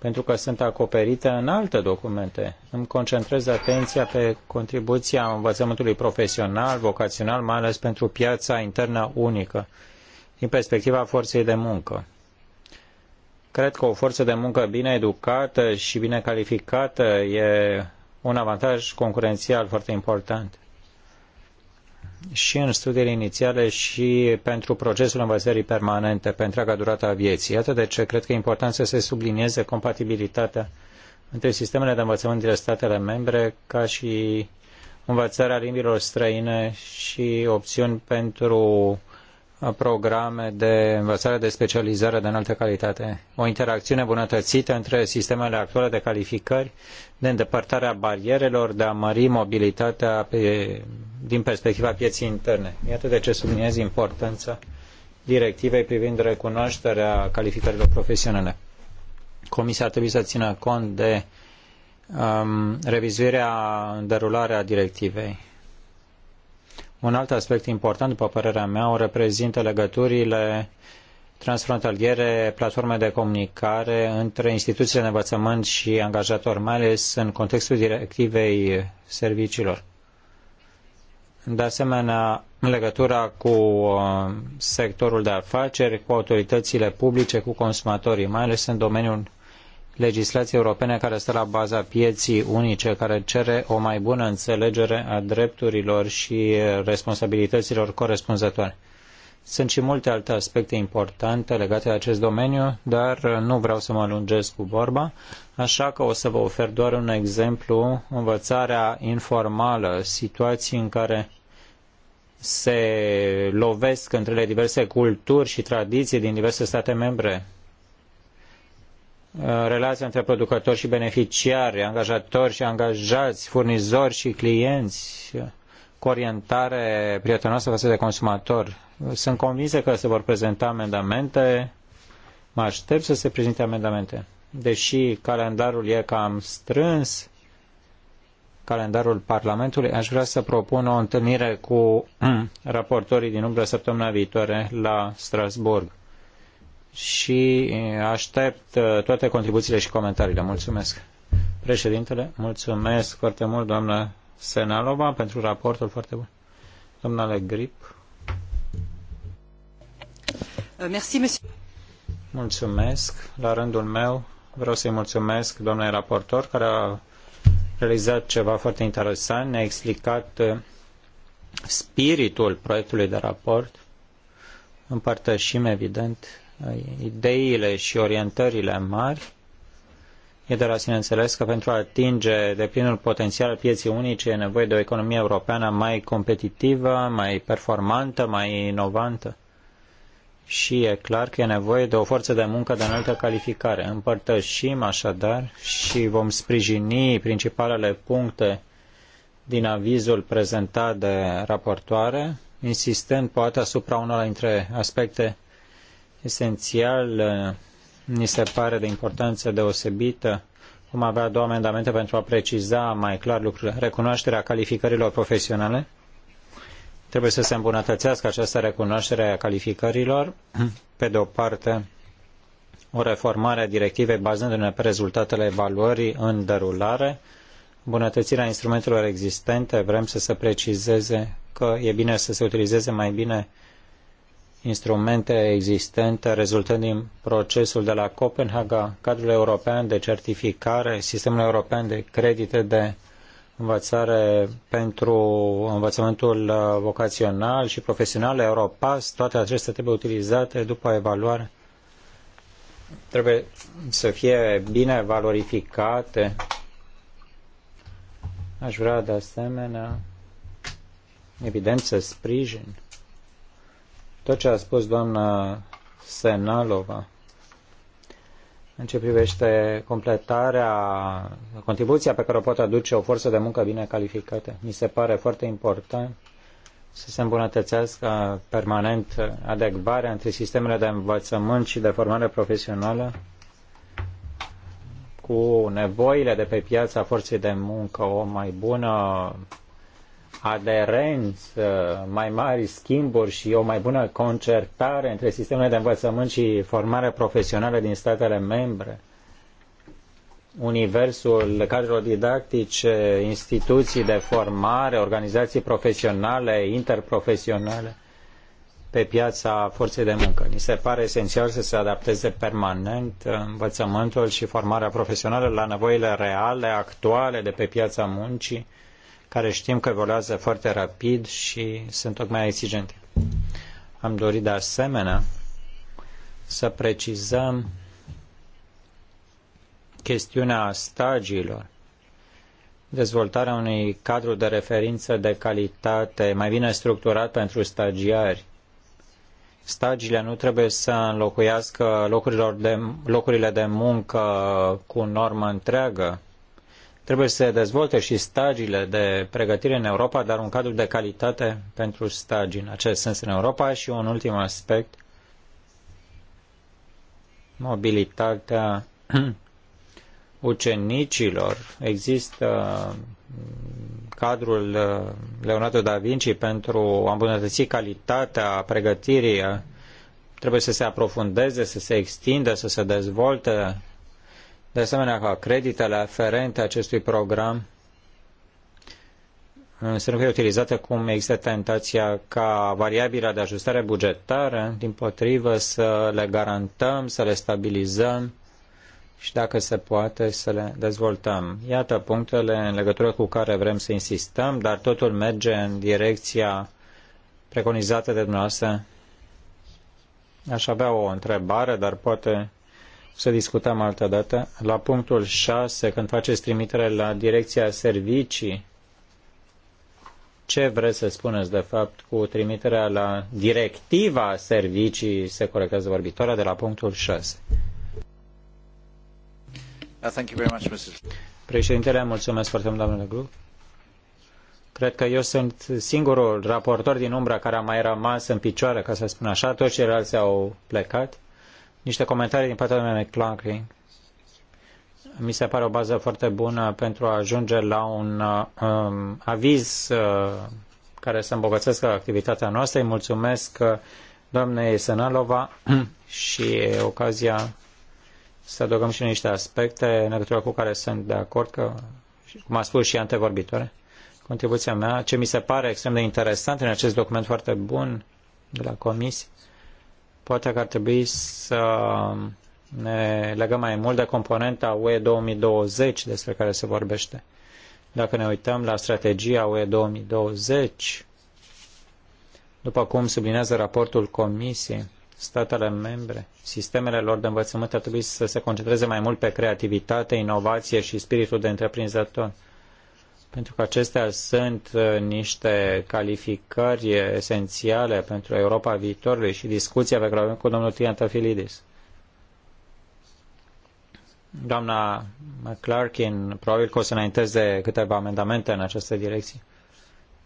pentru că sunt acoperite în alte documente. Îmi concentrez atenția pe contribuția învățământului profesional, vocațional, mai ales pentru piața internă unică, din perspectiva forței de muncă. Cred că o forță de muncă bine educată și bine calificată e un avantaj concurențial foarte important și în studiile inițiale și pentru procesul învățării permanente pe întreaga durată a vieții. Iată de ce cred că e important să se sublinieze compatibilitatea între sistemele de învățământ din statele membre ca și învățarea limbilor străine și opțiuni pentru programe de învățare de specializare de înaltă calitate, o interacțiune bunătățită între sistemele actuale de calificări, de îndepărtare a barierelor, de a mări mobilitatea pe, din perspectiva pieții interne. Iată de ce subliniez importanța directivei privind recunoașterea calificărilor profesionale. Comisia trebuie să țină cont de um, revizuirea în derulare a directivei un alt aspect important, după părerea mea, o reprezintă legăturile transfrontaliere, platforme de comunicare între instituțiile de învățământ și angajatori, mai ales în contextul directivei serviciilor. De asemenea, în legătura cu uh, sectorul de afaceri, cu autoritățile publice, cu consumatorii, mai ales în domeniul legislației europene care stă la baza pieții unice, care cere o mai bună înțelegere a drepturilor și responsabilităților corespunzătoare. Sunt și multe alte aspecte importante legate de acest domeniu, dar nu vreau să mă lungesc cu vorba, așa că o să vă ofer doar un exemplu, învățarea informală, situații în care se lovesc între diverse culturi și tradiții din diverse state membre, Uh, relația între producători și beneficiari, angajatori și angajați, furnizori și clienți, cu orientare prietenoasă față de consumator. Sunt convinsă că se vor prezenta amendamente. Mă aștept să se prezinte amendamente. Deși calendarul e cam strâns, calendarul Parlamentului, aș vrea să propun o întâlnire cu raportorii din umbră săptămâna viitoare la Strasbourg și aștept uh, toate contribuțiile și comentariile. Mulțumesc. Președintele, mulțumesc foarte mult, doamnă Senalova, pentru raportul foarte bun. Domnule Grip. Uh, mulțumesc. La rândul meu vreau să-i mulțumesc doamnei raportor care a realizat ceva foarte interesant, ne-a explicat uh, spiritul proiectului de raport. Împărtășim, evident, ideile și orientările mari, e de la sine înțeles că pentru a atinge de plinul potențial pieții unice e nevoie de o economie europeană mai competitivă, mai performantă, mai inovantă. Și e clar că e nevoie de o forță de muncă de înaltă calificare. Împărtășim așadar și vom sprijini principalele puncte din avizul prezentat de raportoare, insistând poate asupra unor dintre aspecte esențial, uh, ni se pare de importanță deosebită vom avea două amendamente pentru a preciza mai clar lucrurile. Recunoașterea calificărilor profesionale. Trebuie să se îmbunătățească această recunoaștere a calificărilor. Pe de o parte, o reformare a directivei bazându-ne pe rezultatele evaluării în derulare, îmbunătățirea instrumentelor existente, vrem să se precizeze că e bine să se utilizeze mai bine instrumente existente rezultând din procesul de la Copenhaga, cadrul european de certificare, sistemul european de credite de învățare pentru învățământul uh, vocațional și profesional, Europass, toate acestea trebuie utilizate după evaluare. Trebuie să fie bine valorificate. Aș vrea de asemenea, evident, să sprijin tot ce a spus doamna Senalova în ce privește completarea, contribuția pe care o poate aduce o forță de muncă bine calificată. Mi se pare foarte important să se îmbunătățească permanent adecvarea între sistemele de învățământ și de formare profesională cu nevoile de pe piața forței de muncă, o mai bună aderenți, mai mari schimburi și o mai bună concertare între sistemele de învățământ și formare profesională din statele membre, universul cadrelor didactice, instituții de formare, organizații profesionale, interprofesionale pe piața forței de muncă. Mi se pare esențial să se adapteze permanent învățământul și formarea profesională la nevoile reale, actuale de pe piața muncii care știm că evoluează foarte rapid și sunt tocmai exigente. Am dorit de asemenea să precizăm chestiunea stagiilor, dezvoltarea unui cadru de referință de calitate mai bine structurat pentru stagiari. Stagiile nu trebuie să înlocuiască de, locurile de muncă cu normă întreagă, Trebuie să se dezvolte și stagiile de pregătire în Europa, dar un cadru de calitate pentru stagii în acest sens în Europa. Și un ultim aspect, mobilitatea ucenicilor. Există cadrul uh, Leonardo da Vinci pentru a îmbunătăți calitatea pregătirii. Trebuie să se aprofundeze, să se extindă, să se dezvolte de asemenea ca creditele aferente acestui program să nu fie utilizate cum există tentația ca variabila de ajustare bugetară, din potrivă să le garantăm, să le stabilizăm și dacă se poate să le dezvoltăm. Iată punctele în legătură cu care vrem să insistăm, dar totul merge în direcția preconizată de dumneavoastră. Aș avea o întrebare, dar poate să discutăm altă dată. La punctul 6, când faceți trimitere la direcția servicii, ce vreți să spuneți de fapt cu trimiterea la directiva servicii, se corectează vorbitoarea, de la punctul 6? Uh, thank you very much, Mr. Președintele, mulțumesc foarte mult, domnule Gluck. Cred că eu sunt singurul raportor din umbra care a mai rămas în picioare, ca să spun așa, toți ceilalți au plecat. Niște comentarii din partea domnului McClarkin. Mi se pare o bază foarte bună pentru a ajunge la un um, aviz uh, care să îmbogățească activitatea noastră. Îi mulțumesc uh, doamnei Senalova și ocazia să adăugăm și niște aspecte în legătură cu care sunt de acord, că, cum a spus și antevorbitoare, contribuția mea, ce mi se pare extrem de interesant în acest document foarte bun de la comisie, poate că ar trebui să ne legăm mai mult de componenta UE 2020 despre care se vorbește. Dacă ne uităm la strategia UE 2020, după cum sublinează raportul Comisiei, statele membre, sistemele lor de învățământ ar trebui să se concentreze mai mult pe creativitate, inovație și spiritul de întreprinzător pentru că acestea sunt uh, niște calificări esențiale pentru Europa viitorului și discuția pe care o avem cu domnul Triantafilidis. Doamna McClarkin, probabil că o să înainteze câteva amendamente în această direcție.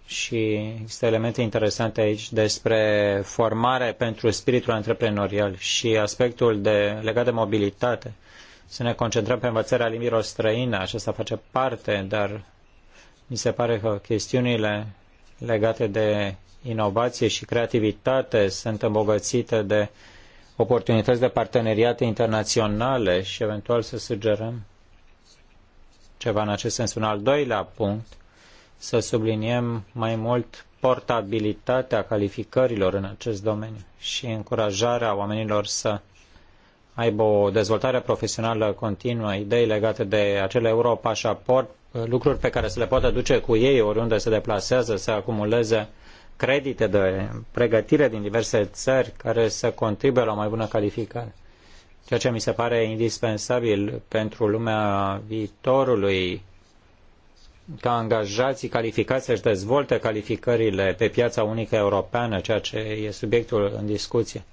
Și există elemente interesante aici despre formare pentru spiritul antreprenorial și aspectul de, legat de mobilitate. Să ne concentrăm pe învățarea limbilor străine, aceasta face parte, dar mi se pare că chestiunile legate de inovație și creativitate sunt îmbogățite de oportunități de parteneriate internaționale și eventual să sugerăm ceva în acest sens. Un al doilea punct, să subliniem mai mult portabilitatea calificărilor în acest domeniu și încurajarea oamenilor să aibă o dezvoltare profesională continuă, idei legate de acel europașaport lucruri pe care să le poată duce cu ei oriunde se deplasează, să acumuleze credite de pregătire din diverse țări care să contribuie la o mai bună calificare. Ceea ce mi se pare indispensabil pentru lumea viitorului, ca angajații calificați să-și dezvolte calificările pe piața unică europeană, ceea ce e subiectul în discuție.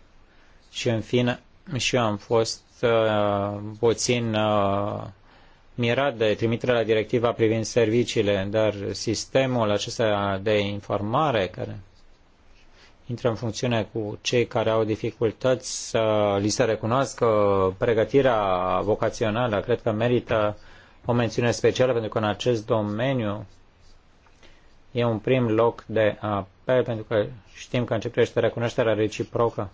Și în fine, și eu am fost uh, puțin uh, mirat de trimiterea la directiva privind serviciile, dar sistemul acesta de informare care intră în funcțiune cu cei care au dificultăți să li se recunoască pregătirea vocațională, cred că merită o mențiune specială pentru că în acest domeniu e un prim loc de apel pentru că știm că este recunoașterea reciprocă.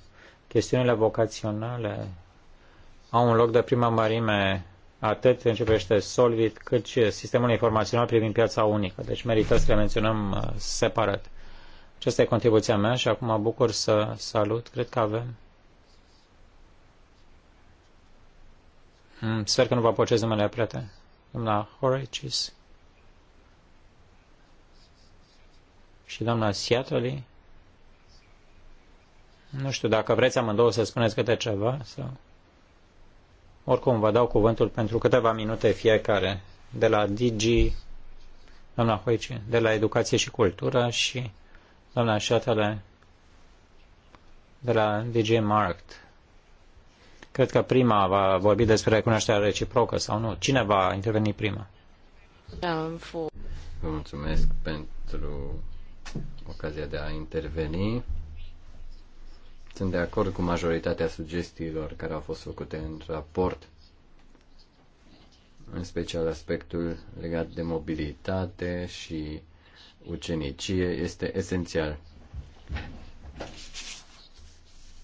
Chestiunile vocaționale au un loc de primă mărime atât în ce privește Solvit, cât și sistemul informațional privind piața unică. Deci merită să le menționăm uh, separat. Aceasta e contribuția mea și acum mă bucur să salut. Cred că avem. Hmm, sper că nu vă apocez numele prieten. Doamna Horacis. și doamna Seattle. Nu știu dacă vreți amândouă să spuneți câte ceva sau... Oricum, vă dau cuvântul pentru câteva minute fiecare de la DG, doamna Hoici, de la Educație și Cultură și doamna Șatele de la DG Markt. Cred că prima va vorbi despre recunoașterea reciprocă sau nu. Cine va interveni prima? Vă mulțumesc pentru ocazia de a interveni. Sunt de acord cu majoritatea sugestiilor care au fost făcute în raport, în special aspectul legat de mobilitate și ucenicie este esențial.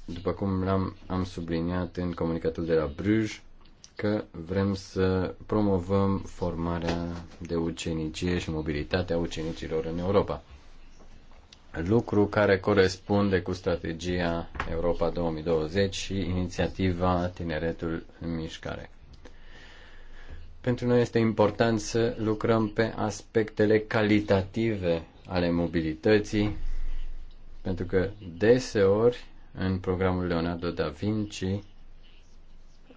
După cum am am subliniat în comunicatul de la Bruges, că vrem să promovăm formarea de ucenicie și mobilitatea ucenicilor în Europa lucru care corespunde cu strategia Europa 2020 și inițiativa Tineretul în Mișcare. Pentru noi este important să lucrăm pe aspectele calitative ale mobilității, pentru că deseori în programul Leonardo da Vinci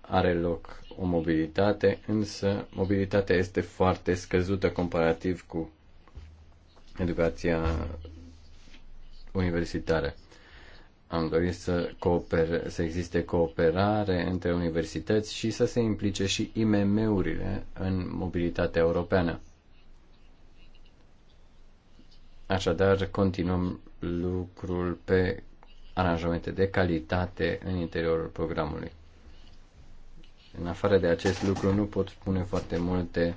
are loc o mobilitate, însă mobilitatea este foarte scăzută comparativ cu educația universitare. Am dorit să, cooper, să existe cooperare între universități și să se implice și IMM-urile în mobilitatea europeană. Așadar, continuăm lucrul pe aranjamente de calitate în interiorul programului. În afară de acest lucru, nu pot spune foarte multe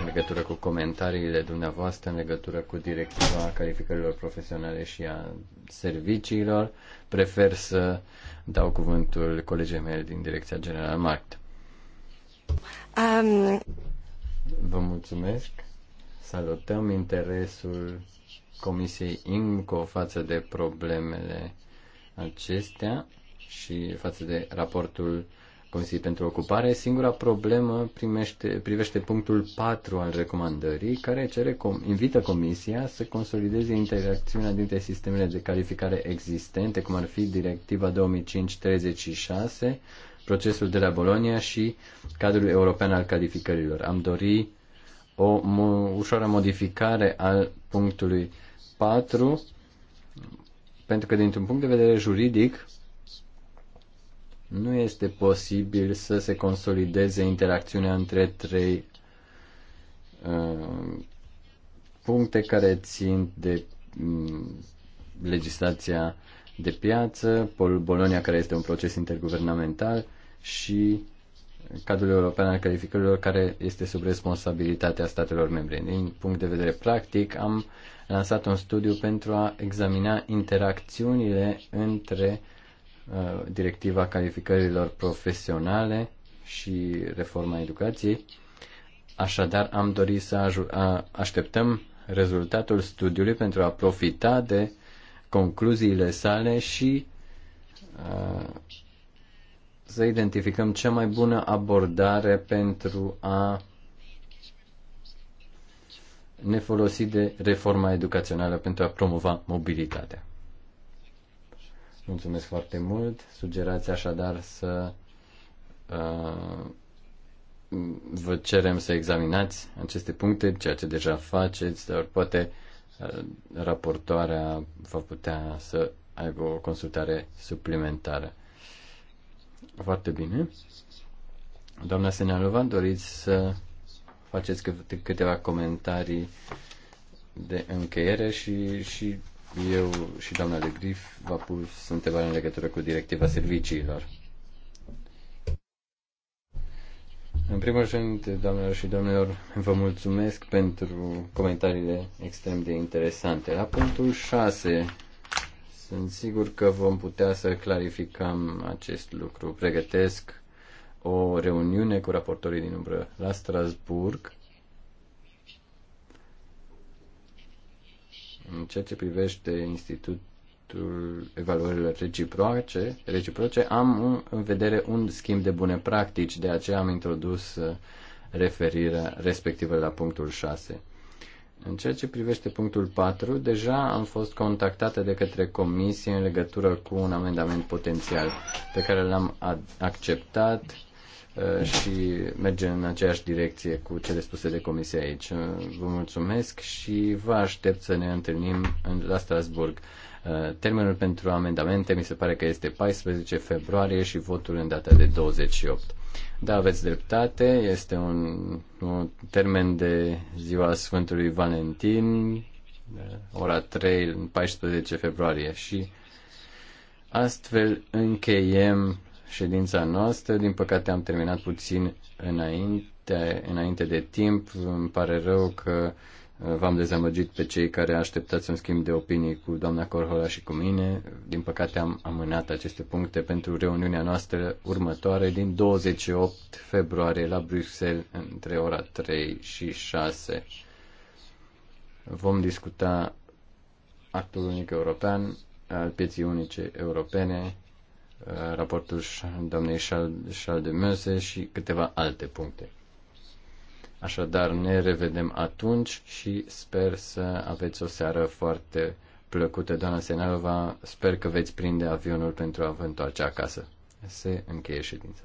în legătură cu comentariile dumneavoastră, în legătură cu directiva calificărilor profesionale și a serviciilor. Prefer să dau cuvântul colegii mele din Direcția General Markt. Um... Vă mulțumesc. Salutăm interesul Comisiei INCO față de problemele acestea și față de raportul Consiliul pentru Ocupare, singura problemă primește, privește punctul 4 al recomandării, care cere, com, invită Comisia să consolideze interacțiunea dintre sistemele de calificare existente, cum ar fi Directiva 2005-36, procesul de la Bolonia și cadrul european al calificărilor. Am dori o mo- ușoară modificare al punctului 4, pentru că, dintr-un punct de vedere juridic, nu este posibil să se consolideze interacțiunea între trei uh, puncte care țin de um, legislația de piață, Bolonia, care este un proces interguvernamental, și cadrul european al calificărilor, care este sub responsabilitatea statelor membre. Din punct de vedere practic, am lansat un studiu pentru a examina interacțiunile între uh, Uh, directiva calificărilor profesionale și reforma educației. Așadar, am dorit să așteptăm rezultatul studiului pentru a profita de concluziile sale și uh, să identificăm cea mai bună abordare pentru a ne folosi de reforma educațională pentru a promova mobilitatea. Mulțumesc foarte mult. Sugerați așadar să uh, vă cerem să examinați aceste puncte, ceea ce deja faceți, dar poate uh, raportoarea va putea să aibă o consultare suplimentară. Foarte bine. Doamna Senalova, doriți să faceți câteva comentarii de încheiere și, și eu și doamna de Grif v-a pus întrebarea în legătură cu directiva serviciilor. În primul rând, doamnelor și domnilor, vă mulțumesc pentru comentariile extrem de interesante. La punctul 6, sunt sigur că vom putea să clarificăm acest lucru. Pregătesc o reuniune cu raportorii din umbră la Strasburg În ceea ce privește Institutul Evaluărilor Reciproce, reciproce am în vedere un schimb de bune practici, de aceea am introdus uh, referirea respectivă la punctul 6. În ceea ce privește punctul 4, deja am fost contactată de către comisie în legătură cu un amendament potențial pe care l-am acceptat Uh, și merge în aceeași direcție cu cele spuse de comisie aici. Uh, vă mulțumesc și vă aștept să ne întâlnim la Strasburg. Uh, termenul pentru amendamente mi se pare că este 14 februarie și votul în data de 28. Da, aveți dreptate, este un, un termen de ziua Sfântului Valentin, ora 3, 14 februarie și astfel încheiem ședința noastră. Din păcate am terminat puțin înainte, înainte de timp. Îmi pare rău că uh, v-am dezamăgit pe cei care așteptați un schimb de opinii cu doamna Corhola și cu mine. Din păcate am amânat aceste puncte pentru reuniunea noastră următoare din 28 februarie la Bruxelles între ora 3 și 6. Vom discuta actul unic european al pieții unice europene raportul doamnei Charles de Meuse și câteva alte puncte. Așadar, ne revedem atunci și sper să aveți o seară foarte plăcută, doamna Senarova. Sper că veți prinde avionul pentru a vă întoarce acasă. Se încheie ședința.